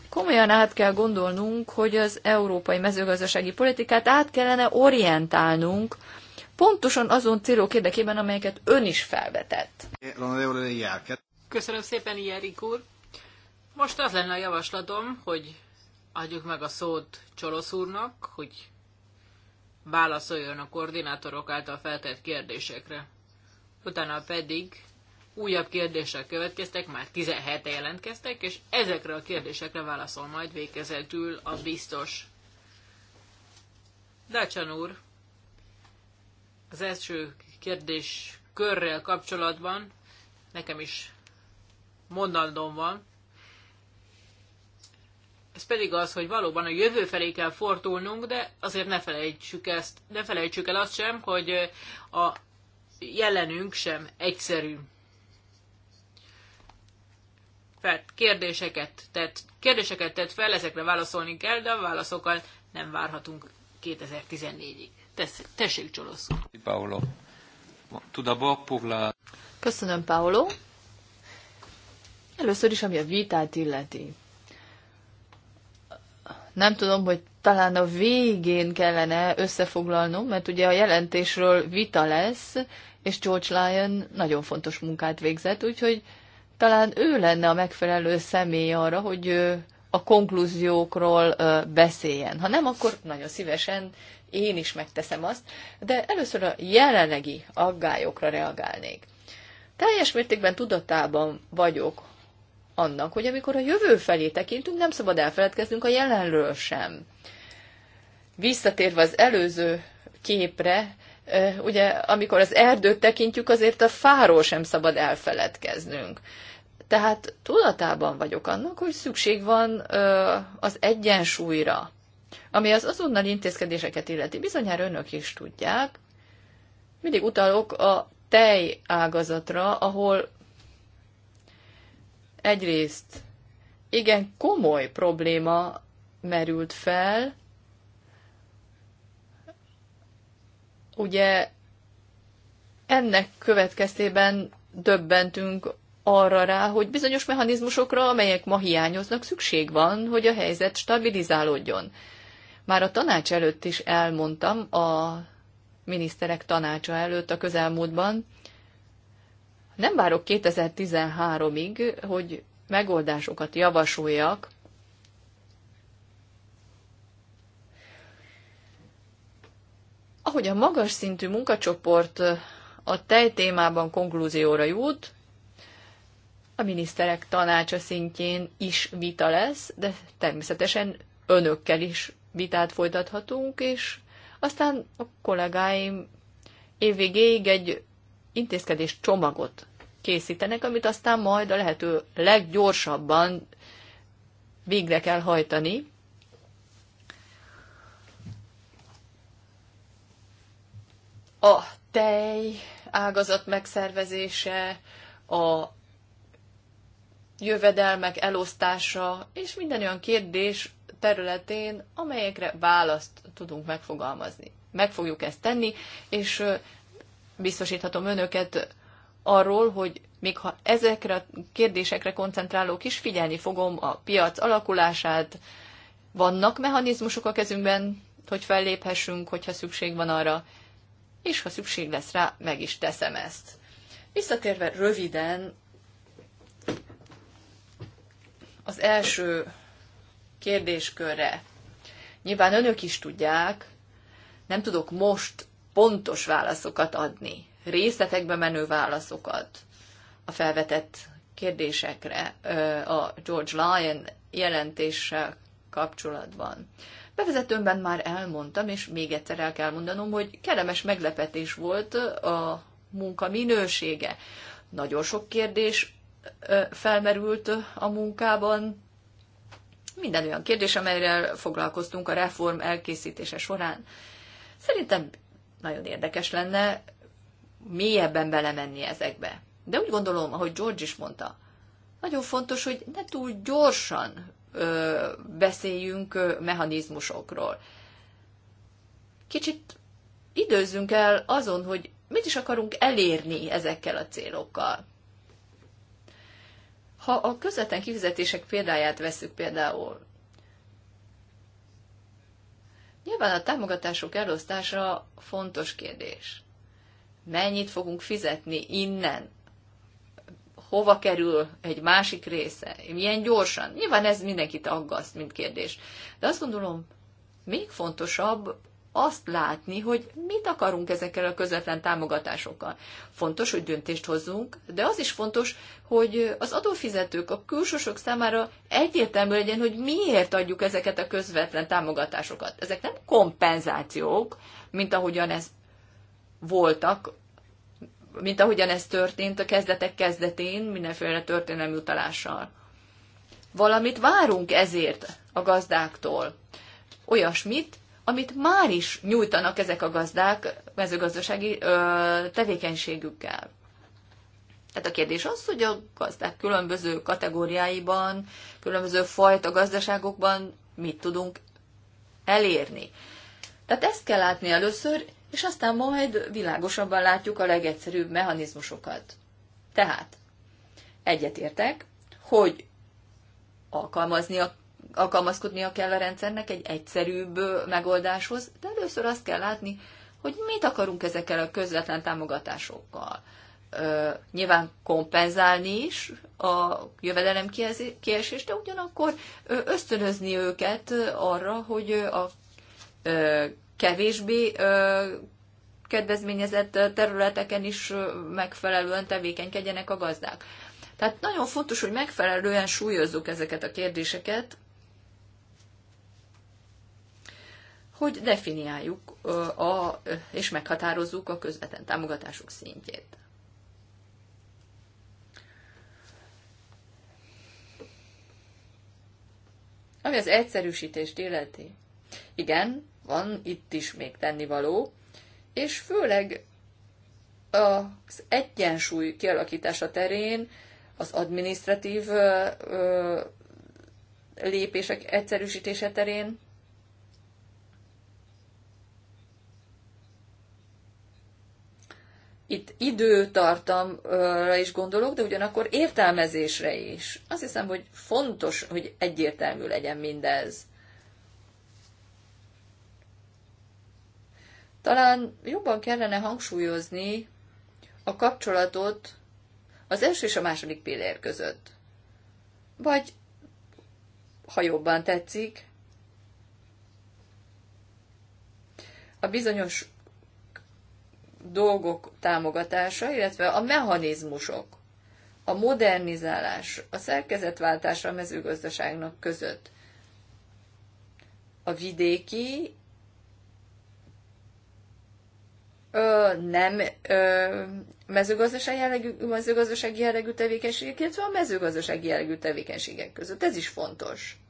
komolyan át kell gondolnunk, hogy az európai mezőgazdasági politikát át kellene orientálnunk, pontosan azon célok érdekében, amelyeket ön is felvetett. Köszönöm szépen, Jerik úr. Most az lenne a javaslatom, hogy adjuk meg a szót Csolosz úrnak, hogy válaszoljon a koordinátorok által feltett kérdésekre. Utána pedig újabb kérdések következtek, már 17-e jelentkeztek, és ezekre a kérdésekre válaszol majd végezetül a biztos. Dácsan úr, az első kérdés körrel kapcsolatban nekem is mondandom van. Ez pedig az, hogy valóban a jövő felé kell fordulnunk, de azért ne felejtsük, ezt, ne felejtsük el azt sem, hogy a jelenünk sem egyszerű. Fel, kérdéseket tett, kérdéseket tett fel, ezekre válaszolni kell, de a válaszokkal nem várhatunk 2014-ig. Tessék, Csolosz! Paolo. Köszönöm, Paolo. Először is, ami a vitát illeti. Nem tudom, hogy talán a végén kellene összefoglalnom, mert ugye a jelentésről vita lesz, és George Lyon nagyon fontos munkát végzett, úgyhogy talán ő lenne a megfelelő személy arra, hogy a konklúziókról beszéljen. Ha nem, akkor nagyon szívesen én is megteszem azt, de először a jelenlegi aggályokra reagálnék. Teljes mértékben tudatában vagyok annak, hogy amikor a jövő felé tekintünk, nem szabad elfeledkeznünk a jelenről sem. Visszatérve az előző képre, ugye amikor az erdőt tekintjük, azért a fáról sem szabad elfeledkeznünk. Tehát tudatában vagyok annak, hogy szükség van az egyensúlyra, ami az azonnal intézkedéseket illeti. Bizonyára önök is tudják, mindig utalok a tej ágazatra, ahol egyrészt igen komoly probléma merült fel, ugye ennek következtében döbbentünk arra rá, hogy bizonyos mechanizmusokra, amelyek ma hiányoznak, szükség van, hogy a helyzet stabilizálódjon. Már a tanács előtt is elmondtam, a miniszterek tanácsa előtt a közelmúltban, nem várok 2013-ig, hogy megoldásokat javasoljak, ahogy a magas szintű munkacsoport a tej témában konklúzióra jut, a miniszterek tanácsa szintjén is vita lesz, de természetesen önökkel is vitát folytathatunk, és aztán a kollégáim évvégéig egy intézkedés csomagot készítenek, amit aztán majd a lehető leggyorsabban végre kell hajtani. A tej ágazat megszervezése, a jövedelmek elosztása, és minden olyan kérdés területén, amelyekre választ tudunk megfogalmazni. Meg fogjuk ezt tenni, és biztosíthatom önöket arról, hogy még ha ezekre a kérdésekre koncentrálok is, figyelni fogom a piac alakulását, vannak mechanizmusok a kezünkben, hogy felléphessünk, hogyha szükség van arra, és ha szükség lesz rá, meg is teszem ezt. Visszatérve röviden az első kérdéskörre. Nyilván önök is tudják, nem tudok most pontos válaszokat adni, részletekbe menő válaszokat a felvetett kérdésekre a George Lyon jelentéssel kapcsolatban. Bevezetőmben már elmondtam, és még egyszer el kell mondanom, hogy kellemes meglepetés volt a munka minősége. Nagyon sok kérdés felmerült a munkában, minden olyan kérdés, amelyre foglalkoztunk a reform elkészítése során. Szerintem nagyon érdekes lenne mélyebben belemenni ezekbe. De úgy gondolom, ahogy George is mondta, nagyon fontos, hogy ne túl gyorsan ö, beszéljünk ö, mechanizmusokról. Kicsit időzzünk el azon, hogy mit is akarunk elérni ezekkel a célokkal. Ha a közvetlen kifizetések példáját veszük például, Nyilván a támogatások elosztása fontos kérdés. Mennyit fogunk fizetni innen? Hova kerül egy másik része? Milyen gyorsan? Nyilván ez mindenkit aggaszt, mint kérdés. De azt gondolom, még fontosabb azt látni, hogy mit akarunk ezekkel a közvetlen támogatásokkal. Fontos, hogy döntést hozzunk, de az is fontos, hogy az adófizetők, a külsősök számára egyértelmű legyen, hogy miért adjuk ezeket a közvetlen támogatásokat. Ezek nem kompenzációk, mint ahogyan ez voltak, mint ahogyan ez történt a kezdetek kezdetén, mindenféle történelmi utalással. Valamit várunk ezért a gazdáktól. Olyasmit, amit már is nyújtanak ezek a gazdák mezőgazdasági ö, tevékenységükkel. Tehát a kérdés az, hogy a gazdák különböző kategóriáiban, különböző fajta gazdaságokban mit tudunk elérni. Tehát ezt kell látni először, és aztán majd világosabban látjuk a legegyszerűbb mechanizmusokat. Tehát egyetértek, hogy alkalmaznia alkalmazkodnia kell a rendszernek egy egyszerűbb megoldáshoz, de először azt kell látni, hogy mit akarunk ezekkel a közvetlen támogatásokkal. Nyilván kompenzálni is a jövedelem kiesést, de ugyanakkor ösztönözni őket arra, hogy a kevésbé kedvezményezett területeken is megfelelően tevékenykedjenek a gazdák. Tehát nagyon fontos, hogy megfelelően súlyozzuk ezeket a kérdéseket, hogy definiáljuk a, és meghatározzuk a közvetlen támogatások szintjét. Ami az egyszerűsítést illeti. Igen, van itt is még tennivaló, és főleg az egyensúly kialakítása terén az administratív lépések egyszerűsítése terén itt időtartamra is gondolok, de ugyanakkor értelmezésre is. Azt hiszem, hogy fontos, hogy egyértelmű legyen mindez. Talán jobban kellene hangsúlyozni a kapcsolatot az első és a második pillér között. Vagy, ha jobban tetszik, a bizonyos dolgok támogatása, illetve a mechanizmusok, a modernizálás, a szerkezetváltás a mezőgazdaságnak között. A vidéki ö, nem ö, mezőgazdaság jellegű, mezőgazdasági jellegű tevékenységek, illetve a mezőgazdasági jellegű tevékenységek között. Ez is fontos.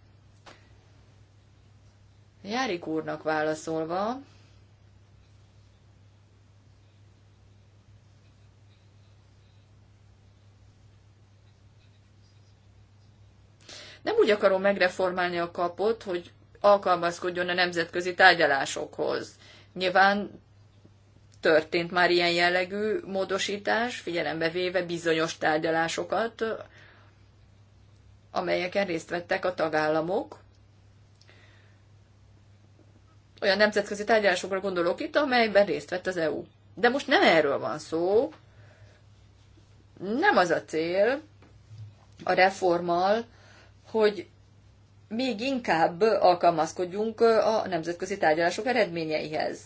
Járik úrnak válaszolva, Nem úgy akarom megreformálni a kapot, hogy alkalmazkodjon a nemzetközi tárgyalásokhoz. Nyilván történt már ilyen jellegű módosítás, figyelembe véve bizonyos tárgyalásokat, amelyeken részt vettek a tagállamok. Olyan nemzetközi tárgyalásokra gondolok itt, amelyben részt vett az EU. De most nem erről van szó, nem az a cél a reformal, hogy még inkább alkalmazkodjunk a nemzetközi tárgyalások eredményeihez.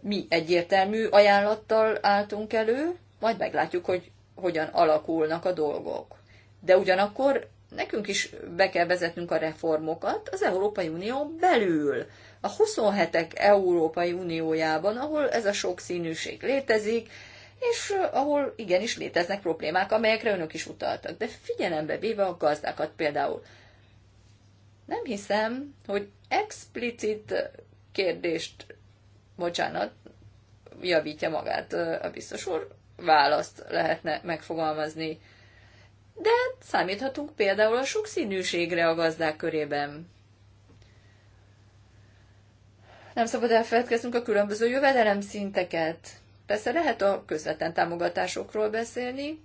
Mi egyértelmű ajánlattal álltunk elő, majd meglátjuk, hogy hogyan alakulnak a dolgok. De ugyanakkor nekünk is be kell vezetnünk a reformokat az Európai Unió belül. A 27-ek Európai Uniójában, ahol ez a sokszínűség létezik, és ahol igenis léteznek problémák, amelyekre önök is utaltak. De figyelembe véve a gazdákat például. Nem hiszem, hogy explicit kérdést, bocsánat, javítja magát a biztos úr, választ lehetne megfogalmazni. De hát számíthatunk például a sokszínűségre a gazdák körében. Nem szabad elfeledkeznünk a különböző jövedelem szinteket. Persze lehet a közvetlen támogatásokról beszélni,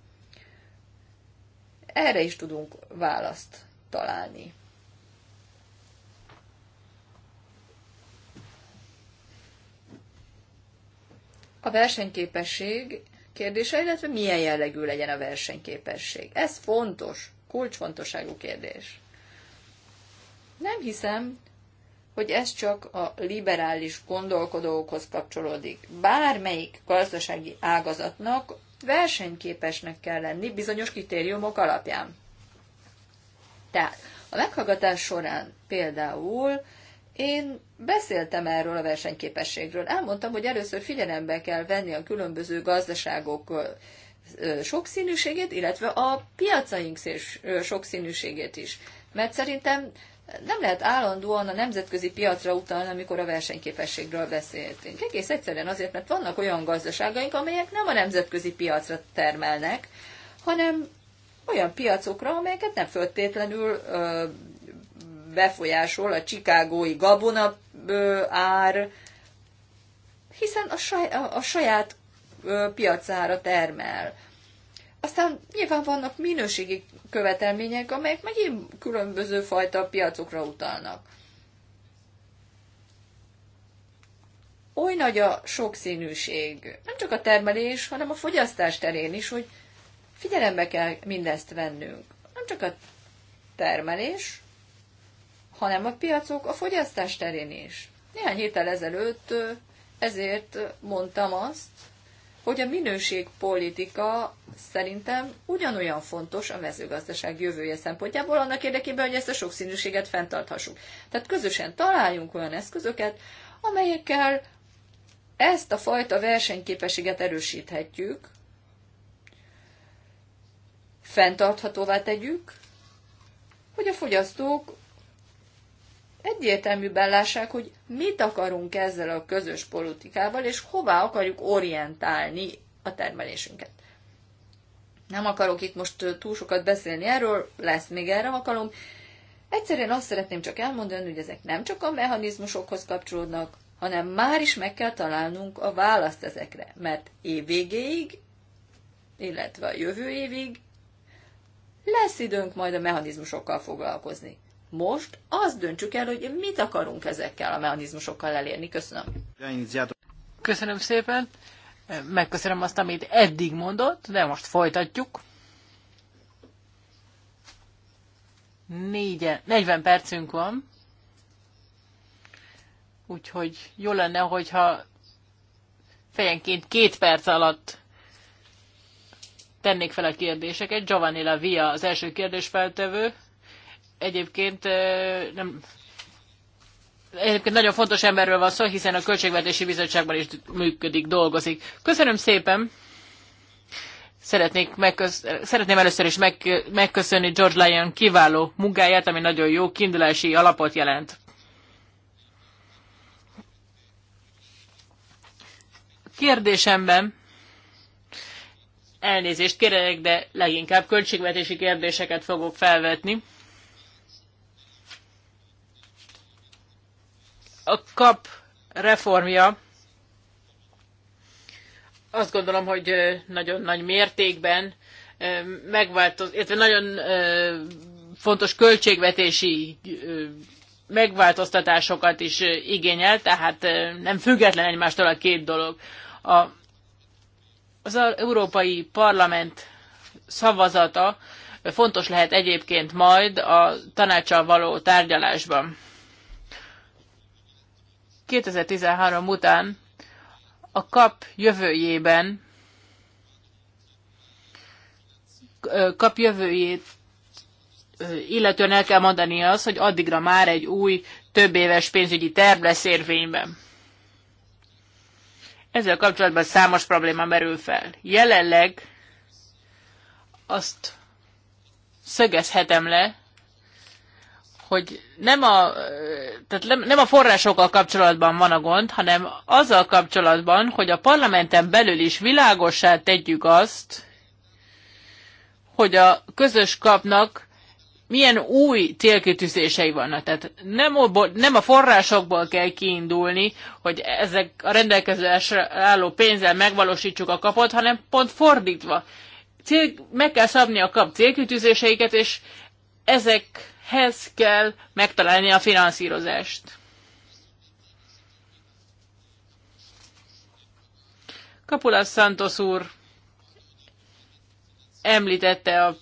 erre is tudunk választ találni. A versenyképesség kérdése, illetve milyen jellegű legyen a versenyképesség. Ez fontos, kulcsfontosságú kérdés. Nem hiszem, hogy ez csak a liberális gondolkodókhoz kapcsolódik. Bármelyik gazdasági ágazatnak versenyképesnek kell lenni bizonyos kritériumok alapján. Tehát a meghallgatás során például én beszéltem erről a versenyképességről. Elmondtam, hogy először figyelembe kell venni a különböző gazdaságok sokszínűségét, illetve a piacaink sokszínűségét is. Mert szerintem nem lehet állandóan a nemzetközi piacra utalni, amikor a versenyképességről beszéltünk. Egész egyszerűen azért, mert vannak olyan gazdaságaink, amelyek nem a nemzetközi piacra termelnek, hanem olyan piacokra, amelyeket nem föltétlenül ö, befolyásol a csikágói gabona ö, ár, hiszen a, saj, a, a saját ö, piacára termel. Aztán nyilván vannak minőségi követelmények, amelyek megint különböző fajta piacokra utalnak. Oly nagy a sokszínűség, nem csak a termelés, hanem a fogyasztás terén is, hogy figyelembe kell mindezt vennünk. Nem csak a termelés, hanem a piacok a fogyasztás terén is. Néhány héttel ezelőtt ezért mondtam azt, hogy a minőségpolitika szerintem ugyanolyan fontos a mezőgazdaság jövője szempontjából, annak érdekében, hogy ezt a sokszínűséget fenntarthassuk. Tehát közösen találjunk olyan eszközöket, amelyekkel ezt a fajta versenyképességet erősíthetjük, fenntarthatóvá tegyük, hogy a fogyasztók egyértelmű lássák, hogy mit akarunk ezzel a közös politikával, és hová akarjuk orientálni a termelésünket. Nem akarok itt most túl sokat beszélni erről, lesz még erre alkalom. Egyszerűen azt szeretném csak elmondani, hogy ezek nem csak a mechanizmusokhoz kapcsolódnak, hanem már is meg kell találnunk a választ ezekre, mert évvégéig, illetve a jövő évig lesz időnk majd a mechanizmusokkal foglalkozni. Most azt döntsük el, hogy mit akarunk ezekkel a mechanizmusokkal elérni. Köszönöm. Köszönöm szépen. Megköszönöm azt, amit eddig mondott, de most folytatjuk. Négyen, 40 percünk van, úgyhogy jó lenne, hogyha fejenként két perc alatt tennék fel a kérdéseket. Giovanni La Via az első kérdés feltevő egyébként nem Egyébként nagyon fontos emberről van szó, hiszen a Költségvetési Bizottságban is működik, dolgozik. Köszönöm szépen! Szeretnék megkösz... Szeretném először is meg... megköszönni George Lyon kiváló munkáját, ami nagyon jó kiindulási alapot jelent. Kérdésemben elnézést kérek, de leginkább költségvetési kérdéseket fogok felvetni. a kap reformja azt gondolom, hogy nagyon nagy mértékben megváltoz, illetve nagyon fontos költségvetési megváltoztatásokat is igényel, tehát nem független egymástól a két dolog. A, az Európai Parlament szavazata fontos lehet egyébként majd a tanácsal való tárgyalásban. 2013 után a kap jövőjében kap jövőjét illetően el kell mondani az, hogy addigra már egy új, több éves pénzügyi terv lesz érvényben. Ezzel kapcsolatban számos probléma merül fel. Jelenleg azt szögezhetem le, hogy nem a, tehát nem a forrásokkal kapcsolatban van a gond, hanem azzal kapcsolatban, hogy a parlamenten belül is világossá tegyük azt, hogy a közös kapnak milyen új célkitűzései vannak. Tehát nem, obo, nem a forrásokból kell kiindulni, hogy ezek a rendelkezésre álló pénzzel megvalósítsuk a kapot, hanem pont fordítva. Cél, meg kell szabni a kap célkitűzéseiket, és ezek ehhez kell megtalálni a finanszírozást. Kapulás Santos úr említette a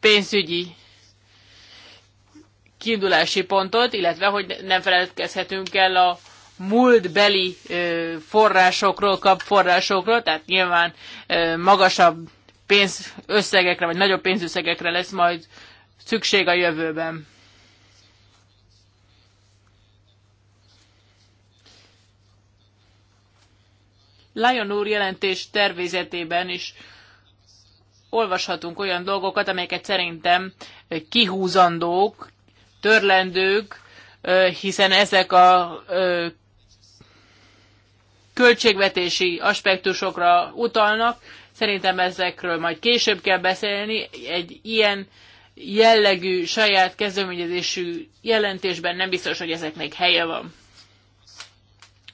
pénzügyi kiindulási pontot, illetve hogy nem feledkezhetünk el a múltbeli forrásokról, kap forrásokról, tehát nyilván magasabb pénzösszegekre, vagy nagyobb pénzösszegekre lesz majd szükség a jövőben. Lion úr jelentés tervezetében is olvashatunk olyan dolgokat, amelyeket szerintem kihúzandók, törlendők, hiszen ezek a költségvetési aspektusokra utalnak. Szerintem ezekről majd később kell beszélni. Egy ilyen jellegű, saját kezdeményezésű jelentésben nem biztos, hogy ezeknek helye van.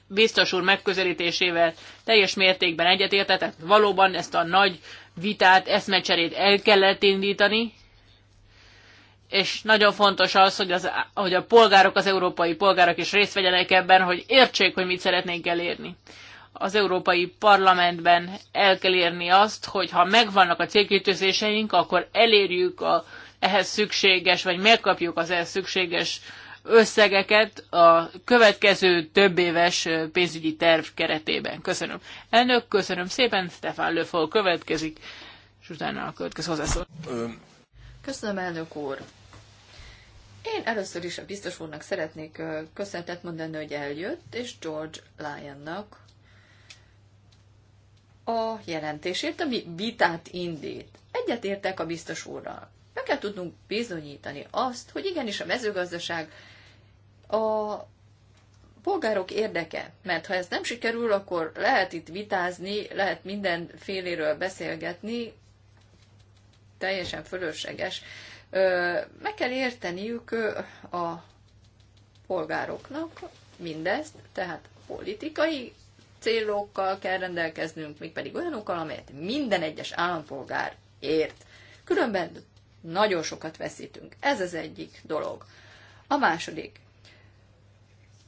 Biztos úr megközelítésével teljes mértékben egyetértetett, valóban ezt a nagy vitát, eszmecserét el kellett indítani, és nagyon fontos az, hogy, az, hogy a polgárok, az európai polgárok is részt vegyenek ebben, hogy értsék, hogy mit szeretnénk elérni. Az Európai Parlamentben el kell érni azt, hogy ha megvannak a célkítőzéseink, akkor elérjük a ehhez szükséges, vagy miért kapjuk az ehhez szükséges összegeket a következő több éves pénzügyi terv keretében. Köszönöm. Elnök, köszönöm szépen, Stefan Löfol következik, és utána a következő hozzászól. Köszönöm, elnök úr. Én először is a biztos úrnak szeretnék köszöntet mondani, hogy eljött, és George Lyonnak a jelentésért, ami vitát indít. Egyetértek a biztos úrral. Meg kell tudnunk bizonyítani azt, hogy igenis a mezőgazdaság a polgárok érdeke, mert ha ez nem sikerül, akkor lehet itt vitázni, lehet mindenféléről beszélgetni, teljesen fölösleges. Meg kell érteniük a polgároknak mindezt, tehát politikai célokkal kell rendelkeznünk, még pedig olyanokkal, amelyet minden egyes állampolgár ért. Különben nagyon sokat veszítünk. Ez az egyik dolog. A második.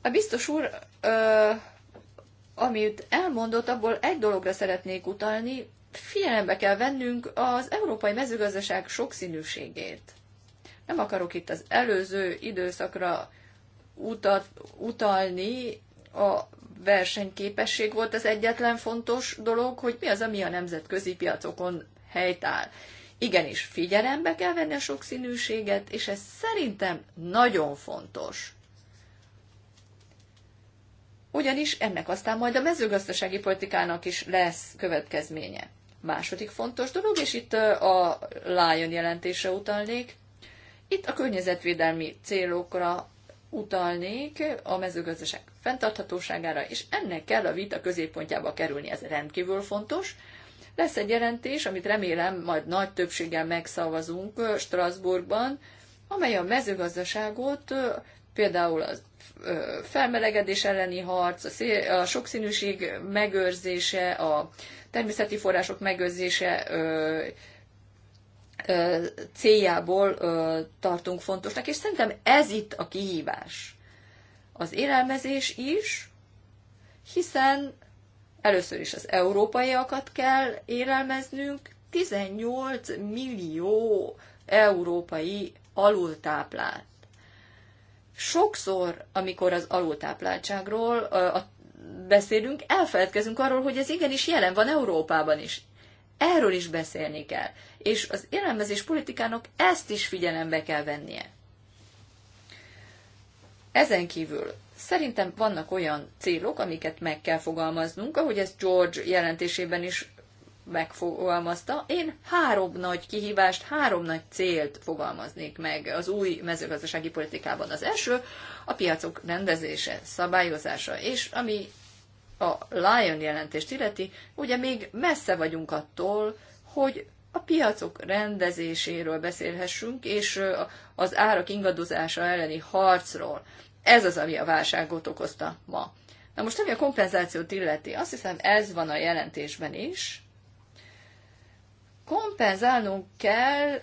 A biztos úr, ö, amit elmondott, abból egy dologra szeretnék utalni, figyelembe kell vennünk az európai mezőgazdaság sokszínűségét. Nem akarok itt az előző időszakra utat, utalni, a versenyképesség volt az egyetlen fontos dolog, hogy mi az, ami a nemzetközi piacokon helytáll. Igenis, figyelembe kell venni a sokszínűséget, és ez szerintem nagyon fontos. Ugyanis ennek aztán majd a mezőgazdasági politikának is lesz következménye. Második fontos dolog, és itt a Lion jelentése utalnék, itt a környezetvédelmi célokra utalnék a mezőgazdaság fenntarthatóságára, és ennek kell a vita középpontjába kerülni, ez rendkívül fontos, lesz egy jelentés, amit remélem majd nagy többséggel megszavazunk Strasbourgban, amely a mezőgazdaságot, például a felmelegedés elleni harc, a, szél, a sokszínűség megőrzése, a természeti források megőrzése céljából tartunk fontosnak, és szerintem ez itt a kihívás. Az élelmezés is, hiszen Először is az európaiakat kell élelmeznünk, 18 millió európai alultáplált. Sokszor, amikor az alultápláltságról beszélünk, elfeledkezünk arról, hogy ez igenis jelen van Európában is. Erről is beszélni kell. És az élelmezés politikának ezt is figyelembe kell vennie. Ezen kívül Szerintem vannak olyan célok, amiket meg kell fogalmaznunk, ahogy ezt George jelentésében is megfogalmazta. Én három nagy kihívást, három nagy célt fogalmaznék meg az új mezőgazdasági politikában. Az első a piacok rendezése, szabályozása, és ami a Lion jelentést illeti, ugye még messze vagyunk attól, hogy a piacok rendezéséről beszélhessünk, és az árak ingadozása elleni harcról. Ez az, ami a válságot okozta ma. Na most, ami a kompenzációt illeti, azt hiszem ez van a jelentésben is. Kompenzálnunk kell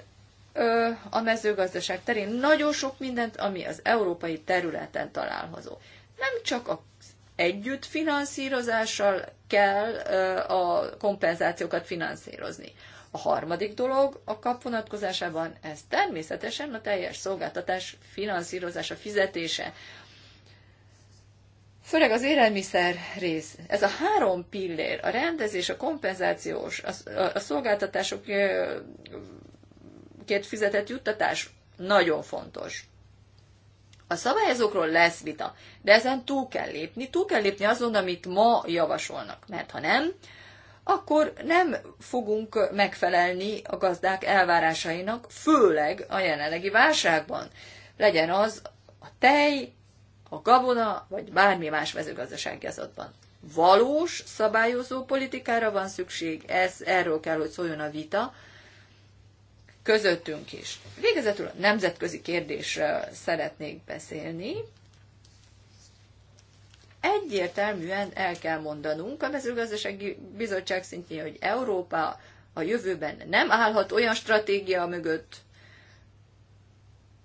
ö, a mezőgazdaság terén nagyon sok mindent, ami az európai területen található. Nem csak a együtt finanszírozással kell a kompenzációkat finanszírozni. A harmadik dolog a kap vonatkozásában ez természetesen a teljes szolgáltatás finanszírozása, fizetése. Főleg az élelmiszer rész. Ez a három pillér, a rendezés, a kompenzációs, a, a, a szolgáltatásokért fizetett juttatás nagyon fontos. A szabályozókról lesz vita, de ezen túl kell lépni, túl kell lépni azon, amit ma javasolnak, mert ha nem, akkor nem fogunk megfelelni a gazdák elvárásainak, főleg a jelenlegi válságban. Legyen az a tej, a gabona, vagy bármi más mezőgazdasági azatban. Valós szabályozó politikára van szükség, ez, erről kell, hogy szóljon a vita, közöttünk is. Végezetül a nemzetközi kérdésről szeretnék beszélni, egyértelműen el kell mondanunk a mezőgazdasági bizottság szintjén, hogy Európa a jövőben nem állhat olyan stratégia mögött,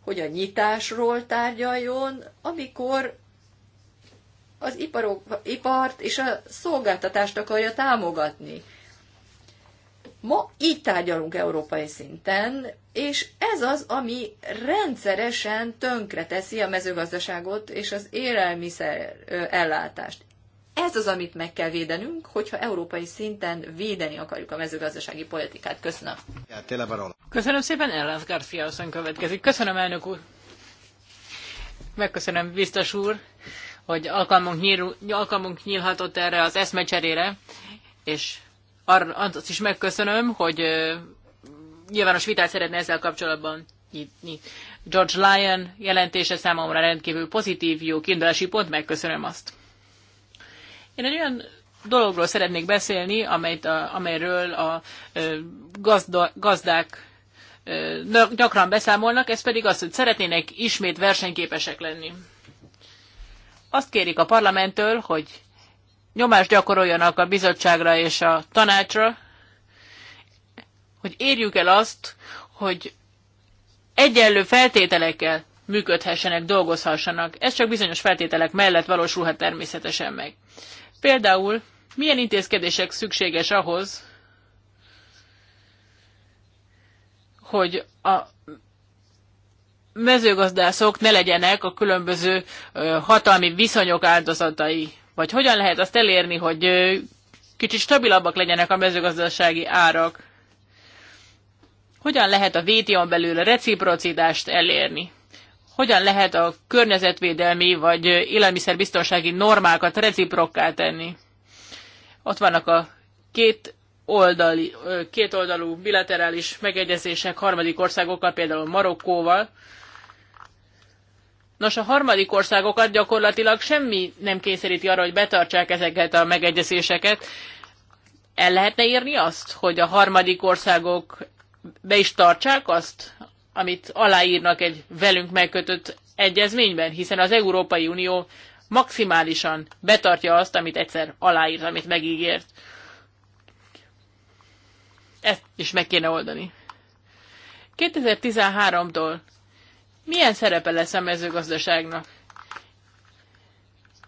hogy a nyitásról tárgyaljon, amikor az iparok, ipart és a szolgáltatást akarja támogatni. Ma így tárgyalunk európai szinten, és ez az, ami rendszeresen tönkreteszi a mezőgazdaságot és az élelmiszer ellátást. Ez az, amit meg kell védenünk, hogyha európai szinten védeni akarjuk a mezőgazdasági politikát. Köszönöm. Köszönöm szépen, Ellen Garcia következik. Köszönöm, elnök úr. Megköszönöm, biztos úr, hogy alkalmunk, nyíl, alkalmunk nyílhatott erre az eszmecserére, és azt is megköszönöm, hogy nyilvános vitát szeretne ezzel kapcsolatban nyitni. George Lyon jelentése számomra rendkívül pozitív, jó kiindulási pont, megköszönöm azt. Én egy olyan dologról szeretnék beszélni, amelyt a, amelyről a gazda, gazdák gyakran beszámolnak, ez pedig az, hogy szeretnének ismét versenyképesek lenni. Azt kérik a parlamenttől, hogy nyomást gyakoroljanak a bizottságra és a tanácsra, hogy érjük el azt, hogy egyenlő feltételekkel működhessenek, dolgozhassanak. Ez csak bizonyos feltételek mellett valósulhat természetesen meg. Például milyen intézkedések szükséges ahhoz, hogy a mezőgazdászok ne legyenek a különböző hatalmi viszonyok áldozatai? Vagy hogyan lehet azt elérni, hogy kicsit stabilabbak legyenek a mezőgazdasági árak? Hogyan lehet a VTO-n belül a reciprocitást elérni? Hogyan lehet a környezetvédelmi vagy élelmiszerbiztonsági normákat reciprokká tenni? Ott vannak a két oldali, kétoldalú bilaterális megegyezések harmadik országokkal, például Marokkóval. Nos, a harmadik országokat gyakorlatilag semmi nem kényszeríti arra, hogy betartsák ezeket a megegyezéseket. El lehetne írni azt, hogy a harmadik országok be is tartsák azt, amit aláírnak egy velünk megkötött egyezményben, hiszen az Európai Unió maximálisan betartja azt, amit egyszer aláírt, amit megígért. Ezt is meg kéne oldani. 2013-tól milyen szerepe lesz a mezőgazdaságnak?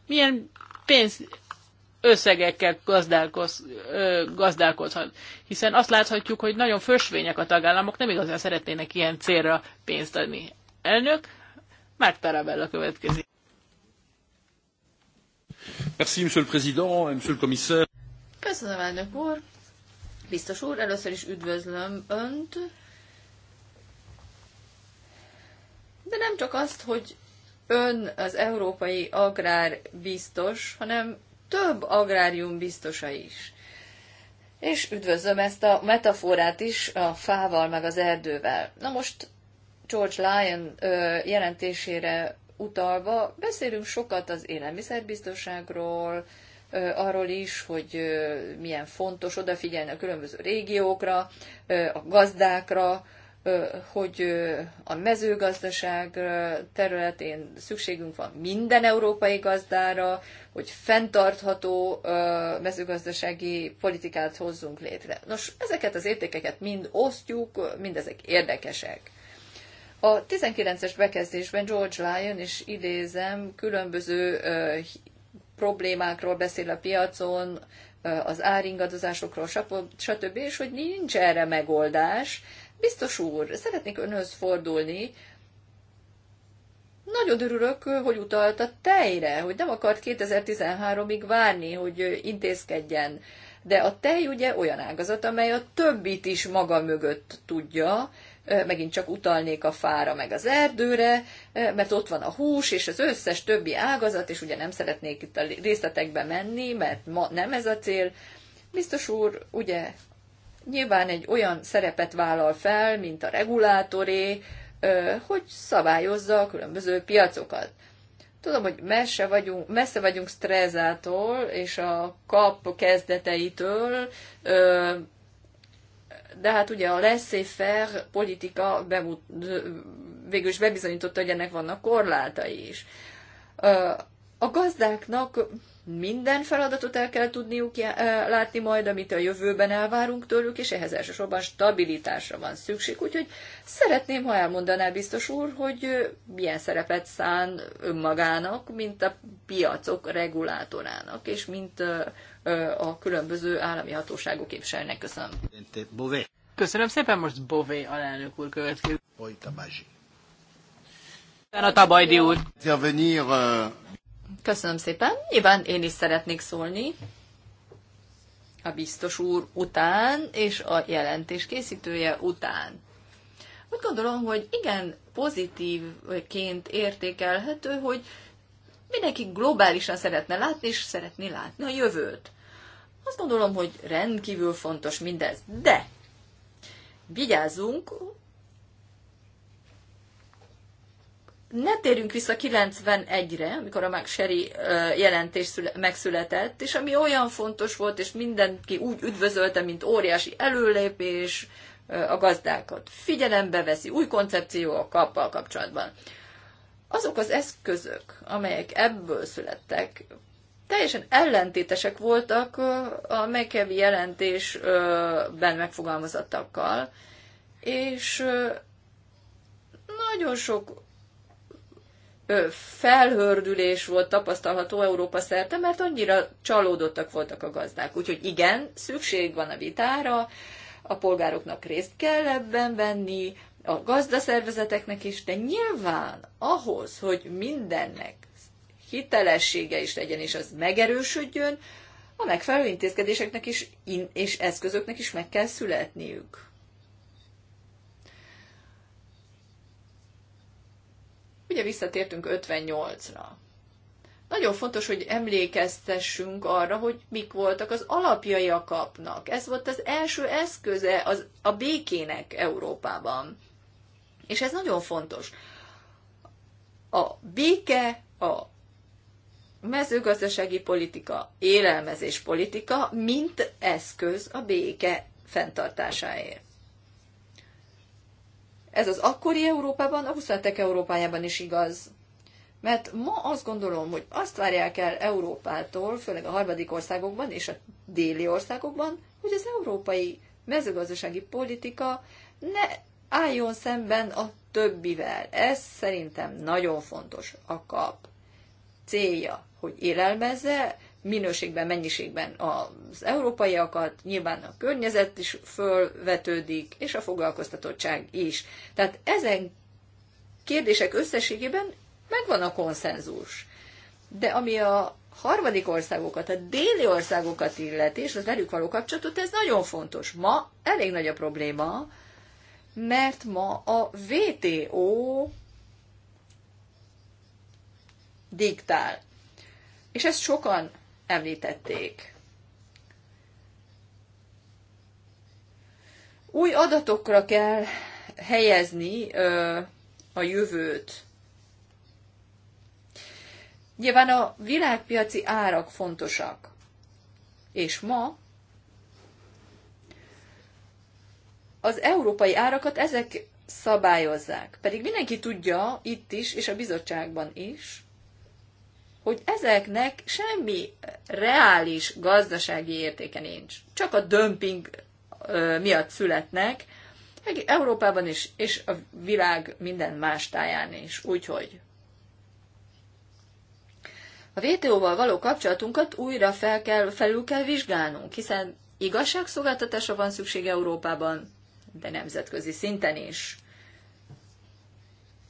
Milyen pénz összegekkel gazdálkoz, ö, gazdálkodhat. Hiszen azt láthatjuk, hogy nagyon fösvények a tagállamok, nem igazán szeretnének ilyen célra pénzt adni. Elnök, Márk Tarabella következik. Merci, monsieur le président, monsieur le commissaire. Köszönöm, elnök úr. Biztos úr, először is üdvözlöm Önt. De nem csak azt, hogy Ön az európai agrár biztos, hanem több agrárium biztosa is. És üdvözlöm ezt a metaforát is a fával meg az erdővel. Na most George Lyon ö, jelentésére utalva beszélünk sokat az élelmiszerbiztonságról, ö, arról is, hogy ö, milyen fontos odafigyelni a különböző régiókra, ö, a gazdákra, hogy a mezőgazdaság területén szükségünk van minden európai gazdára, hogy fenntartható mezőgazdasági politikát hozzunk létre. Nos, ezeket az értékeket mind osztjuk, mindezek érdekesek. A 19-es bekezdésben George Lyon, és idézem, különböző problémákról beszél a piacon, az áringadozásokról, stb., és hogy nincs erre megoldás, Biztos úr, szeretnék önhöz fordulni. Nagyon örülök, hogy utalt a tejre, hogy nem akart 2013-ig várni, hogy intézkedjen. De a tej ugye olyan ágazat, amely a többit is maga mögött tudja, megint csak utalnék a fára meg az erdőre, mert ott van a hús és az összes többi ágazat, és ugye nem szeretnék itt a részletekbe menni, mert ma nem ez a cél. Biztos úr, ugye nyilván egy olyan szerepet vállal fel, mint a regulátoré, hogy szabályozza a különböző piacokat. Tudom, hogy messze vagyunk, messze vagyunk stresszától és a kap kezdeteitől, de hát ugye a laissez-faire politika bemut, végül is bebizonyította, hogy ennek vannak korlátai is. A gazdáknak minden feladatot el kell tudniuk látni majd, amit a jövőben elvárunk tőlük, és ehhez elsősorban stabilitásra van szükség. Úgyhogy szeretném, ha elmondaná biztos úr, hogy milyen szerepet szán önmagának, mint a piacok regulátorának, és mint a különböző állami hatóságok képviselnek. Köszönöm. Köszönöm szépen, most Bové alelnök úr következik. Utána Tabajdi úr. Köszönöm szépen. Nyilván én is szeretnék szólni a biztos úr után és a jelentés készítője után. Úgy gondolom, hogy igen pozitívként értékelhető, hogy mindenki globálisan szeretne látni, és szeretné látni a jövőt. Azt gondolom, hogy rendkívül fontos mindez. De vigyázzunk, ne térjünk vissza 91-re, amikor a Magseri jelentés megszületett, és ami olyan fontos volt, és mindenki úgy üdvözölte, mint óriási előlépés, a gazdákat figyelembe veszi, új koncepció a kappal kapcsolatban. Azok az eszközök, amelyek ebből születtek, teljesen ellentétesek voltak a McKevy jelentésben megfogalmazottakkal, és nagyon sok felhördülés volt tapasztalható Európa szerte, mert annyira csalódottak voltak a gazdák. Úgyhogy igen, szükség van a vitára, a polgároknak részt kell ebben venni, a gazdaszervezeteknek is, de nyilván ahhoz, hogy mindennek hitelessége is legyen, és az megerősödjön, a megfelelő intézkedéseknek is és eszközöknek is meg kell születniük. Ugye visszatértünk 58-ra. Nagyon fontos, hogy emlékeztessünk arra, hogy mik voltak az alapjai a kapnak. Ez volt az első eszköze az, a békének Európában. És ez nagyon fontos. A béke, a mezőgazdasági politika, élelmezés politika, mint eszköz a béke fenntartásáért. Ez az akkori Európában, a 27 Európájában is igaz. Mert ma azt gondolom, hogy azt várják el Európától, főleg a harmadik országokban és a déli országokban, hogy az európai mezőgazdasági politika ne álljon szemben a többivel. Ez szerintem nagyon fontos a kap célja, hogy élelmezze minőségben, mennyiségben az európaiakat, nyilván a környezet is fölvetődik, és a foglalkoztatottság is. Tehát ezen kérdések összességében megvan a konszenzus. De ami a harmadik országokat, a déli országokat illeti, és az velük való kapcsolatot, ez nagyon fontos. Ma elég nagy a probléma, mert ma a VTO diktál. És ezt sokan említették. Új adatokra kell helyezni ö, a jövőt. Nyilván a világpiaci árak fontosak. És ma az európai árakat ezek szabályozzák. Pedig mindenki tudja itt is, és a bizottságban is, hogy ezeknek semmi reális gazdasági értéke nincs. Csak a dömping miatt születnek, Európában is, és a világ minden más táján is. Úgyhogy a VTO-val való kapcsolatunkat újra fel kell, felül kell vizsgálnunk, hiszen igazságszolgáltatásra van szükség Európában, de nemzetközi szinten is.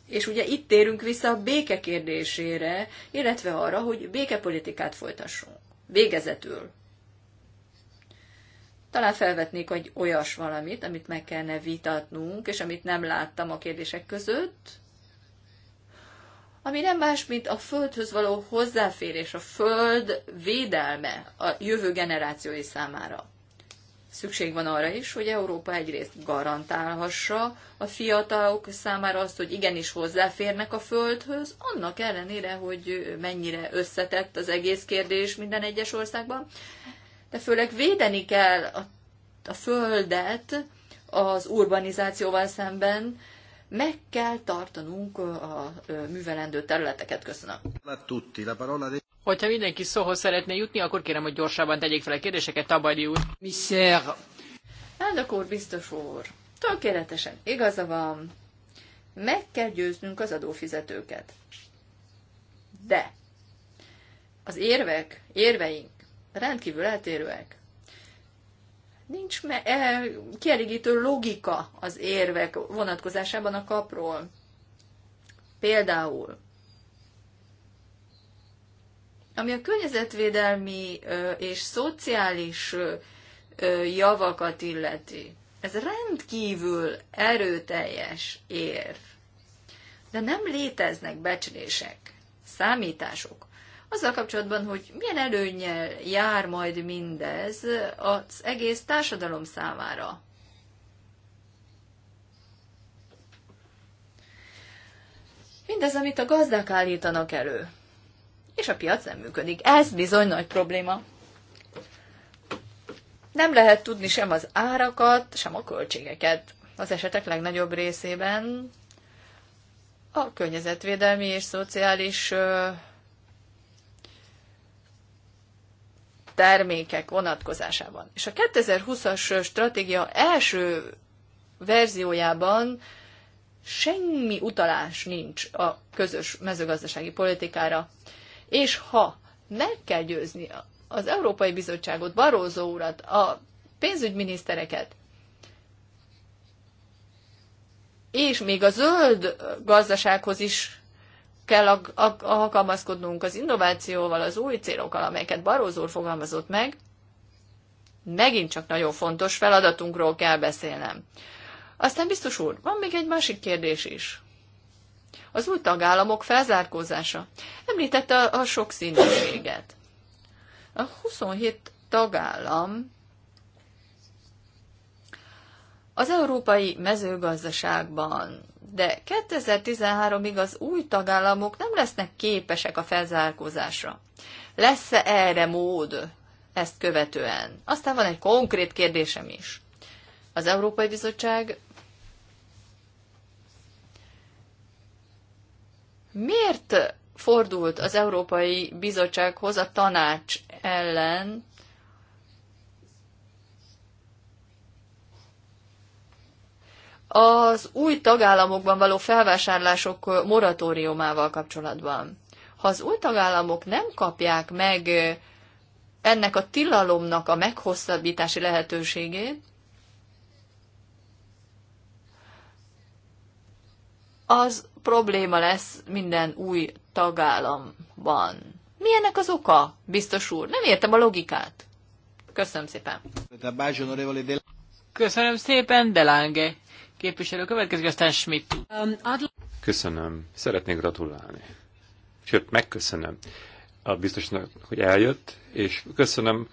És ugye itt térünk vissza a béke kérdésére, illetve arra, hogy békepolitikát folytassunk. Végezetül. Talán felvetnék egy olyas valamit, amit meg kellene vitatnunk, és amit nem láttam a kérdések között, ami nem más, mint a földhöz való hozzáférés, a föld védelme a jövő generációi számára. Szükség van arra is, hogy Európa egyrészt garantálhassa a fiatalok számára azt, hogy igenis hozzáférnek a földhöz, annak ellenére, hogy mennyire összetett az egész kérdés minden egyes országban, de főleg védeni kell a, a földet az urbanizációval szemben, meg kell tartanunk a művelendő területeket. Köszönöm. Hogyha mindenki szóhoz szeretné jutni, akkor kérem, hogy gyorsabban tegyék fel a kérdéseket, Tabadi úr. Miszer. Elnök úr, biztos úr. Tökéletesen igaza van. Meg kell győznünk az adófizetőket. De az érvek, érveink rendkívül eltérőek. Nincs me- e- kielégítő logika az érvek vonatkozásában a kapról. Például ami a környezetvédelmi és szociális javakat illeti, ez rendkívül erőteljes érv. De nem léteznek becslések, számítások azzal kapcsolatban, hogy milyen előnyel jár majd mindez az egész társadalom számára. Mindez, amit a gazdák állítanak elő és a piac nem működik. Ez bizony nagy probléma. Nem lehet tudni sem az árakat, sem a költségeket. Az esetek legnagyobb részében a környezetvédelmi és szociális termékek vonatkozásában. És a 2020-as stratégia első verziójában semmi utalás nincs a közös mezőgazdasági politikára. És ha meg kell győzni az Európai Bizottságot, Barózó urat, a pénzügyminisztereket, és még a zöld gazdasághoz is kell alkalmazkodnunk az innovációval, az új célokkal, amelyeket Barózó úr fogalmazott meg, megint csak nagyon fontos feladatunkról kell beszélnem. Aztán biztos úr, van még egy másik kérdés is az új tagállamok felzárkózása. Említette a, a sokszínűséget. A 27 tagállam az európai mezőgazdaságban, de 2013-ig az új tagállamok nem lesznek képesek a felzárkózásra. Lesz-e erre mód ezt követően? Aztán van egy konkrét kérdésem is. Az Európai Bizottság miért fordult az Európai Bizottsághoz a tanács ellen, az új tagállamokban való felvásárlások moratóriumával kapcsolatban. Ha az új tagállamok nem kapják meg ennek a tilalomnak a meghosszabbítási lehetőségét, az probléma lesz minden új tagállamban. Mi ennek az oka, biztos úr? Nem értem a logikát. Köszönöm szépen. Köszönöm szépen, Delange. Képviselő következik, aztán Schmidt. Um, köszönöm. Szeretnék gratulálni. Sőt, megköszönöm a biztosnak, hogy eljött, és köszönöm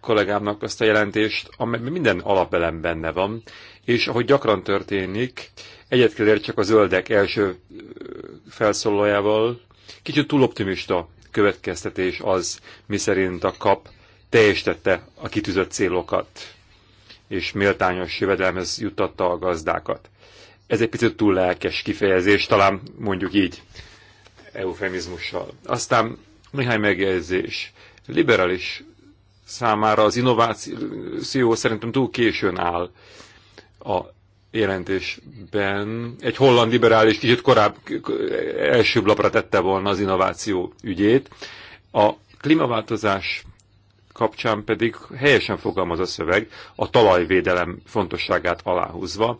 kollégámnak azt a jelentést, amely minden alapelem benne van, és ahogy gyakran történik, egyet kell csak a zöldek első felszólójával, kicsit túl optimista következtetés az, miszerint a kap teljesítette a kitűzött célokat, és méltányos jövedelmez juttatta a gazdákat. Ez egy picit túl lelkes kifejezés, talán mondjuk így, eufemizmussal. Aztán néhány megjegyzés. Liberális számára az innováció szerintem túl későn áll a jelentésben. Egy holland liberális kicsit korább első lapra tette volna az innováció ügyét. A klímaváltozás kapcsán pedig helyesen fogalmaz a szöveg, a talajvédelem fontosságát aláhúzva,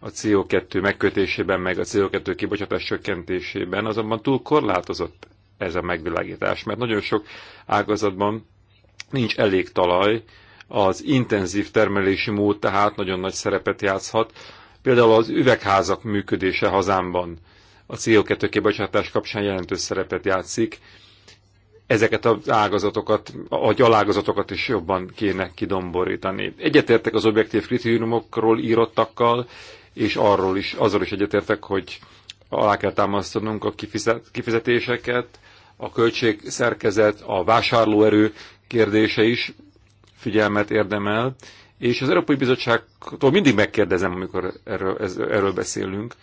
a CO2 megkötésében, meg a CO2 kibocsátás csökkentésében, azonban túl korlátozott ez a megvilágítás, mert nagyon sok ágazatban nincs elég talaj, az intenzív termelési mód tehát nagyon nagy szerepet játszhat, például az üvegházak működése hazámban a CO2 kibocsátás kapcsán jelentős szerepet játszik. Ezeket az ágazatokat, a gyalágazatokat is jobban kéne kidomborítani. Egyetértek az objektív kritériumokról írottakkal, és arról is, azzal is egyetértek, hogy alá kell támasztanunk a kifizetéseket, a költségszerkezet, a vásárlóerő kérdése is figyelmet érdemel, és az Európai Bizottságtól mindig megkérdezem, amikor erről, ez, erről beszélünk,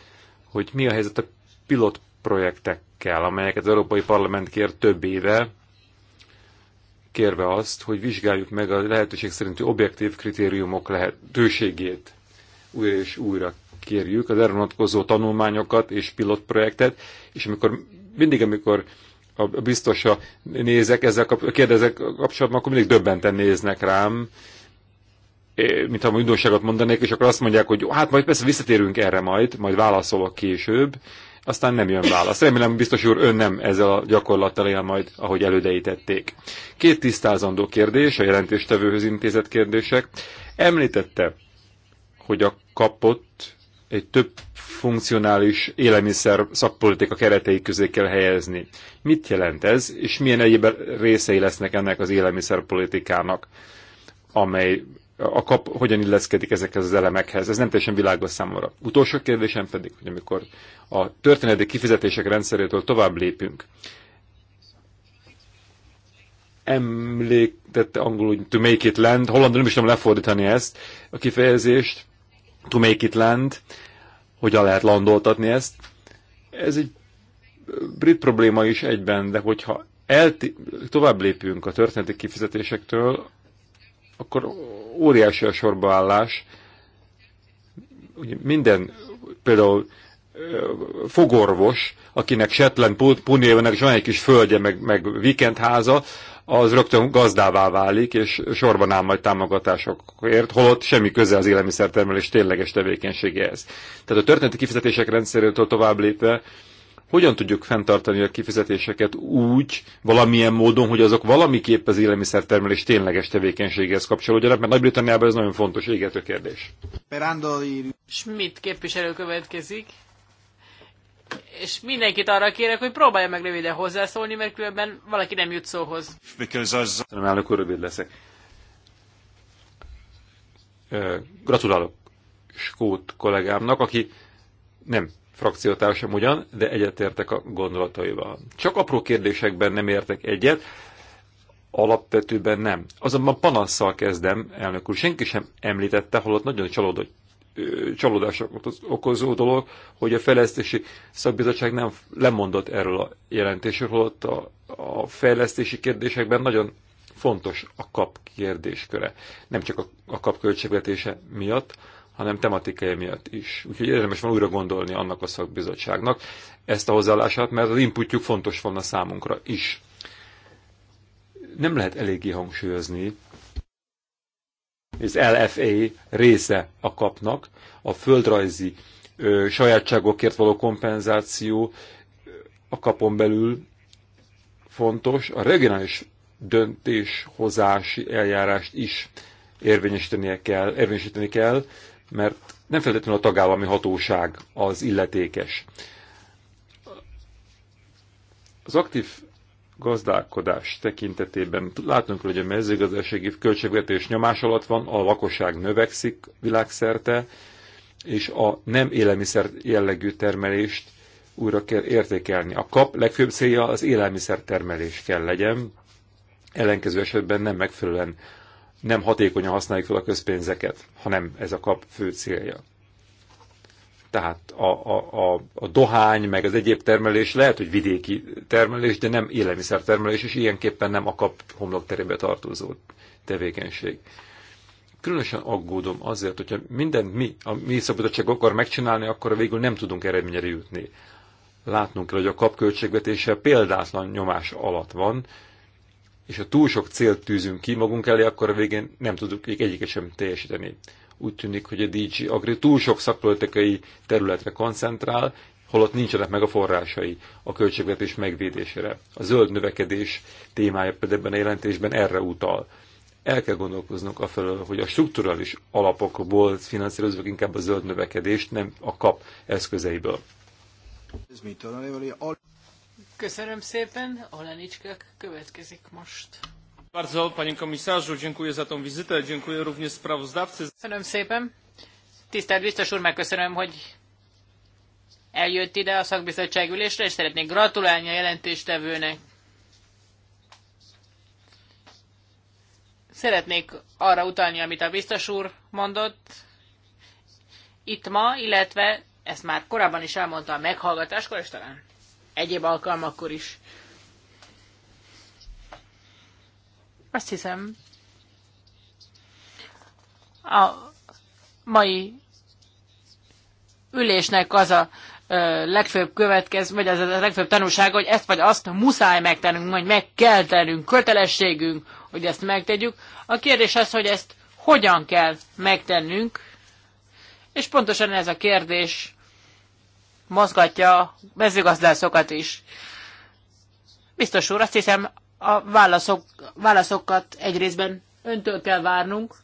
hogy mi a helyzet a pilot projektekkel, amelyeket az Európai Parlament kér több éve, kérve azt, hogy vizsgáljuk meg a lehetőség szerinti objektív kritériumok lehetőségét. Újra és újra kérjük az erre vonatkozó tanulmányokat és pilotprojektet, és amikor mindig, amikor a biztosra nézek, ezzel kap, kérdezek kapcsolatban, akkor mindig döbbenten néznek rám, mintha újdonságot mondanék, és akkor azt mondják, hogy hát majd persze visszatérünk erre majd, majd válaszolok később, aztán nem jön válasz. Remélem, biztos úr, ön nem ezzel a gyakorlattal él majd, ahogy elődeítették. Két tisztázandó kérdés, a jelentéstevőhöz intézett kérdések. Említette, hogy a kapott egy több funkcionális élelmiszer szakpolitika keretei közé kell helyezni. Mit jelent ez, és milyen egyéb részei lesznek ennek az élelmiszerpolitikának, amely a kap hogyan illeszkedik ezekhez az elemekhez. Ez nem teljesen világos számomra. Utolsó kérdésem pedig, hogy amikor a történeti kifizetések rendszerétől tovább lépünk, emléktette angolul, to make it land, hollandul nem is tudom lefordítani ezt, a kifejezést, to make it land, hogyan lehet landoltatni ezt. Ez egy brit probléma is egyben, de hogyha elti- tovább lépünk a történeti kifizetésektől, akkor óriási a sorbaállás. Ugye minden, például fogorvos, akinek Shetland pulnévenek, és van egy kis földje, meg, meg vikendháza, az rögtön gazdává válik, és sorban áll majd támogatásokért, holott semmi köze az élelmiszertermelés tényleges tevékenységéhez. Tehát a történeti kifizetések rendszerétől tovább lépve, hogyan tudjuk fenntartani a kifizetéseket úgy, valamilyen módon, hogy azok valamiképp az élelmiszertermelés tényleges tevékenységhez kapcsolódjanak, mert Nagy-Britanniában ez nagyon fontos égető kérdés. Schmidt képviselő következik és mindenkit arra kérek, hogy próbálja meg röviden hozzászólni, mert különben valaki nem jut szóhoz. Az... Nem állok, rövid leszek. Gratulálok Skót kollégámnak, aki nem frakciótársam ugyan, de egyetértek a gondolataival. Csak apró kérdésekben nem értek egyet, alapvetőben nem. Azonban panasszal kezdem, elnök úr, senki sem említette, holott nagyon csalódott csalódásokat okozó dolog, hogy a fejlesztési szakbizottság nem lemondott erről a jelentésről, holott a, a fejlesztési kérdésekben nagyon fontos a kap kérdésköre. Nem csak a, a kap költségvetése miatt, hanem tematikai miatt is. Úgyhogy érdemes van újra gondolni annak a szakbizottságnak ezt a hozzáállását, mert az inputjuk fontos volna számunkra is. Nem lehet eléggé hangsúlyozni, az LFA része a kapnak, a földrajzi ö, sajátságokért való kompenzáció a kapon belül fontos, a regionális döntéshozási eljárást is érvényesítenie kell, érvényesíteni kell, mert nem feltétlenül a tagállami hatóság az illetékes. Az aktív gazdálkodás tekintetében látunk, hogy a mezőgazdasági költségvetés nyomás alatt van, a lakosság növekszik világszerte, és a nem élelmiszer jellegű termelést újra kell értékelni. A kap legfőbb célja az termelés kell legyen, ellenkező esetben nem megfelelően, nem hatékonyan használjuk fel a közpénzeket, hanem ez a kap fő célja. Tehát a, a, a, a dohány, meg az egyéb termelés lehet, hogy vidéki termelés, de nem élelmiszertermelés, és ilyenképpen nem a kap homlokterébe tartozó tevékenység. Különösen aggódom azért, hogyha minden mi, a mi szabadság akar megcsinálni, akkor végül nem tudunk eredményre jutni. Látnunk kell, hogy a kapköltségvetése példátlan nyomás alatt van, és ha túl sok célt tűzünk ki magunk elé, akkor a végén nem tudjuk egyiket sem teljesíteni. Úgy tűnik, hogy a DG Agri túl sok szakpolitikai területre koncentrál, holott nincsenek meg a forrásai a költségvetés megvédésére. A zöld növekedés témája pedig ebben a jelentésben erre utal. El kell gondolkoznunk a felől, hogy a strukturális alapokból finanszírozunk inkább a zöld növekedést, nem a kap eszközeiből. Köszönöm szépen, Olenicskek következik most. Bardzo, panie komisarzu, dziękuję za tą wizytę, dziękuję również sprawozdawcy. Köszönöm szépen. Tisztelt biztos úr, megköszönöm, hogy eljött ide a szakbizottság ülésre, és szeretnék gratulálni a jelentéstevőnek. Szeretnék arra utalni, amit a biztos úr mondott itt ma, illetve ezt már korábban is elmondta a meghallgatáskor, és talán egyéb alkalmakkor is. Azt hiszem, a mai ülésnek az a legfőbb következ, vagy az a legfőbb tanulsága, hogy ezt vagy azt muszáj megtennünk, majd meg kell tennünk, kötelességünk, hogy ezt megtegyük. A kérdés az, hogy ezt hogyan kell megtennünk, és pontosan ez a kérdés mozgatja a mezőgazdászokat is. Biztos úr, azt hiszem, a válaszok, válaszokat egy részben öntől kell várnunk.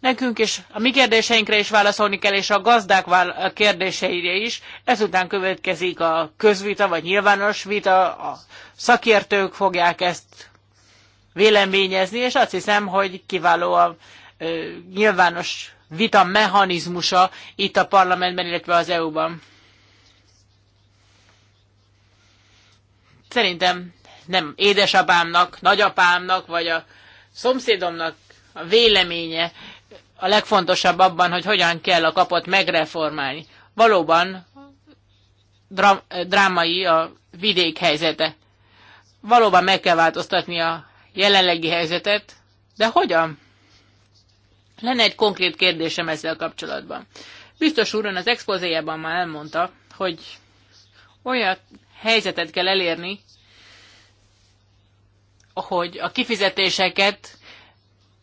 Nekünk is a mi kérdéseinkre is válaszolni kell, és a gazdák kérdéseire is. Ezután következik a közvita, vagy nyilvános vita, a szakértők fogják ezt véleményezni, és azt hiszem, hogy kiváló a ö, nyilvános vita mechanizmusa itt a parlamentben, illetve az EU-ban. Szerintem nem édesapámnak, nagyapámnak, vagy a szomszédomnak a véleménye a legfontosabb abban, hogy hogyan kell a kapot megreformálni. Valóban dra- drámai a vidék helyzete. Valóban meg kell változtatni a jelenlegi helyzetet, de hogyan? Lenne egy konkrét kérdésem ezzel kapcsolatban. Biztos úr, az expozéjában már elmondta, hogy olyan helyzetet kell elérni, hogy a kifizetéseket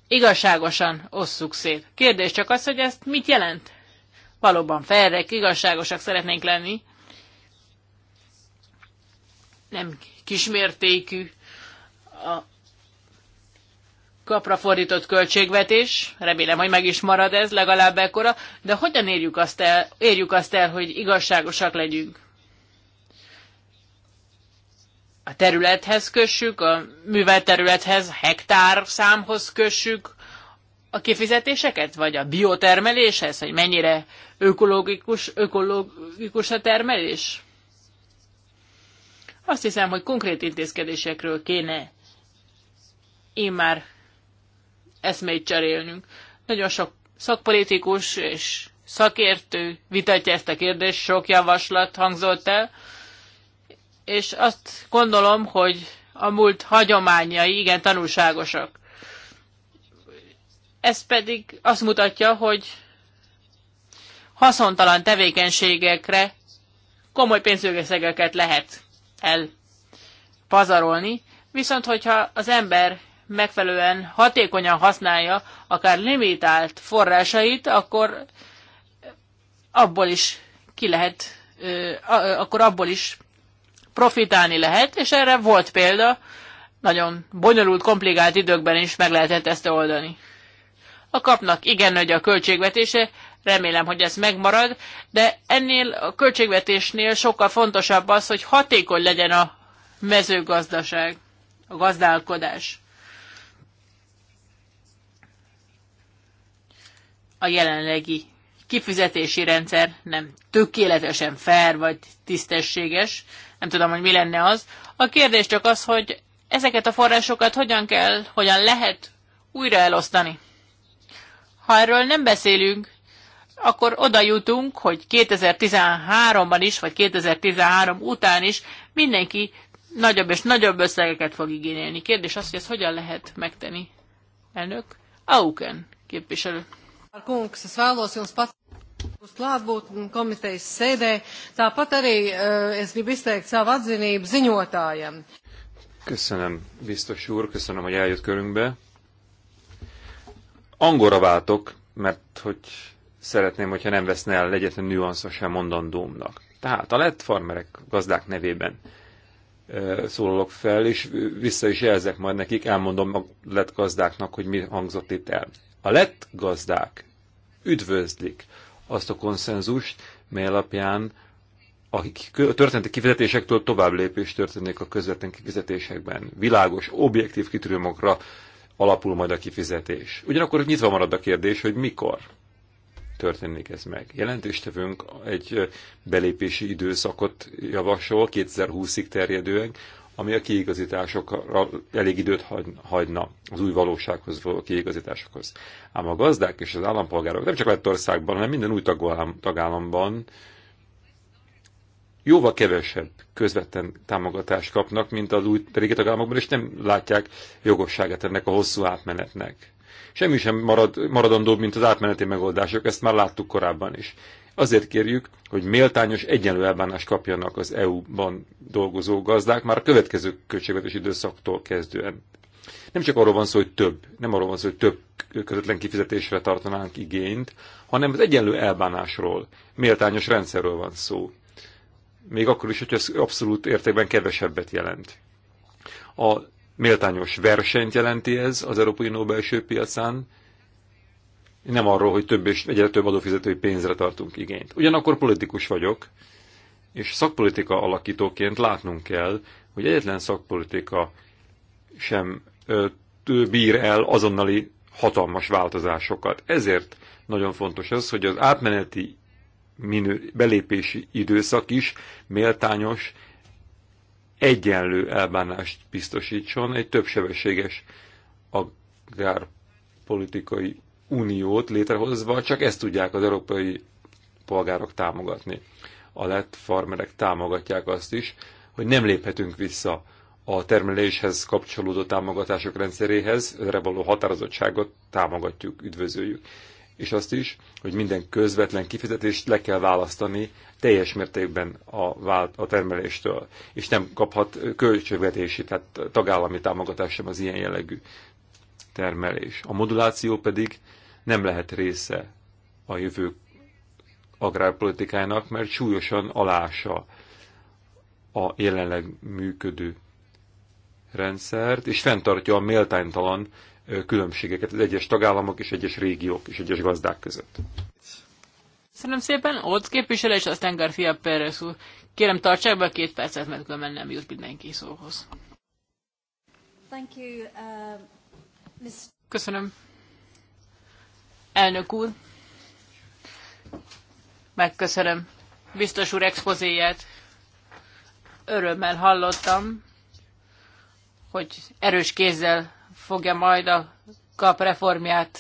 igazságosan osszuk szét. Kérdés csak az, hogy ezt mit jelent? Valóban felrek, igazságosak szeretnénk lenni. Nem kismértékű a kapra fordított költségvetés, remélem, hogy meg is marad ez legalább ekkora, de hogyan érjük azt el, érjük azt el hogy igazságosak legyünk? a területhez kössük, a művelt területhez, hektár számhoz kössük a kifizetéseket, vagy a biotermeléshez, hogy mennyire ökológikus, ökológikus a termelés? Azt hiszem, hogy konkrét intézkedésekről kéne én már eszmét cserélnünk. Nagyon sok szakpolitikus és szakértő vitatja ezt a kérdést, sok javaslat hangzott el és azt gondolom, hogy a múlt hagyományai igen tanulságosak. Ez pedig azt mutatja, hogy haszontalan tevékenységekre komoly pénzőgeszegeket lehet elpazarolni, viszont hogyha az ember megfelelően hatékonyan használja akár limitált forrásait, akkor abból is ki lehet, akkor abból is profitálni lehet, és erre volt példa, nagyon bonyolult, komplikált időkben is meg lehetett ezt oldani. A kapnak igen nagy a költségvetése, remélem, hogy ez megmarad, de ennél a költségvetésnél sokkal fontosabb az, hogy hatékony legyen a mezőgazdaság, a gazdálkodás. A jelenlegi kifizetési rendszer nem tökéletesen fair vagy tisztességes, nem tudom, hogy mi lenne az. A kérdés csak az, hogy ezeket a forrásokat hogyan kell, hogyan lehet újra elosztani. Ha erről nem beszélünk, akkor oda jutunk, hogy 2013-ban is, vagy 2013 után is mindenki nagyobb és nagyobb összegeket fog igényelni. Kérdés az, hogy ezt hogyan lehet megtenni, elnök? Auken képviselő uz klātbūtni komitejas sēdē. Tāpat arī eh, es gribu izteikt savu atzinību ziņotājiem. Köszönöm, biztos úr, köszönöm, hogy eljött körünkbe. Angora váltok, mert hogy szeretném, hogyha nem veszne el egyetlen nüansza sem mondandómnak. Tehát a lett farmerek gazdák nevében eh, szólalok fel, és vissza is jelzek majd nekik, elmondom a lett gazdáknak, hogy mi hangzott itt el. A lett gazdák üdvözlik azt a konszenzust, mely alapján a történeti kifizetésektől tovább lépés történik a közvetlen kifizetésekben. Világos, objektív kritériumokra alapul majd a kifizetés. Ugyanakkor nyitva marad a kérdés, hogy mikor történik ez meg. Jelentéstevünk egy belépési időszakot javasol 2020-ig terjedően, ami a kiigazításokra elég időt hagyna az új valósághoz a kiigazításokhoz. Ám a gazdák és az állampolgárok nem csak Lettországban, hanem minden új tagállamban jóval kevesebb közvetlen támogatást kapnak, mint az új régi tagállamokban, és nem látják jogosságát ennek a hosszú átmenetnek. Semmi sem marad, maradandóbb, mint az átmeneti megoldások, ezt már láttuk korábban is. Azért kérjük, hogy méltányos egyenlő elbánást kapjanak az EU-ban dolgozó gazdák már a következő költségvetési időszaktól kezdően. Nem csak arról van szó, hogy több, nem arról van szó, hogy több közvetlen kifizetésre tartanánk igényt, hanem az egyenlő elbánásról, méltányos rendszerről van szó. Még akkor is, hogy ez abszolút értékben kevesebbet jelent. A méltányos versenyt jelenti ez az Európai Nobel piacán, nem arról, hogy több és egyre több adófizetői pénzre tartunk igényt. Ugyanakkor politikus vagyok, és szakpolitika alakítóként látnunk kell, hogy egyetlen szakpolitika sem ö, bír el azonnali hatalmas változásokat. Ezért nagyon fontos az, hogy az átmeneti minő, belépési időszak is méltányos, egyenlő elbánást biztosítson egy többsebességes agrárpolitikai uniót létrehozva csak ezt tudják az európai polgárok támogatni. A lett farmerek támogatják azt is, hogy nem léphetünk vissza a termeléshez kapcsolódó támogatások rendszeréhez, erre való határozottságot támogatjuk, üdvözöljük. És azt is, hogy minden közvetlen kifizetést le kell választani teljes mértékben a, vált, a termeléstől, és nem kaphat költségvetési, tehát tagállami támogatás sem az ilyen jellegű termelés. A moduláció pedig nem lehet része a jövő agrárpolitikának, mert súlyosan alása a jelenleg működő rendszert, és fenntartja a méltánytalan különbségeket az egyes tagállamok és egyes régiók és egyes gazdák között. Köszönöm szépen, ott képviselő, és aztán Garfia Pérez úr. Kérem, tartsák be a két percet, mert különben nem jut mindenki szóhoz. Thank you, uh, Köszönöm Elnök úr, megköszönöm biztos úr expozéját. Örömmel hallottam, hogy erős kézzel fogja majd a kap reformját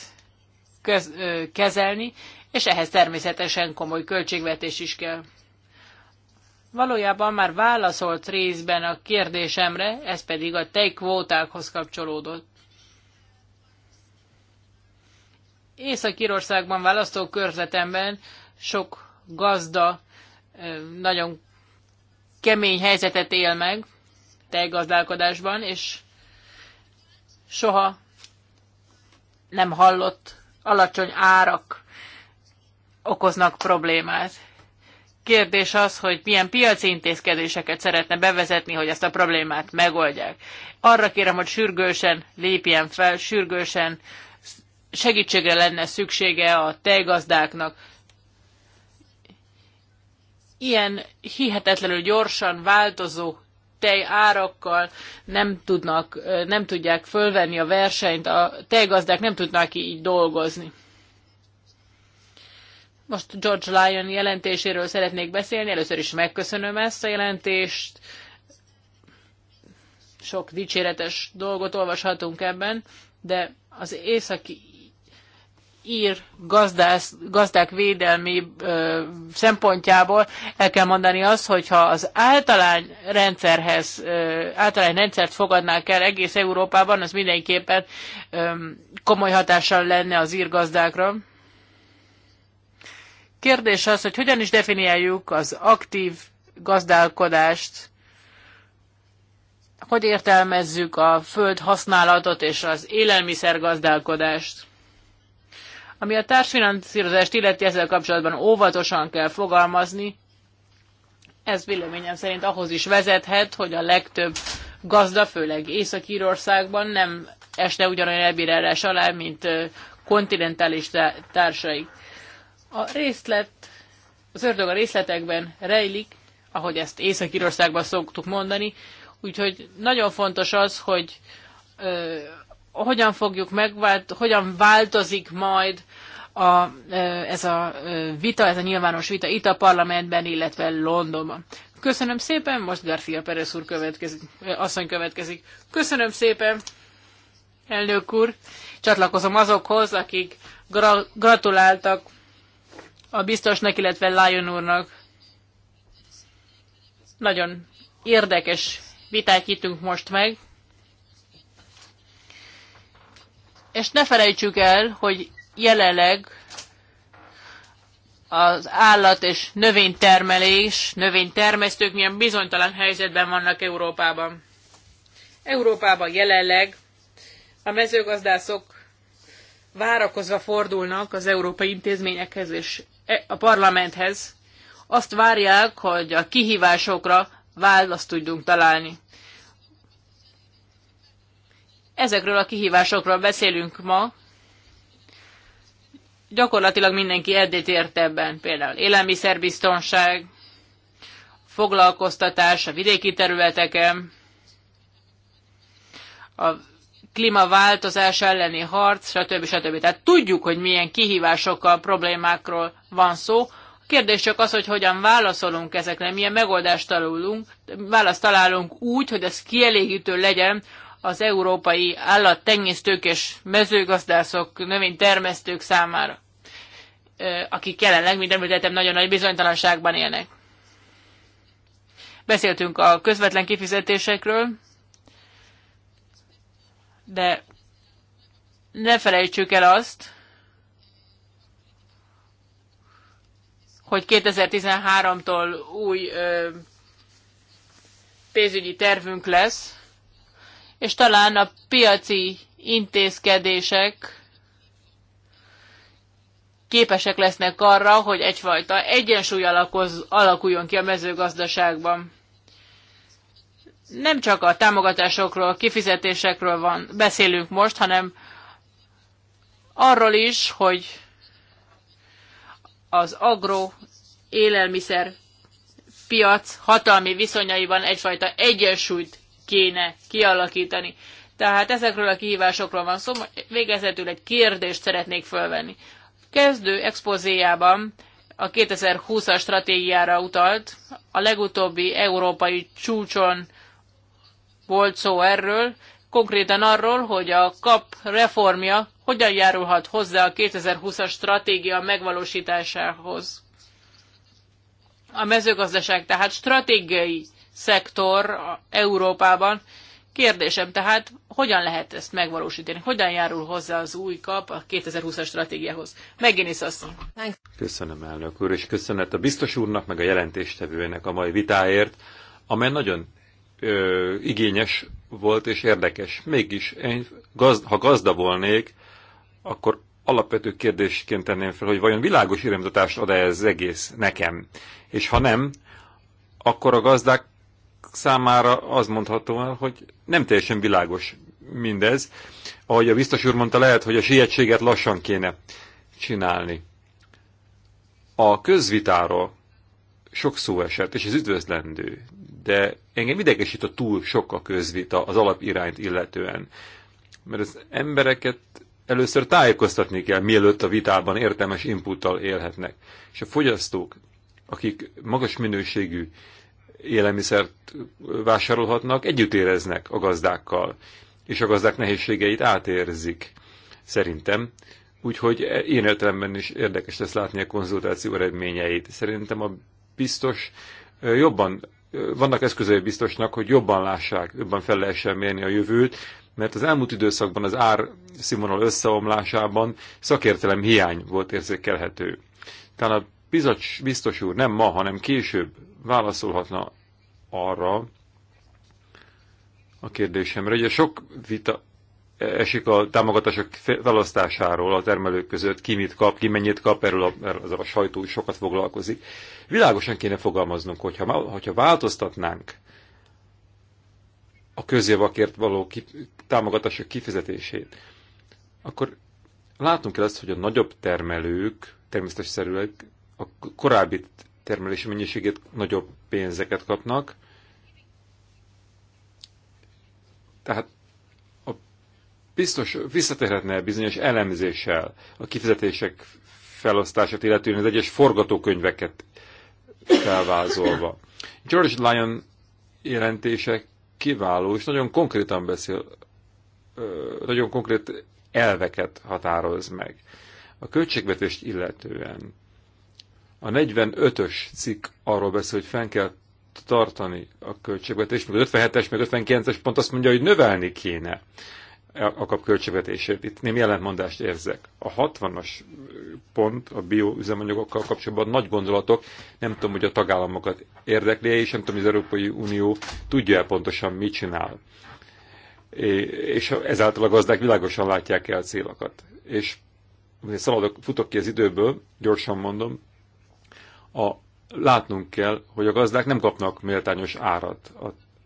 köz, ö, kezelni, és ehhez természetesen komoly költségvetés is kell. Valójában már válaszolt részben a kérdésemre, ez pedig a tejkvótákhoz kapcsolódott. Észak-Írországban választókörzetemben sok gazda nagyon kemény helyzetet él meg tejgazdálkodásban, és soha nem hallott alacsony árak okoznak problémát. Kérdés az, hogy milyen piaci intézkedéseket szeretne bevezetni, hogy ezt a problémát megoldják. Arra kérem, hogy sürgősen lépjen fel, sürgősen segítségre lenne szüksége a tejgazdáknak. Ilyen hihetetlenül gyorsan változó tej árakkal nem, tudnak, nem tudják fölvenni a versenyt, a tejgazdák nem tudnak így dolgozni. Most George Lyon jelentéséről szeretnék beszélni. Először is megköszönöm ezt a jelentést. Sok dicséretes dolgot olvashatunk ebben, de az északi ír gazdász, gazdák védelmi ö, szempontjából el kell mondani azt, hogyha az általány rendszerhez, ö, általány rendszert fogadnák el egész Európában, az mindenképpen ö, komoly hatással lenne az ír gazdákra. Kérdés az, hogy hogyan is definiáljuk az aktív gazdálkodást, hogy értelmezzük a föld használatot és az élelmiszer gazdálkodást. Ami a társfinanszírozást illeti ezzel kapcsolatban óvatosan kell fogalmazni, ez véleményem szerint ahhoz is vezethet, hogy a legtöbb gazda, főleg Észak-Írországban nem este ugyanolyan elbírálás alá, mint kontinentális társai. A részlet, az ördög a részletekben rejlik, ahogy ezt Észak-Írországban szoktuk mondani, úgyhogy nagyon fontos az, hogy hogyan fogjuk megvált, hogyan változik majd a, ez a vita, ez a nyilvános vita itt a parlamentben, illetve Londonban. Köszönöm szépen, most García Pérez úr következik, asszony következik. Köszönöm szépen, elnök úr. Csatlakozom azokhoz, akik gra- gratuláltak a biztosnak, illetve Lion úrnak. Nagyon érdekes vitát nyitunk most meg. És ne felejtsük el, hogy jelenleg az állat és növénytermelés, növénytermesztők milyen bizonytalan helyzetben vannak Európában. Európában jelenleg a mezőgazdászok várakozva fordulnak az európai intézményekhez és e- a parlamenthez. Azt várják, hogy a kihívásokra választ tudjunk találni. Ezekről a kihívásokról beszélünk ma. Gyakorlatilag mindenki eddét ért ebben, például élelmiszerbiztonság, foglalkoztatás a vidéki területeken, a klímaváltozás elleni harc, stb. stb. Tehát tudjuk, hogy milyen kihívásokkal, problémákról van szó. A kérdés csak az, hogy hogyan válaszolunk ezekre, milyen megoldást találunk, választ találunk úgy, hogy ez kielégítő legyen az európai állattenyésztők és mezőgazdászok, növénytermesztők számára, akik jelenleg, mint említettem, nagyon nagy bizonytalanságban élnek. Beszéltünk a közvetlen kifizetésekről, de ne felejtsük el azt, hogy 2013-tól új ö, pénzügyi tervünk lesz, és talán a piaci intézkedések képesek lesznek arra, hogy egyfajta egyensúly alakoz, alakuljon ki a mezőgazdaságban. Nem csak a támogatásokról, kifizetésekről van, beszélünk most, hanem arról is, hogy az agro élelmiszer piac hatalmi viszonyaiban egyfajta egyensúlyt kéne kialakítani. Tehát ezekről a kihívásokról van szó, végezetül egy kérdést szeretnék fölvenni. Kezdő expozéjában a 2020-as stratégiára utalt, a legutóbbi európai csúcson volt szó erről, konkrétan arról, hogy a KAP reformja hogyan járulhat hozzá a 2020-as stratégia megvalósításához. A mezőgazdaság tehát stratégiai szektor Európában. Kérdésem tehát, hogyan lehet ezt megvalósítani? Hogyan járul hozzá az új kap a 2020-as stratégiához? Megint asszony. Köszönöm, elnök úr, és köszönet a biztos úrnak, meg a jelentéstevőnek a mai vitáért, amely nagyon ö, igényes volt és érdekes. Mégis, én gazd, ha gazda volnék, akkor alapvető kérdésként tenném fel, hogy vajon világos irányzatást ad-e ez egész nekem? És ha nem, akkor a gazdák számára az mondható, hogy nem teljesen világos mindez. Ahogy a biztos úr mondta, lehet, hogy a sietséget lassan kéne csinálni. A közvitáról sok szó esett, és ez üdvözlendő, de engem idegesít a túl sok a közvita az alapirányt illetően, mert az embereket először tájékoztatni kell, mielőtt a vitában értelmes inputtal élhetnek. És a fogyasztók, akik magas minőségű élelmiszert vásárolhatnak, együtt éreznek a gazdákkal, és a gazdák nehézségeit átérzik, szerintem. Úgyhogy e, én értelemben is érdekes lesz látni a konzultáció eredményeit. Szerintem a biztos e, jobban, e, vannak eszközei biztosnak, hogy jobban lássák, jobban fel lehessen mérni a jövőt, mert az elmúlt időszakban az ár színvonal összeomlásában szakértelem hiány volt érzékelhető. Talán a biztos úr nem ma, hanem később válaszolhatna arra a kérdésemre. Ugye sok vita esik a támogatások felosztásáról a termelők között, ki mit kap, ki mennyit kap, erről a, erről a sajtó is sokat foglalkozik. Világosan kéne fogalmaznunk, hogyha, hogyha változtatnánk a közjavakért való ki, támogatások kifizetését, akkor látunk el azt, hogy a nagyobb termelők természetesen a korábbi termelési mennyiségét nagyobb pénzeket kapnak. Tehát a biztos visszatérhetne bizonyos elemzéssel a kifizetések felosztását, illetően az egyes forgatókönyveket felvázolva. George Lyon jelentése kiváló, és nagyon konkrétan beszél, nagyon konkrét elveket határoz meg. A költségvetést illetően a 45-ös cikk arról beszél, hogy fenn kell tartani a költségvetést, meg az 57-es, meg 59-es pont azt mondja, hogy növelni kéne a kap költségvetését. Itt némi ellentmondást érzek. A 60-as pont a bioüzemanyagokkal kapcsolatban nagy gondolatok, nem tudom, hogy a tagállamokat érdekli és nem tudom, hogy az Európai Unió tudja -e pontosan, mit csinál. És ezáltal a gazdák világosan látják el a célokat. És szaladok, futok ki az időből, gyorsan mondom, a, látnunk kell, hogy a gazdák nem kapnak méltányos árat a,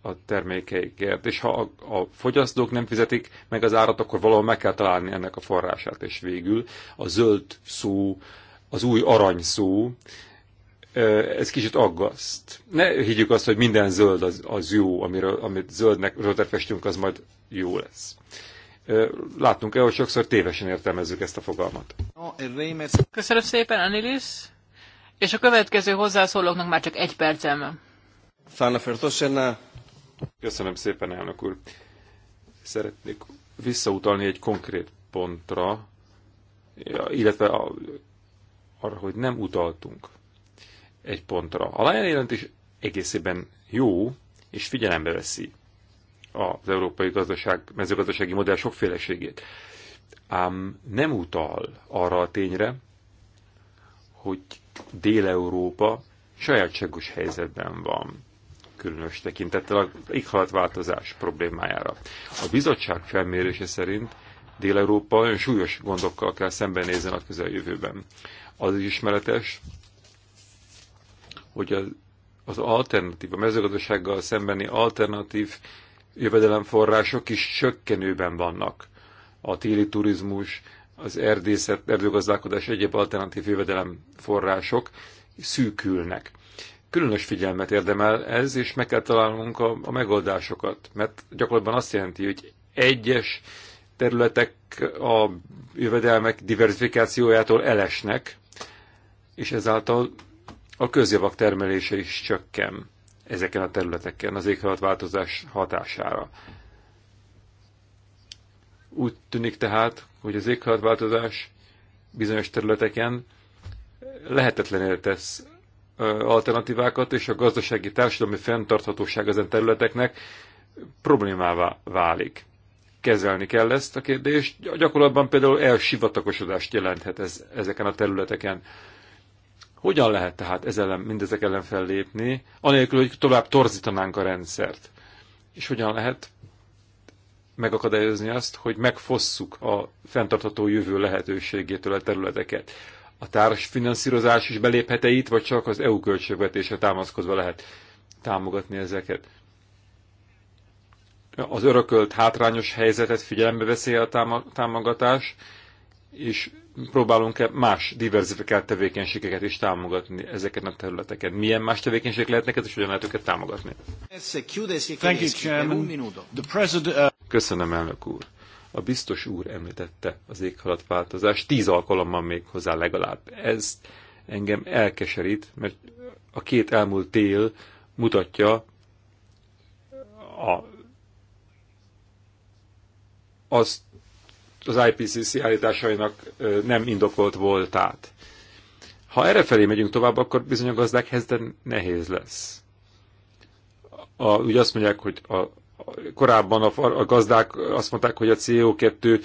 a termékeikért, és ha a, a fogyasztók nem fizetik meg az árat, akkor valahol meg kell találni ennek a forrását, és végül a zöld szó, az új arany szó, ez kicsit aggaszt. Ne higgyük azt, hogy minden zöld az, az jó, amiről, amit zöldnek, zöldre festünk, az majd jó lesz. Látnunk el, hogy sokszor tévesen értelmezzük ezt a fogalmat. Köszönöm szépen, Anilis! És a következő hozzászólóknak már csak egy percem van. Köszönöm szépen, elnök úr. Szeretnék visszautalni egy konkrét pontra, illetve arra, hogy nem utaltunk egy pontra. A Lion jelentés egészében jó, és figyelembe veszi az európai gazdaság, mezőgazdasági modell sokféleségét. Ám nem utal arra a tényre, hogy Dél-Európa sajátságos helyzetben van, különös tekintettel a változás problémájára. A bizottság felmérése szerint Dél-Európa olyan súlyos gondokkal kell szembenézni a közeljövőben. Az is ismeretes, hogy az, az alternatív, a mezőgazdasággal szembeni alternatív jövedelemforrások is csökkenőben vannak. A téli turizmus, az erdészet, erdőgazdálkodás egyéb alternatív jövedelem források szűkülnek. Különös figyelmet érdemel ez, és meg kell találnunk a, a megoldásokat, mert gyakorlatban azt jelenti, hogy egyes területek a jövedelmek diversifikációjától elesnek, és ezáltal a közjavak termelése is csökken ezeken a területeken az éghajlatváltozás hatására. Úgy tűnik tehát, hogy az éghajlatváltozás bizonyos területeken lehetetlenül tesz alternatívákat, és a gazdasági társadalmi fenntarthatóság ezen területeknek problémává válik. Kezelni kell ezt a kérdést. Gyakorlatban például elsivatagosodást jelenthet ez, ezeken a területeken. Hogyan lehet tehát ez ellen, mindezek ellen fellépni, anélkül, hogy tovább torzítanánk a rendszert? És hogyan lehet megakadályozni azt, hogy megfosszuk a fenntartható jövő lehetőségétől a területeket. A társfinanszírozás is beléphet -e itt, vagy csak az EU költségvetésre támaszkodva lehet támogatni ezeket? Az örökölt hátrányos helyzetet figyelembe veszi a támogatás, és próbálunk-e más diversifikált tevékenységeket is támogatni ezeken a területeken? Milyen más tevékenységek lehetnek, és hogyan lehet őket támogatni? Thank you, Chairman. The president, uh, Köszönöm, elnök úr. A biztos úr említette az éghajlatváltozást tíz alkalommal még hozzá legalább. Ez engem elkeserít, mert a két elmúlt tél mutatja a, az, az IPCC állításainak nem indokolt voltát. Ha erre felé megyünk tovább, akkor bizony a gazdák nehéz lesz. A, ugye azt mondják, hogy a, korábban a, gazdák azt mondták, hogy a CO2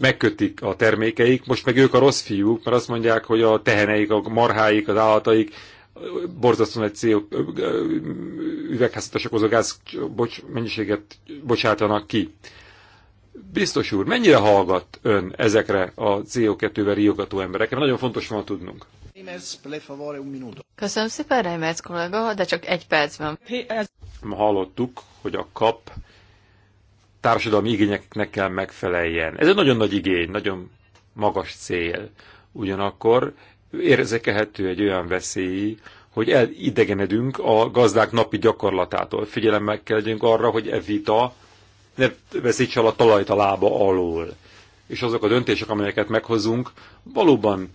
megkötik a termékeik, most meg ők a rossz fiúk, mert azt mondják, hogy a teheneik, a marháik, az állataik borzasztóan egy CO az okozó gáz bocs, mennyiséget bocsátanak ki. Biztos úr, mennyire hallgat ön ezekre a CO2-vel riogató emberekre? Nagyon fontos van tudnunk. Köszönöm szépen, Reimers kollega, de csak egy perc van. Ma hallottuk, hogy a kap társadalmi igényeknek kell megfeleljen. Ez egy nagyon nagy igény, nagyon magas cél. Ugyanakkor érzékelhető egy olyan veszély, hogy elidegenedünk a gazdák napi gyakorlatától. Figyelemmel kell legyünk arra, hogy e vita ne veszítse el a talajt a lába alól. És azok a döntések, amelyeket meghozunk, valóban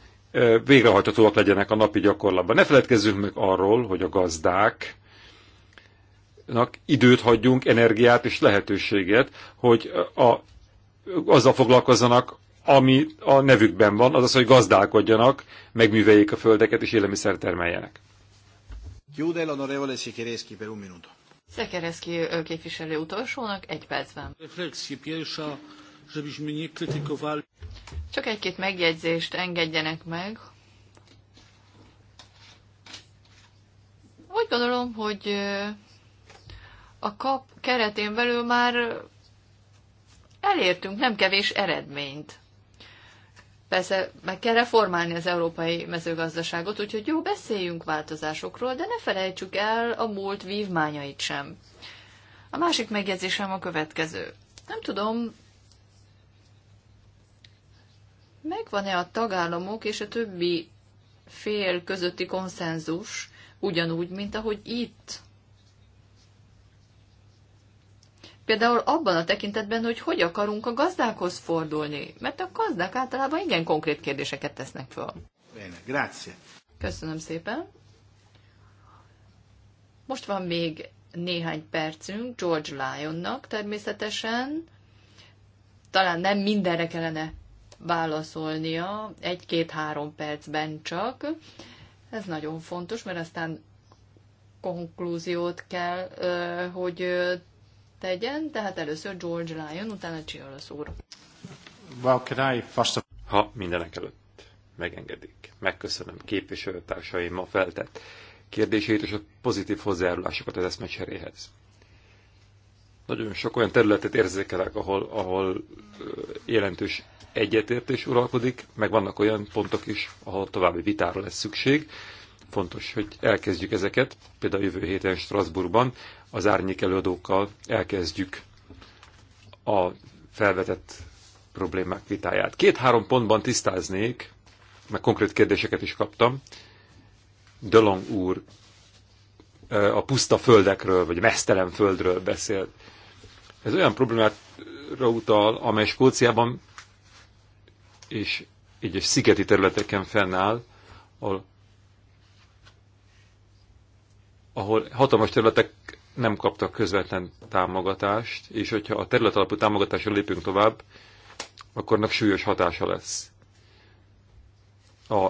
végrehajtatóak legyenek a napi gyakorlatban. Ne feledkezzünk meg arról, hogy a gazdák nak időt hagyjunk, energiát és lehetőséget, hogy a, azzal foglalkozzanak, ami a nevükben van, azaz, hogy gazdálkodjanak, megműveljék a földeket és élelmiszer termeljenek. Chiude l'onorevole Sikereski per un minuto. Szekereszki képviselő utolsónak egy percben. Csak egy-két megjegyzést engedjenek meg. Úgy gondolom, hogy a kap keretén belül már elértünk nem kevés eredményt. Persze meg kell reformálni az európai mezőgazdaságot, úgyhogy jó, beszéljünk változásokról, de ne felejtsük el a múlt vívmányait sem. A másik megjegyzésem a következő. Nem tudom, megvan-e a tagállamok és a többi fél közötti konszenzus ugyanúgy, mint ahogy itt Például abban a tekintetben, hogy hogy akarunk a gazdákhoz fordulni, mert a gazdák általában igen konkrét kérdéseket tesznek föl. Bene, grazie. Köszönöm szépen. Most van még néhány percünk George Lyonnak természetesen. Talán nem mindenre kellene válaszolnia, egy-két-három percben csak. Ez nagyon fontos, mert aztán konklúziót kell, hogy tegyen, tehát először George Lyon, utána Csiolos úr. Well, can I first of... Ha mindenek előtt megengedik, megköszönöm képviselőtársaim a feltett kérdését és a pozitív hozzájárulásokat az eszmecseréhez. Nagyon sok olyan területet érzékelek, ahol, ahol jelentős egyetértés uralkodik, meg vannak olyan pontok is, ahol további vitára lesz szükség. Fontos, hogy elkezdjük ezeket, például jövő héten Strasbourgban, az árnyék előadókkal elkezdjük a felvetett problémák vitáját. Két-három pontban tisztáznék, meg konkrét kérdéseket is kaptam. Delong úr a puszta földekről, vagy mesztelen földről beszélt. Ez olyan problémára utal, amely Skóciában és egyes szigeti területeken fennáll, ahol, ahol hatalmas területek nem kaptak közvetlen támogatást, és hogyha a terület alapú támogatásra lépünk tovább, akkor nagy súlyos hatása lesz a,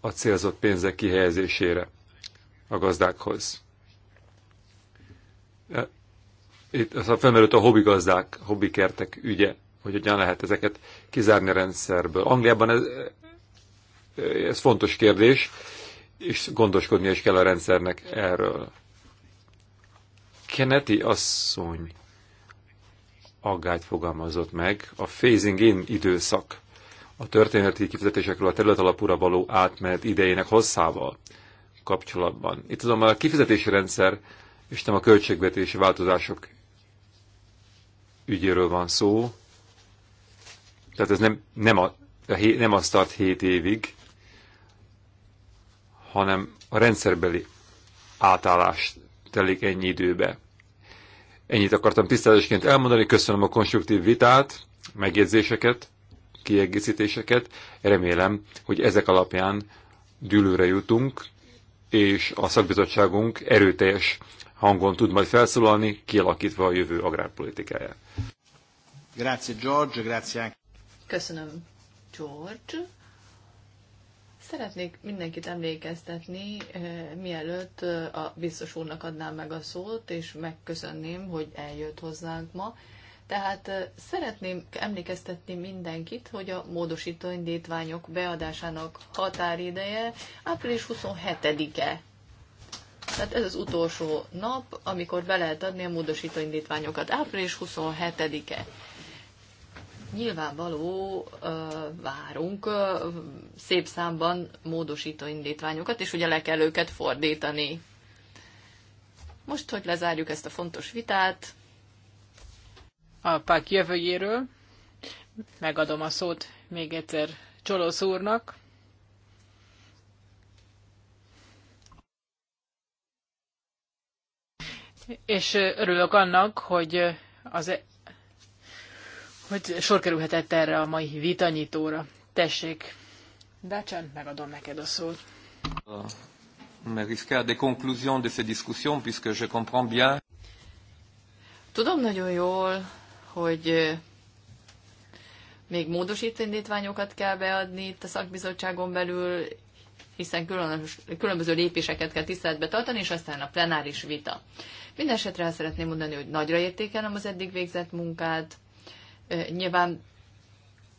a célzott pénzek kihelyezésére a gazdákhoz. E, itt az a felmerült a gazdák, hobbi kertek ügye, hogy hogyan lehet ezeket kizárni a rendszerből. Angliában ez, ez fontos kérdés, és gondoskodnia is kell a rendszernek erről. Keneti asszony aggályt fogalmazott meg a phasing in időszak a történeti kifizetésekről a területalapúra való átmenet idejének hosszával kapcsolatban. Itt azonban a kifizetési rendszer és nem a költségvetési változások ügyéről van szó. Tehát ez nem, nem, a, nem azt tart 7 évig, hanem a rendszerbeli átállást telik ennyi időbe. Ennyit akartam tisztelésként elmondani, köszönöm a konstruktív vitát, megjegyzéseket, kiegészítéseket. Remélem, hogy ezek alapján dűlőre jutunk, és a szakbizottságunk erőteljes hangon tud majd felszólalni, kialakítva a jövő agrárpolitikáját. Grazie George, grazie. Köszönöm George. Szeretnék mindenkit emlékeztetni, eh, mielőtt eh, a biztos úrnak adnám meg a szót, és megköszönném, hogy eljött hozzánk ma. Tehát eh, szeretném emlékeztetni mindenkit, hogy a módosító indítványok beadásának határideje április 27-e. Tehát ez az utolsó nap, amikor be lehet adni a módosító indítványokat. Április 27-e nyilvánvaló várunk szép számban módosító indítványokat, és ugye le kell őket fordítani. Most, hogy lezárjuk ezt a fontos vitát. A pák jövőjéről megadom a szót még egyszer Csolosz úrnak. És örülök annak, hogy az hogy sor kerülhetett erre a mai vitanyitóra. Tessék, Dácsán, megadom neked a szót. Euh, de je bien. Tudom nagyon jól, hogy euh, még módosító indítványokat kell beadni itt a szakbizottságon belül, hiszen különös, különböző lépéseket kell tiszteletbe tartani, és aztán a plenáris vita. Mindenesetre el szeretném mondani, hogy nagyra értékelem az eddig végzett munkát, nyilván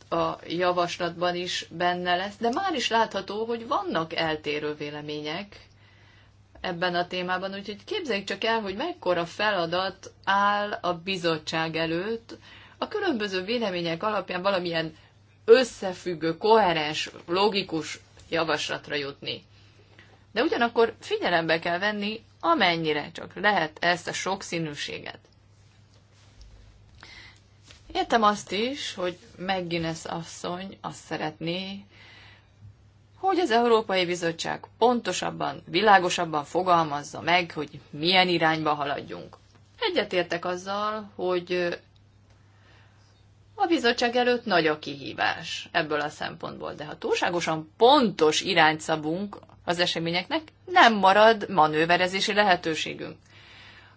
a javaslatban is benne lesz, de már is látható, hogy vannak eltérő vélemények ebben a témában, úgyhogy képzeljük csak el, hogy mekkora feladat áll a bizottság előtt a különböző vélemények alapján valamilyen összefüggő, koherens, logikus javaslatra jutni. De ugyanakkor figyelembe kell venni, amennyire csak lehet ezt a sokszínűséget. Értem azt is, hogy McGuinness asszony azt szeretné, hogy az Európai Bizottság pontosabban, világosabban fogalmazza meg, hogy milyen irányba haladjunk. Egyetértek azzal, hogy a bizottság előtt nagy a kihívás ebből a szempontból, de ha túlságosan pontos irányt szabunk az eseményeknek, nem marad manőverezési lehetőségünk.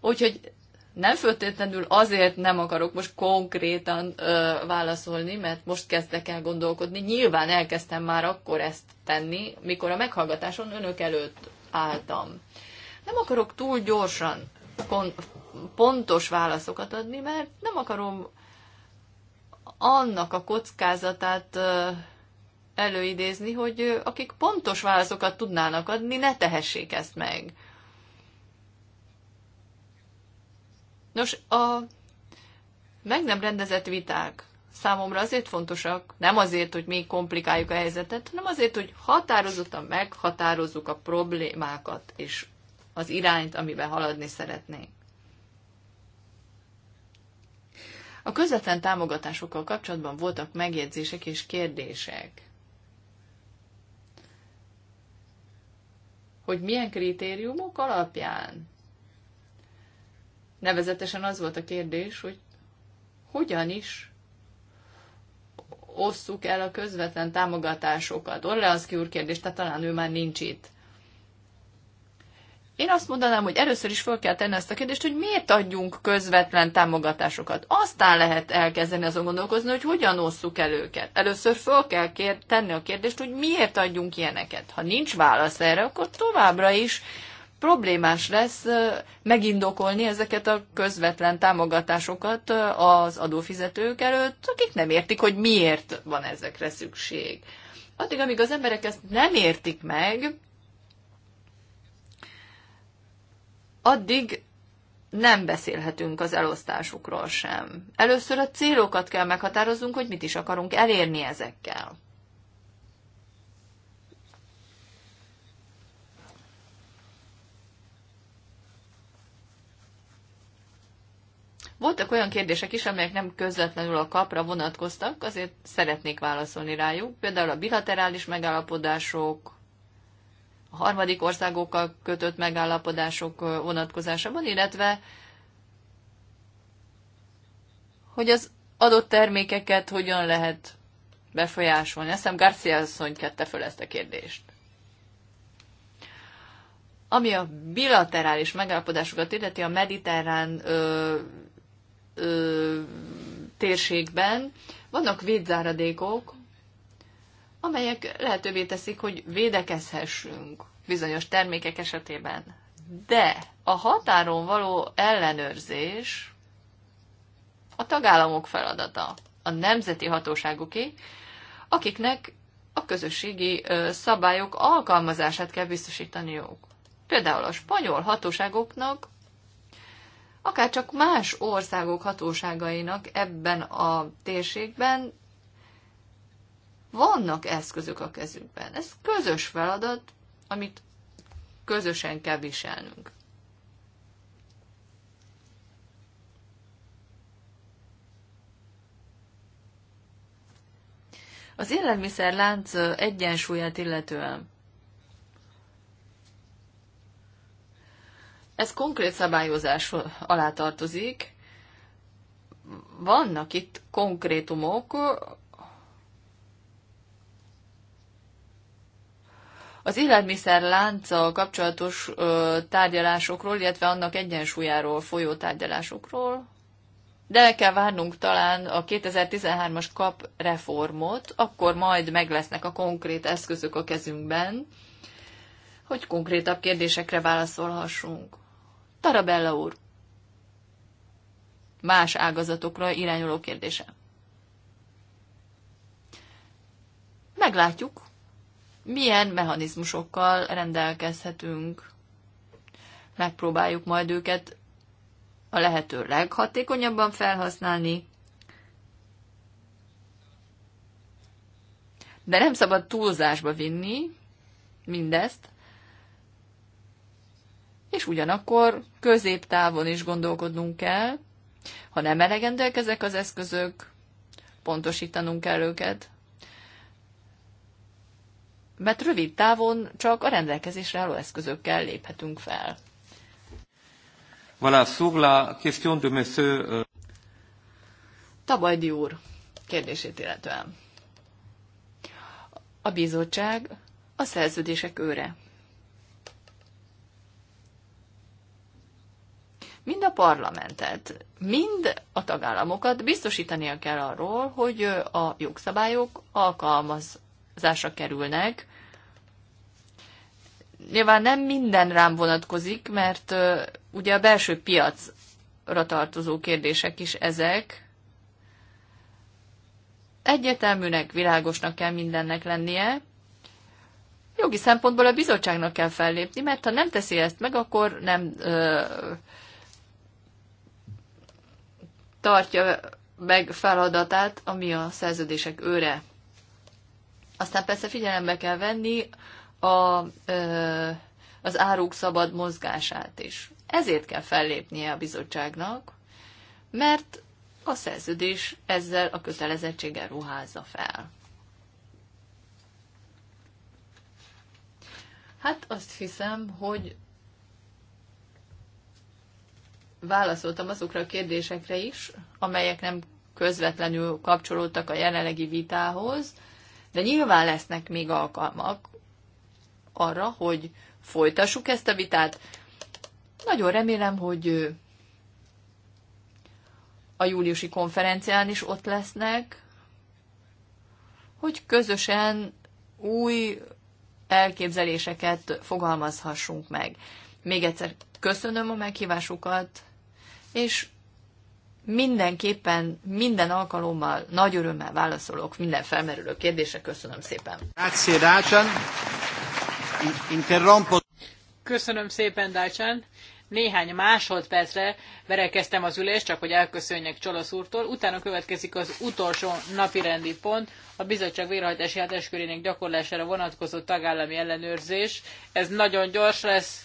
Úgyhogy nem föltétlenül azért nem akarok most konkrétan ö, válaszolni, mert most kezdek el gondolkodni. Nyilván elkezdtem már akkor ezt tenni, mikor a meghallgatáson önök előtt álltam. Nem akarok túl gyorsan pontos válaszokat adni, mert nem akarom annak a kockázatát ö, előidézni, hogy ö, akik pontos válaszokat tudnának adni, ne tehessék ezt meg Nos, a meg nem rendezett viták számomra azért fontosak, nem azért, hogy még komplikáljuk a helyzetet, hanem azért, hogy határozottan meghatározzuk a problémákat és az irányt, amiben haladni szeretnénk. A közvetlen támogatásokkal kapcsolatban voltak megjegyzések és kérdések. Hogy milyen kritériumok alapján? Nevezetesen az volt a kérdés, hogy hogyan is osszuk el a közvetlen támogatásokat. Orleanszki úr kérdés, tehát talán ő már nincs itt. Én azt mondanám, hogy először is fel kell tenni ezt a kérdést, hogy miért adjunk közvetlen támogatásokat. Aztán lehet elkezdeni azon gondolkozni, hogy hogyan osszuk el őket. Először fel kell kér- tenni a kérdést, hogy miért adjunk ilyeneket. Ha nincs válasz erre, akkor továbbra is problémás lesz megindokolni ezeket a közvetlen támogatásokat az adófizetők előtt, akik nem értik, hogy miért van ezekre szükség. Addig, amíg az emberek ezt nem értik meg, addig nem beszélhetünk az elosztásukról sem. Először a célokat kell meghatároznunk, hogy mit is akarunk elérni ezekkel. Voltak olyan kérdések is, amelyek nem közvetlenül a kapra vonatkoztak, azért szeretnék válaszolni rájuk. Például a bilaterális megállapodások, a harmadik országokkal kötött megállapodások vonatkozásában, illetve hogy az adott termékeket hogyan lehet befolyásolni. Azt hiszem Garcia asszony kette föl ezt a kérdést. Ami a bilaterális megállapodásokat illeti, a mediterrán ö, ö, térségben vannak védzáradékok, amelyek lehetővé teszik, hogy védekezhessünk bizonyos termékek esetében. De a határon való ellenőrzés a tagállamok feladata, a nemzeti hatóságoké, akiknek a közösségi szabályok alkalmazását kell biztosítaniuk. Például a spanyol hatóságoknak akár csak más országok hatóságainak ebben a térségben vannak eszközök a kezükben. Ez közös feladat, amit közösen kell viselnünk. Az élelmiszerlánc egyensúlyát illetően Ez konkrét szabályozás alá tartozik. Vannak itt konkrétumok, az élelmiszer lánca kapcsolatos ö, tárgyalásokról, illetve annak egyensúlyáról folyó tárgyalásokról, de el kell várnunk talán a 2013-as kap reformot, akkor majd meg lesznek a konkrét eszközök a kezünkben, hogy konkrétabb kérdésekre válaszolhassunk. Tarabella úr. Más ágazatokra irányuló kérdése. Meglátjuk, milyen mechanizmusokkal rendelkezhetünk. Megpróbáljuk majd őket a lehető leghatékonyabban felhasználni, de nem szabad túlzásba vinni mindezt, és ugyanakkor középtávon is gondolkodnunk kell, ha nem elegendőek ezek az eszközök, pontosítanunk kell őket, mert rövid távon csak a rendelkezésre álló eszközökkel léphetünk fel. Voilà, sur la question de monsieur... Euh, Tabajdi úr kérdését illetően. A bizottság a szerződések őre. mind a parlamentet, mind a tagállamokat biztosítania kell arról, hogy a jogszabályok alkalmazásra kerülnek. Nyilván nem minden rám vonatkozik, mert ugye a belső piacra tartozó kérdések is ezek. Egyeteműnek, világosnak kell mindennek lennie, jogi szempontból a bizottságnak kell fellépni, mert ha nem teszi ezt meg, akkor nem ö, tartja meg feladatát, ami a szerződések őre. Aztán persze figyelembe kell venni a, az áruk szabad mozgását is. Ezért kell fellépnie a bizottságnak, mert a szerződés ezzel a kötelezettséggel ruházza fel. Hát azt hiszem, hogy válaszoltam azokra a kérdésekre is, amelyek nem közvetlenül kapcsolódtak a jelenlegi vitához, de nyilván lesznek még alkalmak arra, hogy folytassuk ezt a vitát. Nagyon remélem, hogy a júliusi konferencián is ott lesznek, hogy közösen új elképzeléseket fogalmazhassunk meg. Még egyszer köszönöm a meghívásukat, és mindenképpen, minden alkalommal nagy örömmel válaszolok minden felmerülő kérdésre. Köszönöm szépen. Köszönöm szépen, Dácsán. Néhány másodpercre berekeztem az ülést, csak hogy elköszönjek Csolasz úrtól. Utána következik az utolsó napirendi pont, a bizottság végrehajtási hatáskörének gyakorlására vonatkozó tagállami ellenőrzés. Ez nagyon gyors lesz,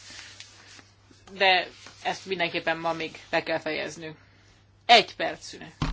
de ezt mindenképpen ma még be kell fejeznünk. Egy perc szünet.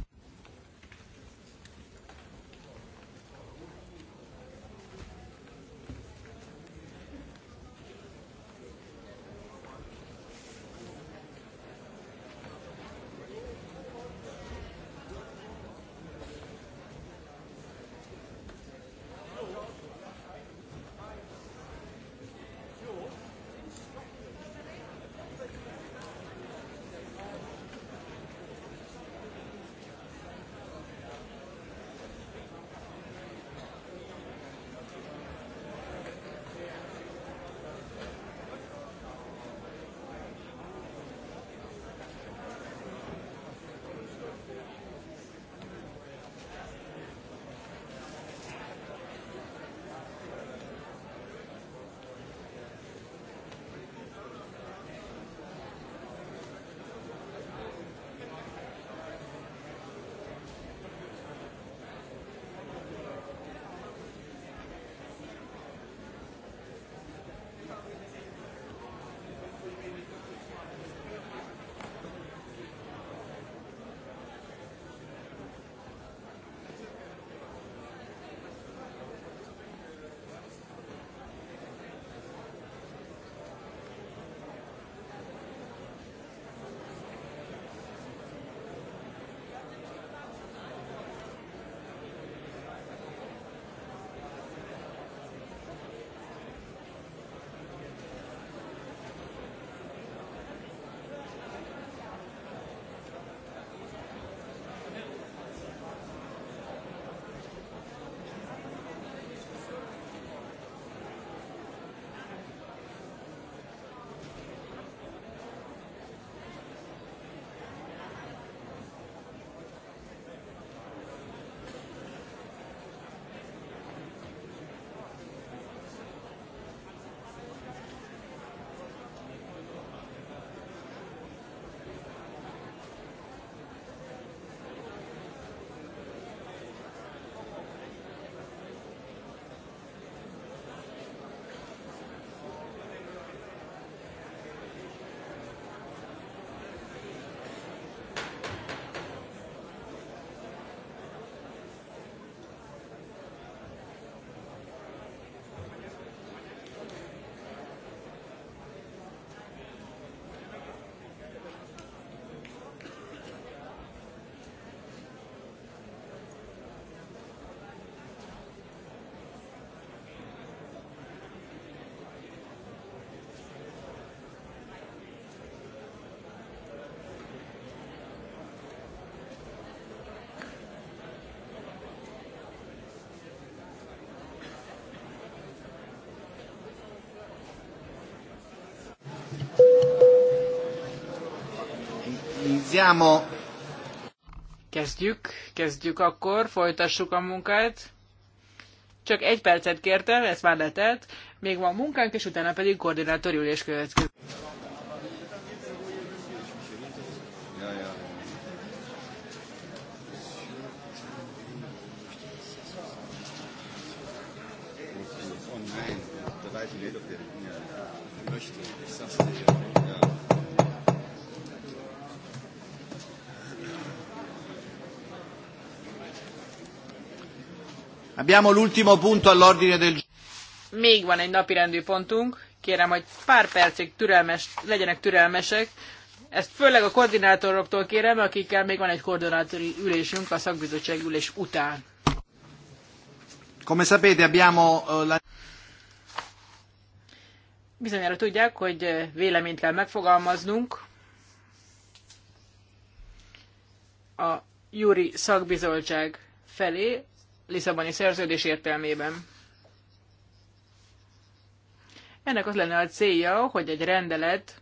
Iniziamo. Kezdjük, kezdjük akkor, folytassuk a munkát. Csak egy percet kértem, ezt már letelt. Még van munkánk, és utána pedig koordinátori ülés következik. Online, da Abbiamo l'ultimo punto all'ordine del Még van egy napirendű pontunk, kérem, hogy pár percig türelmes, legyenek türelmesek. Ezt főleg a koordinátoroktól kérem, akikkel még van egy koordinátori ülésünk a szakbizottság ülés után. Come sapete, abbiamo eh, la... Bizonyára tudják, hogy eh, véleményt kell megfogalmaznunk a Júri szakbizottság felé Lisszaboni szerződés értelmében. Ennek az lenne a célja, hogy egy rendelet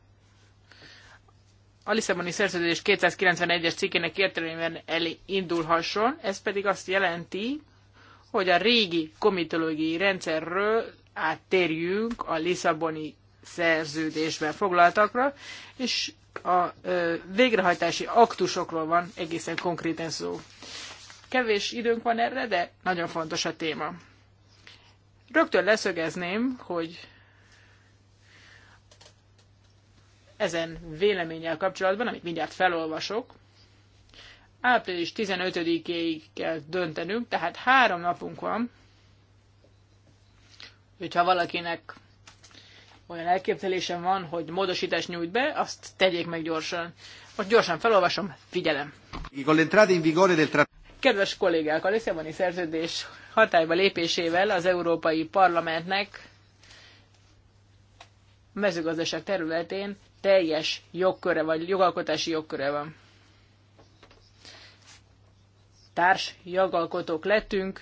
a Lisszaboni szerződés 291-es cikkének értelmében elindulhasson, ez pedig azt jelenti, hogy a régi komitológiai rendszerről áttérjünk a Lisszaboni szerződésben foglaltakra, és a végrehajtási aktusokról van egészen konkrétan szó. Kevés időnk van erre, de nagyon fontos a téma. Rögtön leszögezném, hogy ezen véleménnyel kapcsolatban, amit mindjárt felolvasok, április 15-éig kell döntenünk, tehát három napunk van, hogyha valakinek olyan elképzelésem van, hogy módosítást nyújt be, azt tegyék meg gyorsan. Most gyorsan felolvasom, figyelem. Kedves kollégák, a Lisszaboni szerződés hatályba lépésével az Európai Parlamentnek a mezőgazdaság területén teljes jogköre, vagy jogalkotási jogköre van. Társ jogalkotók lettünk,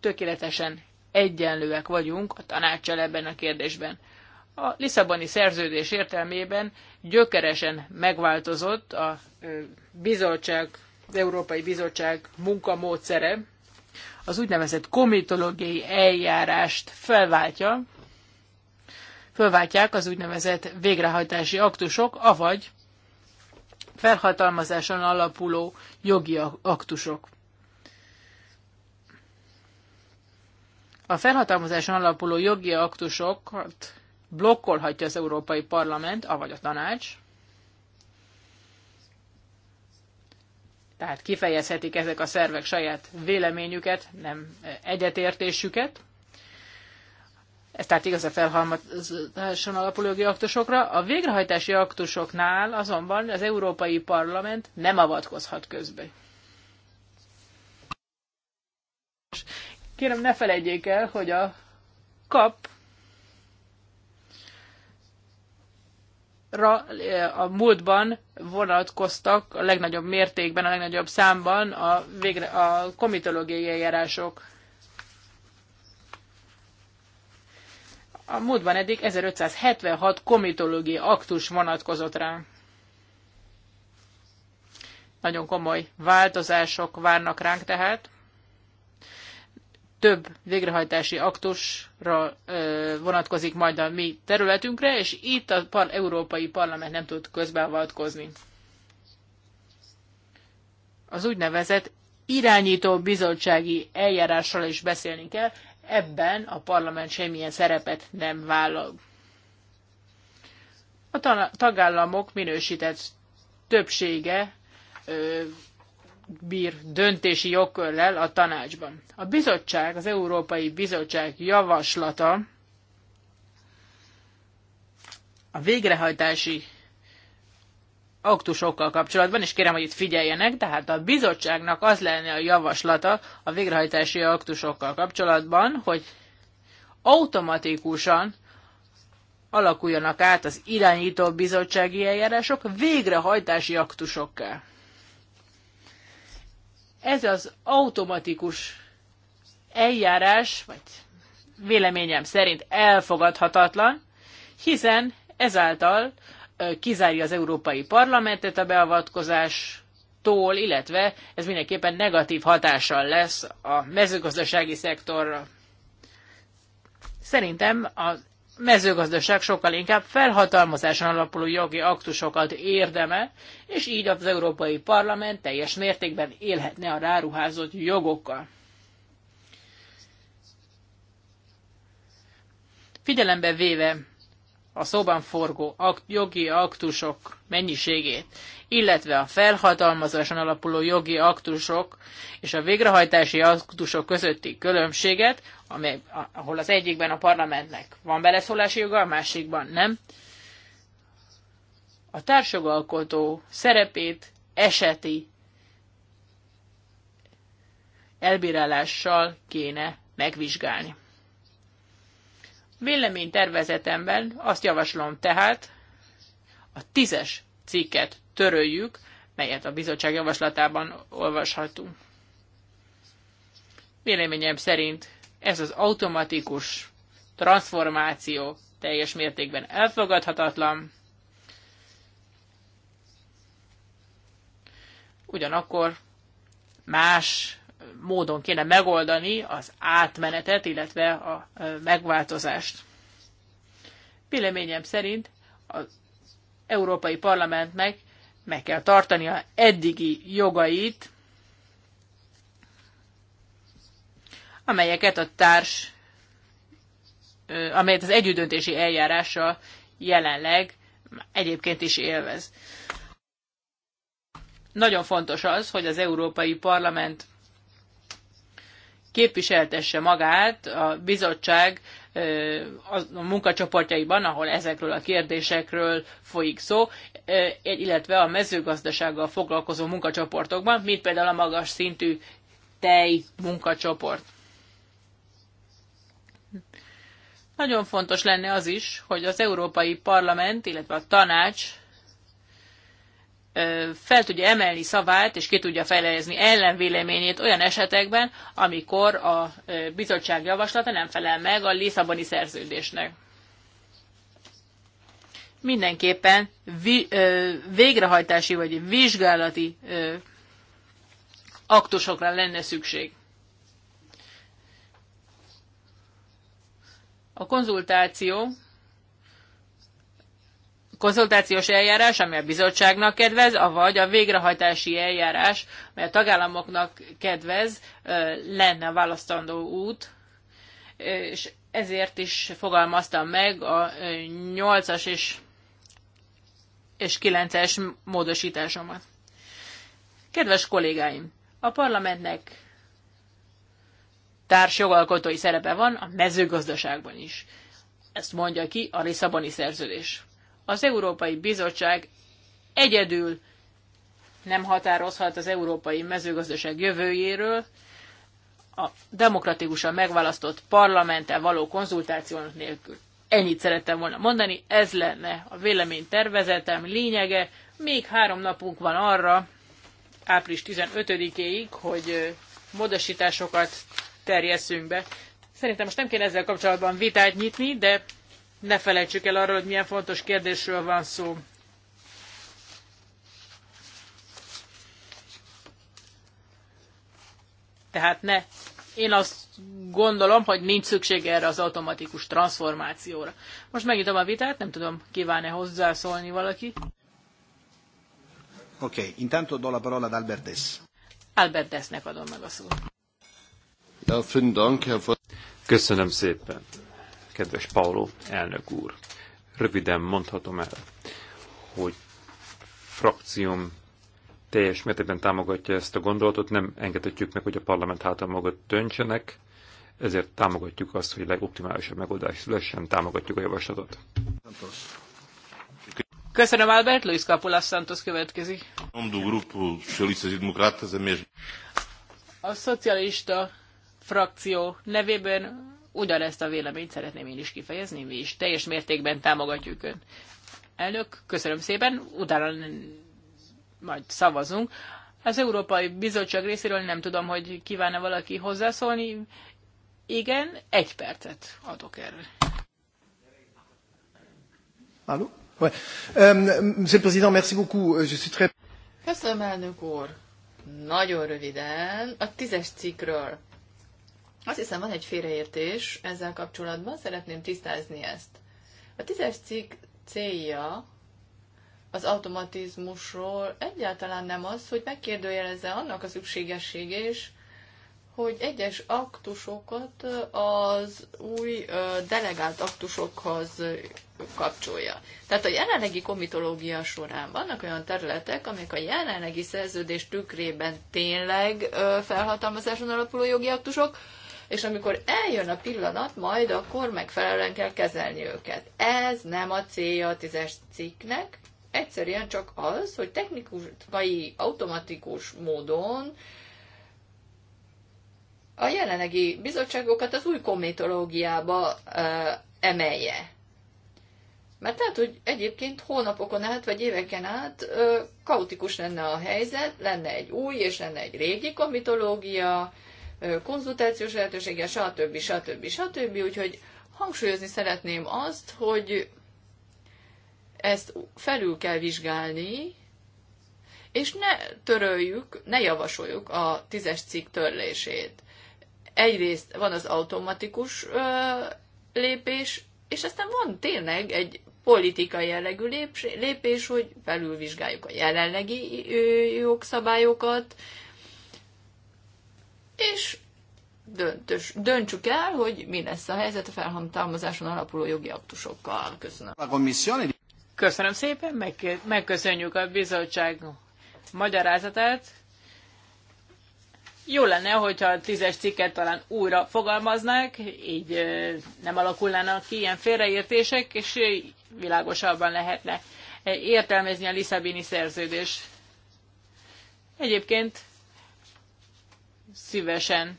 tökéletesen egyenlőek vagyunk a tanácssal ebben a kérdésben. A Lisszaboni szerződés értelmében gyökeresen megváltozott a bizottság az Európai Bizottság munkamódszere az úgynevezett komitológiai eljárást felváltja, felváltják az úgynevezett végrehajtási aktusok, avagy felhatalmazáson alapuló jogi aktusok. A felhatalmazáson alapuló jogi aktusokat blokkolhatja az Európai Parlament, avagy a tanács, tehát kifejezhetik ezek a szervek saját véleményüket, nem egyetértésüket. Ez tehát igaz a felhalmazáson alapuló jogi aktusokra. A végrehajtási aktusoknál azonban az Európai Parlament nem avatkozhat közbe. Kérem, ne felejtjék el, hogy a kap Eh, a múltban vonatkoztak a legnagyobb mértékben, a legnagyobb számban a, végre, a komitológiai eljárások. A múltban eddig 1576 komitológiai aktus vonatkozott rá. Nagyon komoly változások várnak ránk tehát több végrehajtási aktusra vonatkozik majd a mi területünkre, és itt a par- Európai Parlament nem tud közbeavatkozni. Az úgynevezett irányító bizottsági eljárásról is beszélni kell, ebben a parlament semmilyen szerepet nem vállal. A tagállamok minősített többsége bír döntési jogkörrel a tanácsban. A bizottság, az Európai Bizottság javaslata a végrehajtási aktusokkal kapcsolatban, és kérem, hogy itt figyeljenek, tehát a bizottságnak az lenne a javaslata a végrehajtási aktusokkal kapcsolatban, hogy automatikusan alakuljanak át az irányító bizottsági eljárások végrehajtási aktusokká. Ez az automatikus eljárás, vagy véleményem szerint elfogadhatatlan, hiszen ezáltal kizárja az Európai Parlamentet a beavatkozástól, illetve ez mindenképpen negatív hatással lesz a mezőgazdasági szektorra. Szerintem az mezőgazdaság sokkal inkább felhatalmazáson alapuló jogi aktusokat érdeme, és így az Európai Parlament teljes mértékben élhetne a ráruházott jogokkal. Figyelembe véve a szóban forgó jogi aktusok mennyiségét, illetve a felhatalmazáson alapuló jogi aktusok és a végrehajtási aktusok közötti különbséget, amely, ahol az egyikben a parlamentnek van beleszólási joga, a másikban nem, a társjogalkotó szerepét eseti elbírálással kéne megvizsgálni tervezetemben azt javaslom tehát, a tízes cikket töröljük, melyet a bizottság javaslatában olvashatunk. Véleményem szerint ez az automatikus transformáció teljes mértékben elfogadhatatlan, ugyanakkor más módon kéne megoldani az átmenetet, illetve a megváltozást. Véleményem szerint az Európai Parlamentnek meg kell tartania eddigi jogait, amelyeket a társ, amelyet az együttdöntési eljárása jelenleg egyébként is élvez. Nagyon fontos az, hogy az Európai Parlament képviseltesse magát a bizottság a munkacsoportjaiban, ahol ezekről a kérdésekről folyik szó, illetve a mezőgazdasággal foglalkozó munkacsoportokban, mint például a magas szintű tej munkacsoport. Nagyon fontos lenne az is, hogy az Európai Parlament, illetve a tanács fel tudja emelni szavát, és ki tudja fejlezni ellenvéleményét olyan esetekben, amikor a bizottság javaslata nem felel meg a Lisszaboni szerződésnek. Mindenképpen vi, ö, végrehajtási vagy vizsgálati ö, aktusokra lenne szükség. A konzultáció konzultációs eljárás, ami a bizottságnak kedvez, avagy a végrehajtási eljárás, amely a tagállamoknak kedvez, lenne a választandó út, és ezért is fogalmaztam meg a 8-as és, és 9-es módosításomat. Kedves kollégáim, a parlamentnek társ jogalkotói szerepe van a mezőgazdaságban is. Ezt mondja ki a Lisszaboni szerződés. Az Európai Bizottság egyedül nem határozhat az európai mezőgazdaság jövőjéről, a demokratikusan megválasztott parlamenttel való konzultáció nélkül. Ennyit szerettem volna mondani, ez lenne a vélemény tervezetem lényege. Még három napunk van arra, április 15-éig, hogy módosításokat terjesszünk be. Szerintem most nem kéne ezzel kapcsolatban vitát nyitni, de ne felejtsük el arról, hogy milyen fontos kérdésről van szó. Tehát ne. Én azt gondolom, hogy nincs szükség erre az automatikus transformációra. Most megnyitom a vitát, nem tudom, kíván-e hozzászólni valaki. Oké, okay. intanto do la parola ad Albertes. Albertesnek adom meg a szót. Köszönöm szépen kedves Paulo elnök úr. Röviden mondhatom el, hogy frakcióm teljes mértékben támogatja ezt a gondolatot, nem engedhetjük meg, hogy a parlament háta mögött döntsenek, ezért támogatjuk azt, hogy legoptimálisabb megoldás szülessen, támogatjuk a javaslatot. Köszönöm, Albert. Luis Capolas Santos következik. A szocialista frakció nevében Ugyanezt a véleményt szeretném én is kifejezni, mi is teljes mértékben támogatjuk Ön. Elnök, köszönöm szépen, utána majd szavazunk. Az Európai Bizottság részéről nem tudom, hogy kívánna valaki hozzászólni. Igen, egy percet adok erre. Allô? Euh, merci beaucoup. Euh, je suis très... Köszönöm, elnök úr. Nagyon röviden, a tízes cikkről. Azt hiszem, van egy félreértés ezzel kapcsolatban, szeretném tisztázni ezt. A tízes cikk célja az automatizmusról egyáltalán nem az, hogy megkérdőjelezze annak a szükségesség hogy egyes aktusokat az új delegált aktusokhoz kapcsolja. Tehát a jelenlegi komitológia során vannak olyan területek, amik a jelenlegi szerződés tükrében tényleg felhatalmazáson alapuló jogi aktusok, és amikor eljön a pillanat, majd akkor megfelelően kell kezelni őket. Ez nem a célja a tízes cikknek, egyszerűen csak az, hogy technikai, automatikus módon a jelenlegi bizottságokat az új komitológiába emelje. Mert tehát hogy egyébként hónapokon át, vagy éveken át ö, kaotikus lenne a helyzet, lenne egy új és lenne egy régi komitológia, konzultációs lehetősége, stb. stb. stb. Úgyhogy hangsúlyozni szeretném azt, hogy ezt felül kell vizsgálni, és ne töröljük, ne javasoljuk a tízes cikk törlését. Egyrészt van az automatikus ö, lépés, és aztán van tényleg egy politikai jellegű lépés, hogy felülvizsgáljuk a jelenlegi jogszabályokat, és döntös, döntsük el, hogy mi lesz a helyzet a felhatalmazáson alapuló jogi aktusokkal. Köszönöm. Köszönöm szépen, megköszönjük a bizottság magyarázatát. Jó lenne, hogyha a tízes cikket talán újra fogalmaznák, így nem alakulnának ki ilyen félreértések, és világosabban lehetne értelmezni a Lisszabini szerződés. Egyébként szívesen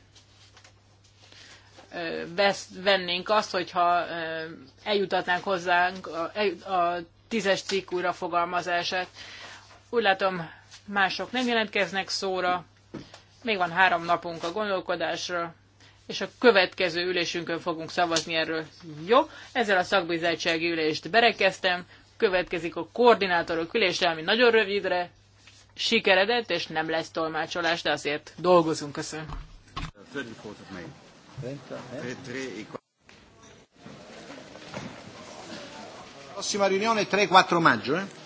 vesz, vennénk azt, hogyha eljutatnánk hozzánk a, a tízes cikk újrafogalmazását. fogalmazását. Úgy látom, mások nem jelentkeznek szóra, még van három napunk a gondolkodásra, és a következő ülésünkön fogunk szavazni erről. Jó, ezzel a szakbizottsági ülést berekeztem, következik a koordinátorok ülése, ami nagyon rövidre sikeredett, és nem lesz tolmácsolás, de azért dolgozunk. Köszönöm. Prossima riunione 3-4 maggio, eh?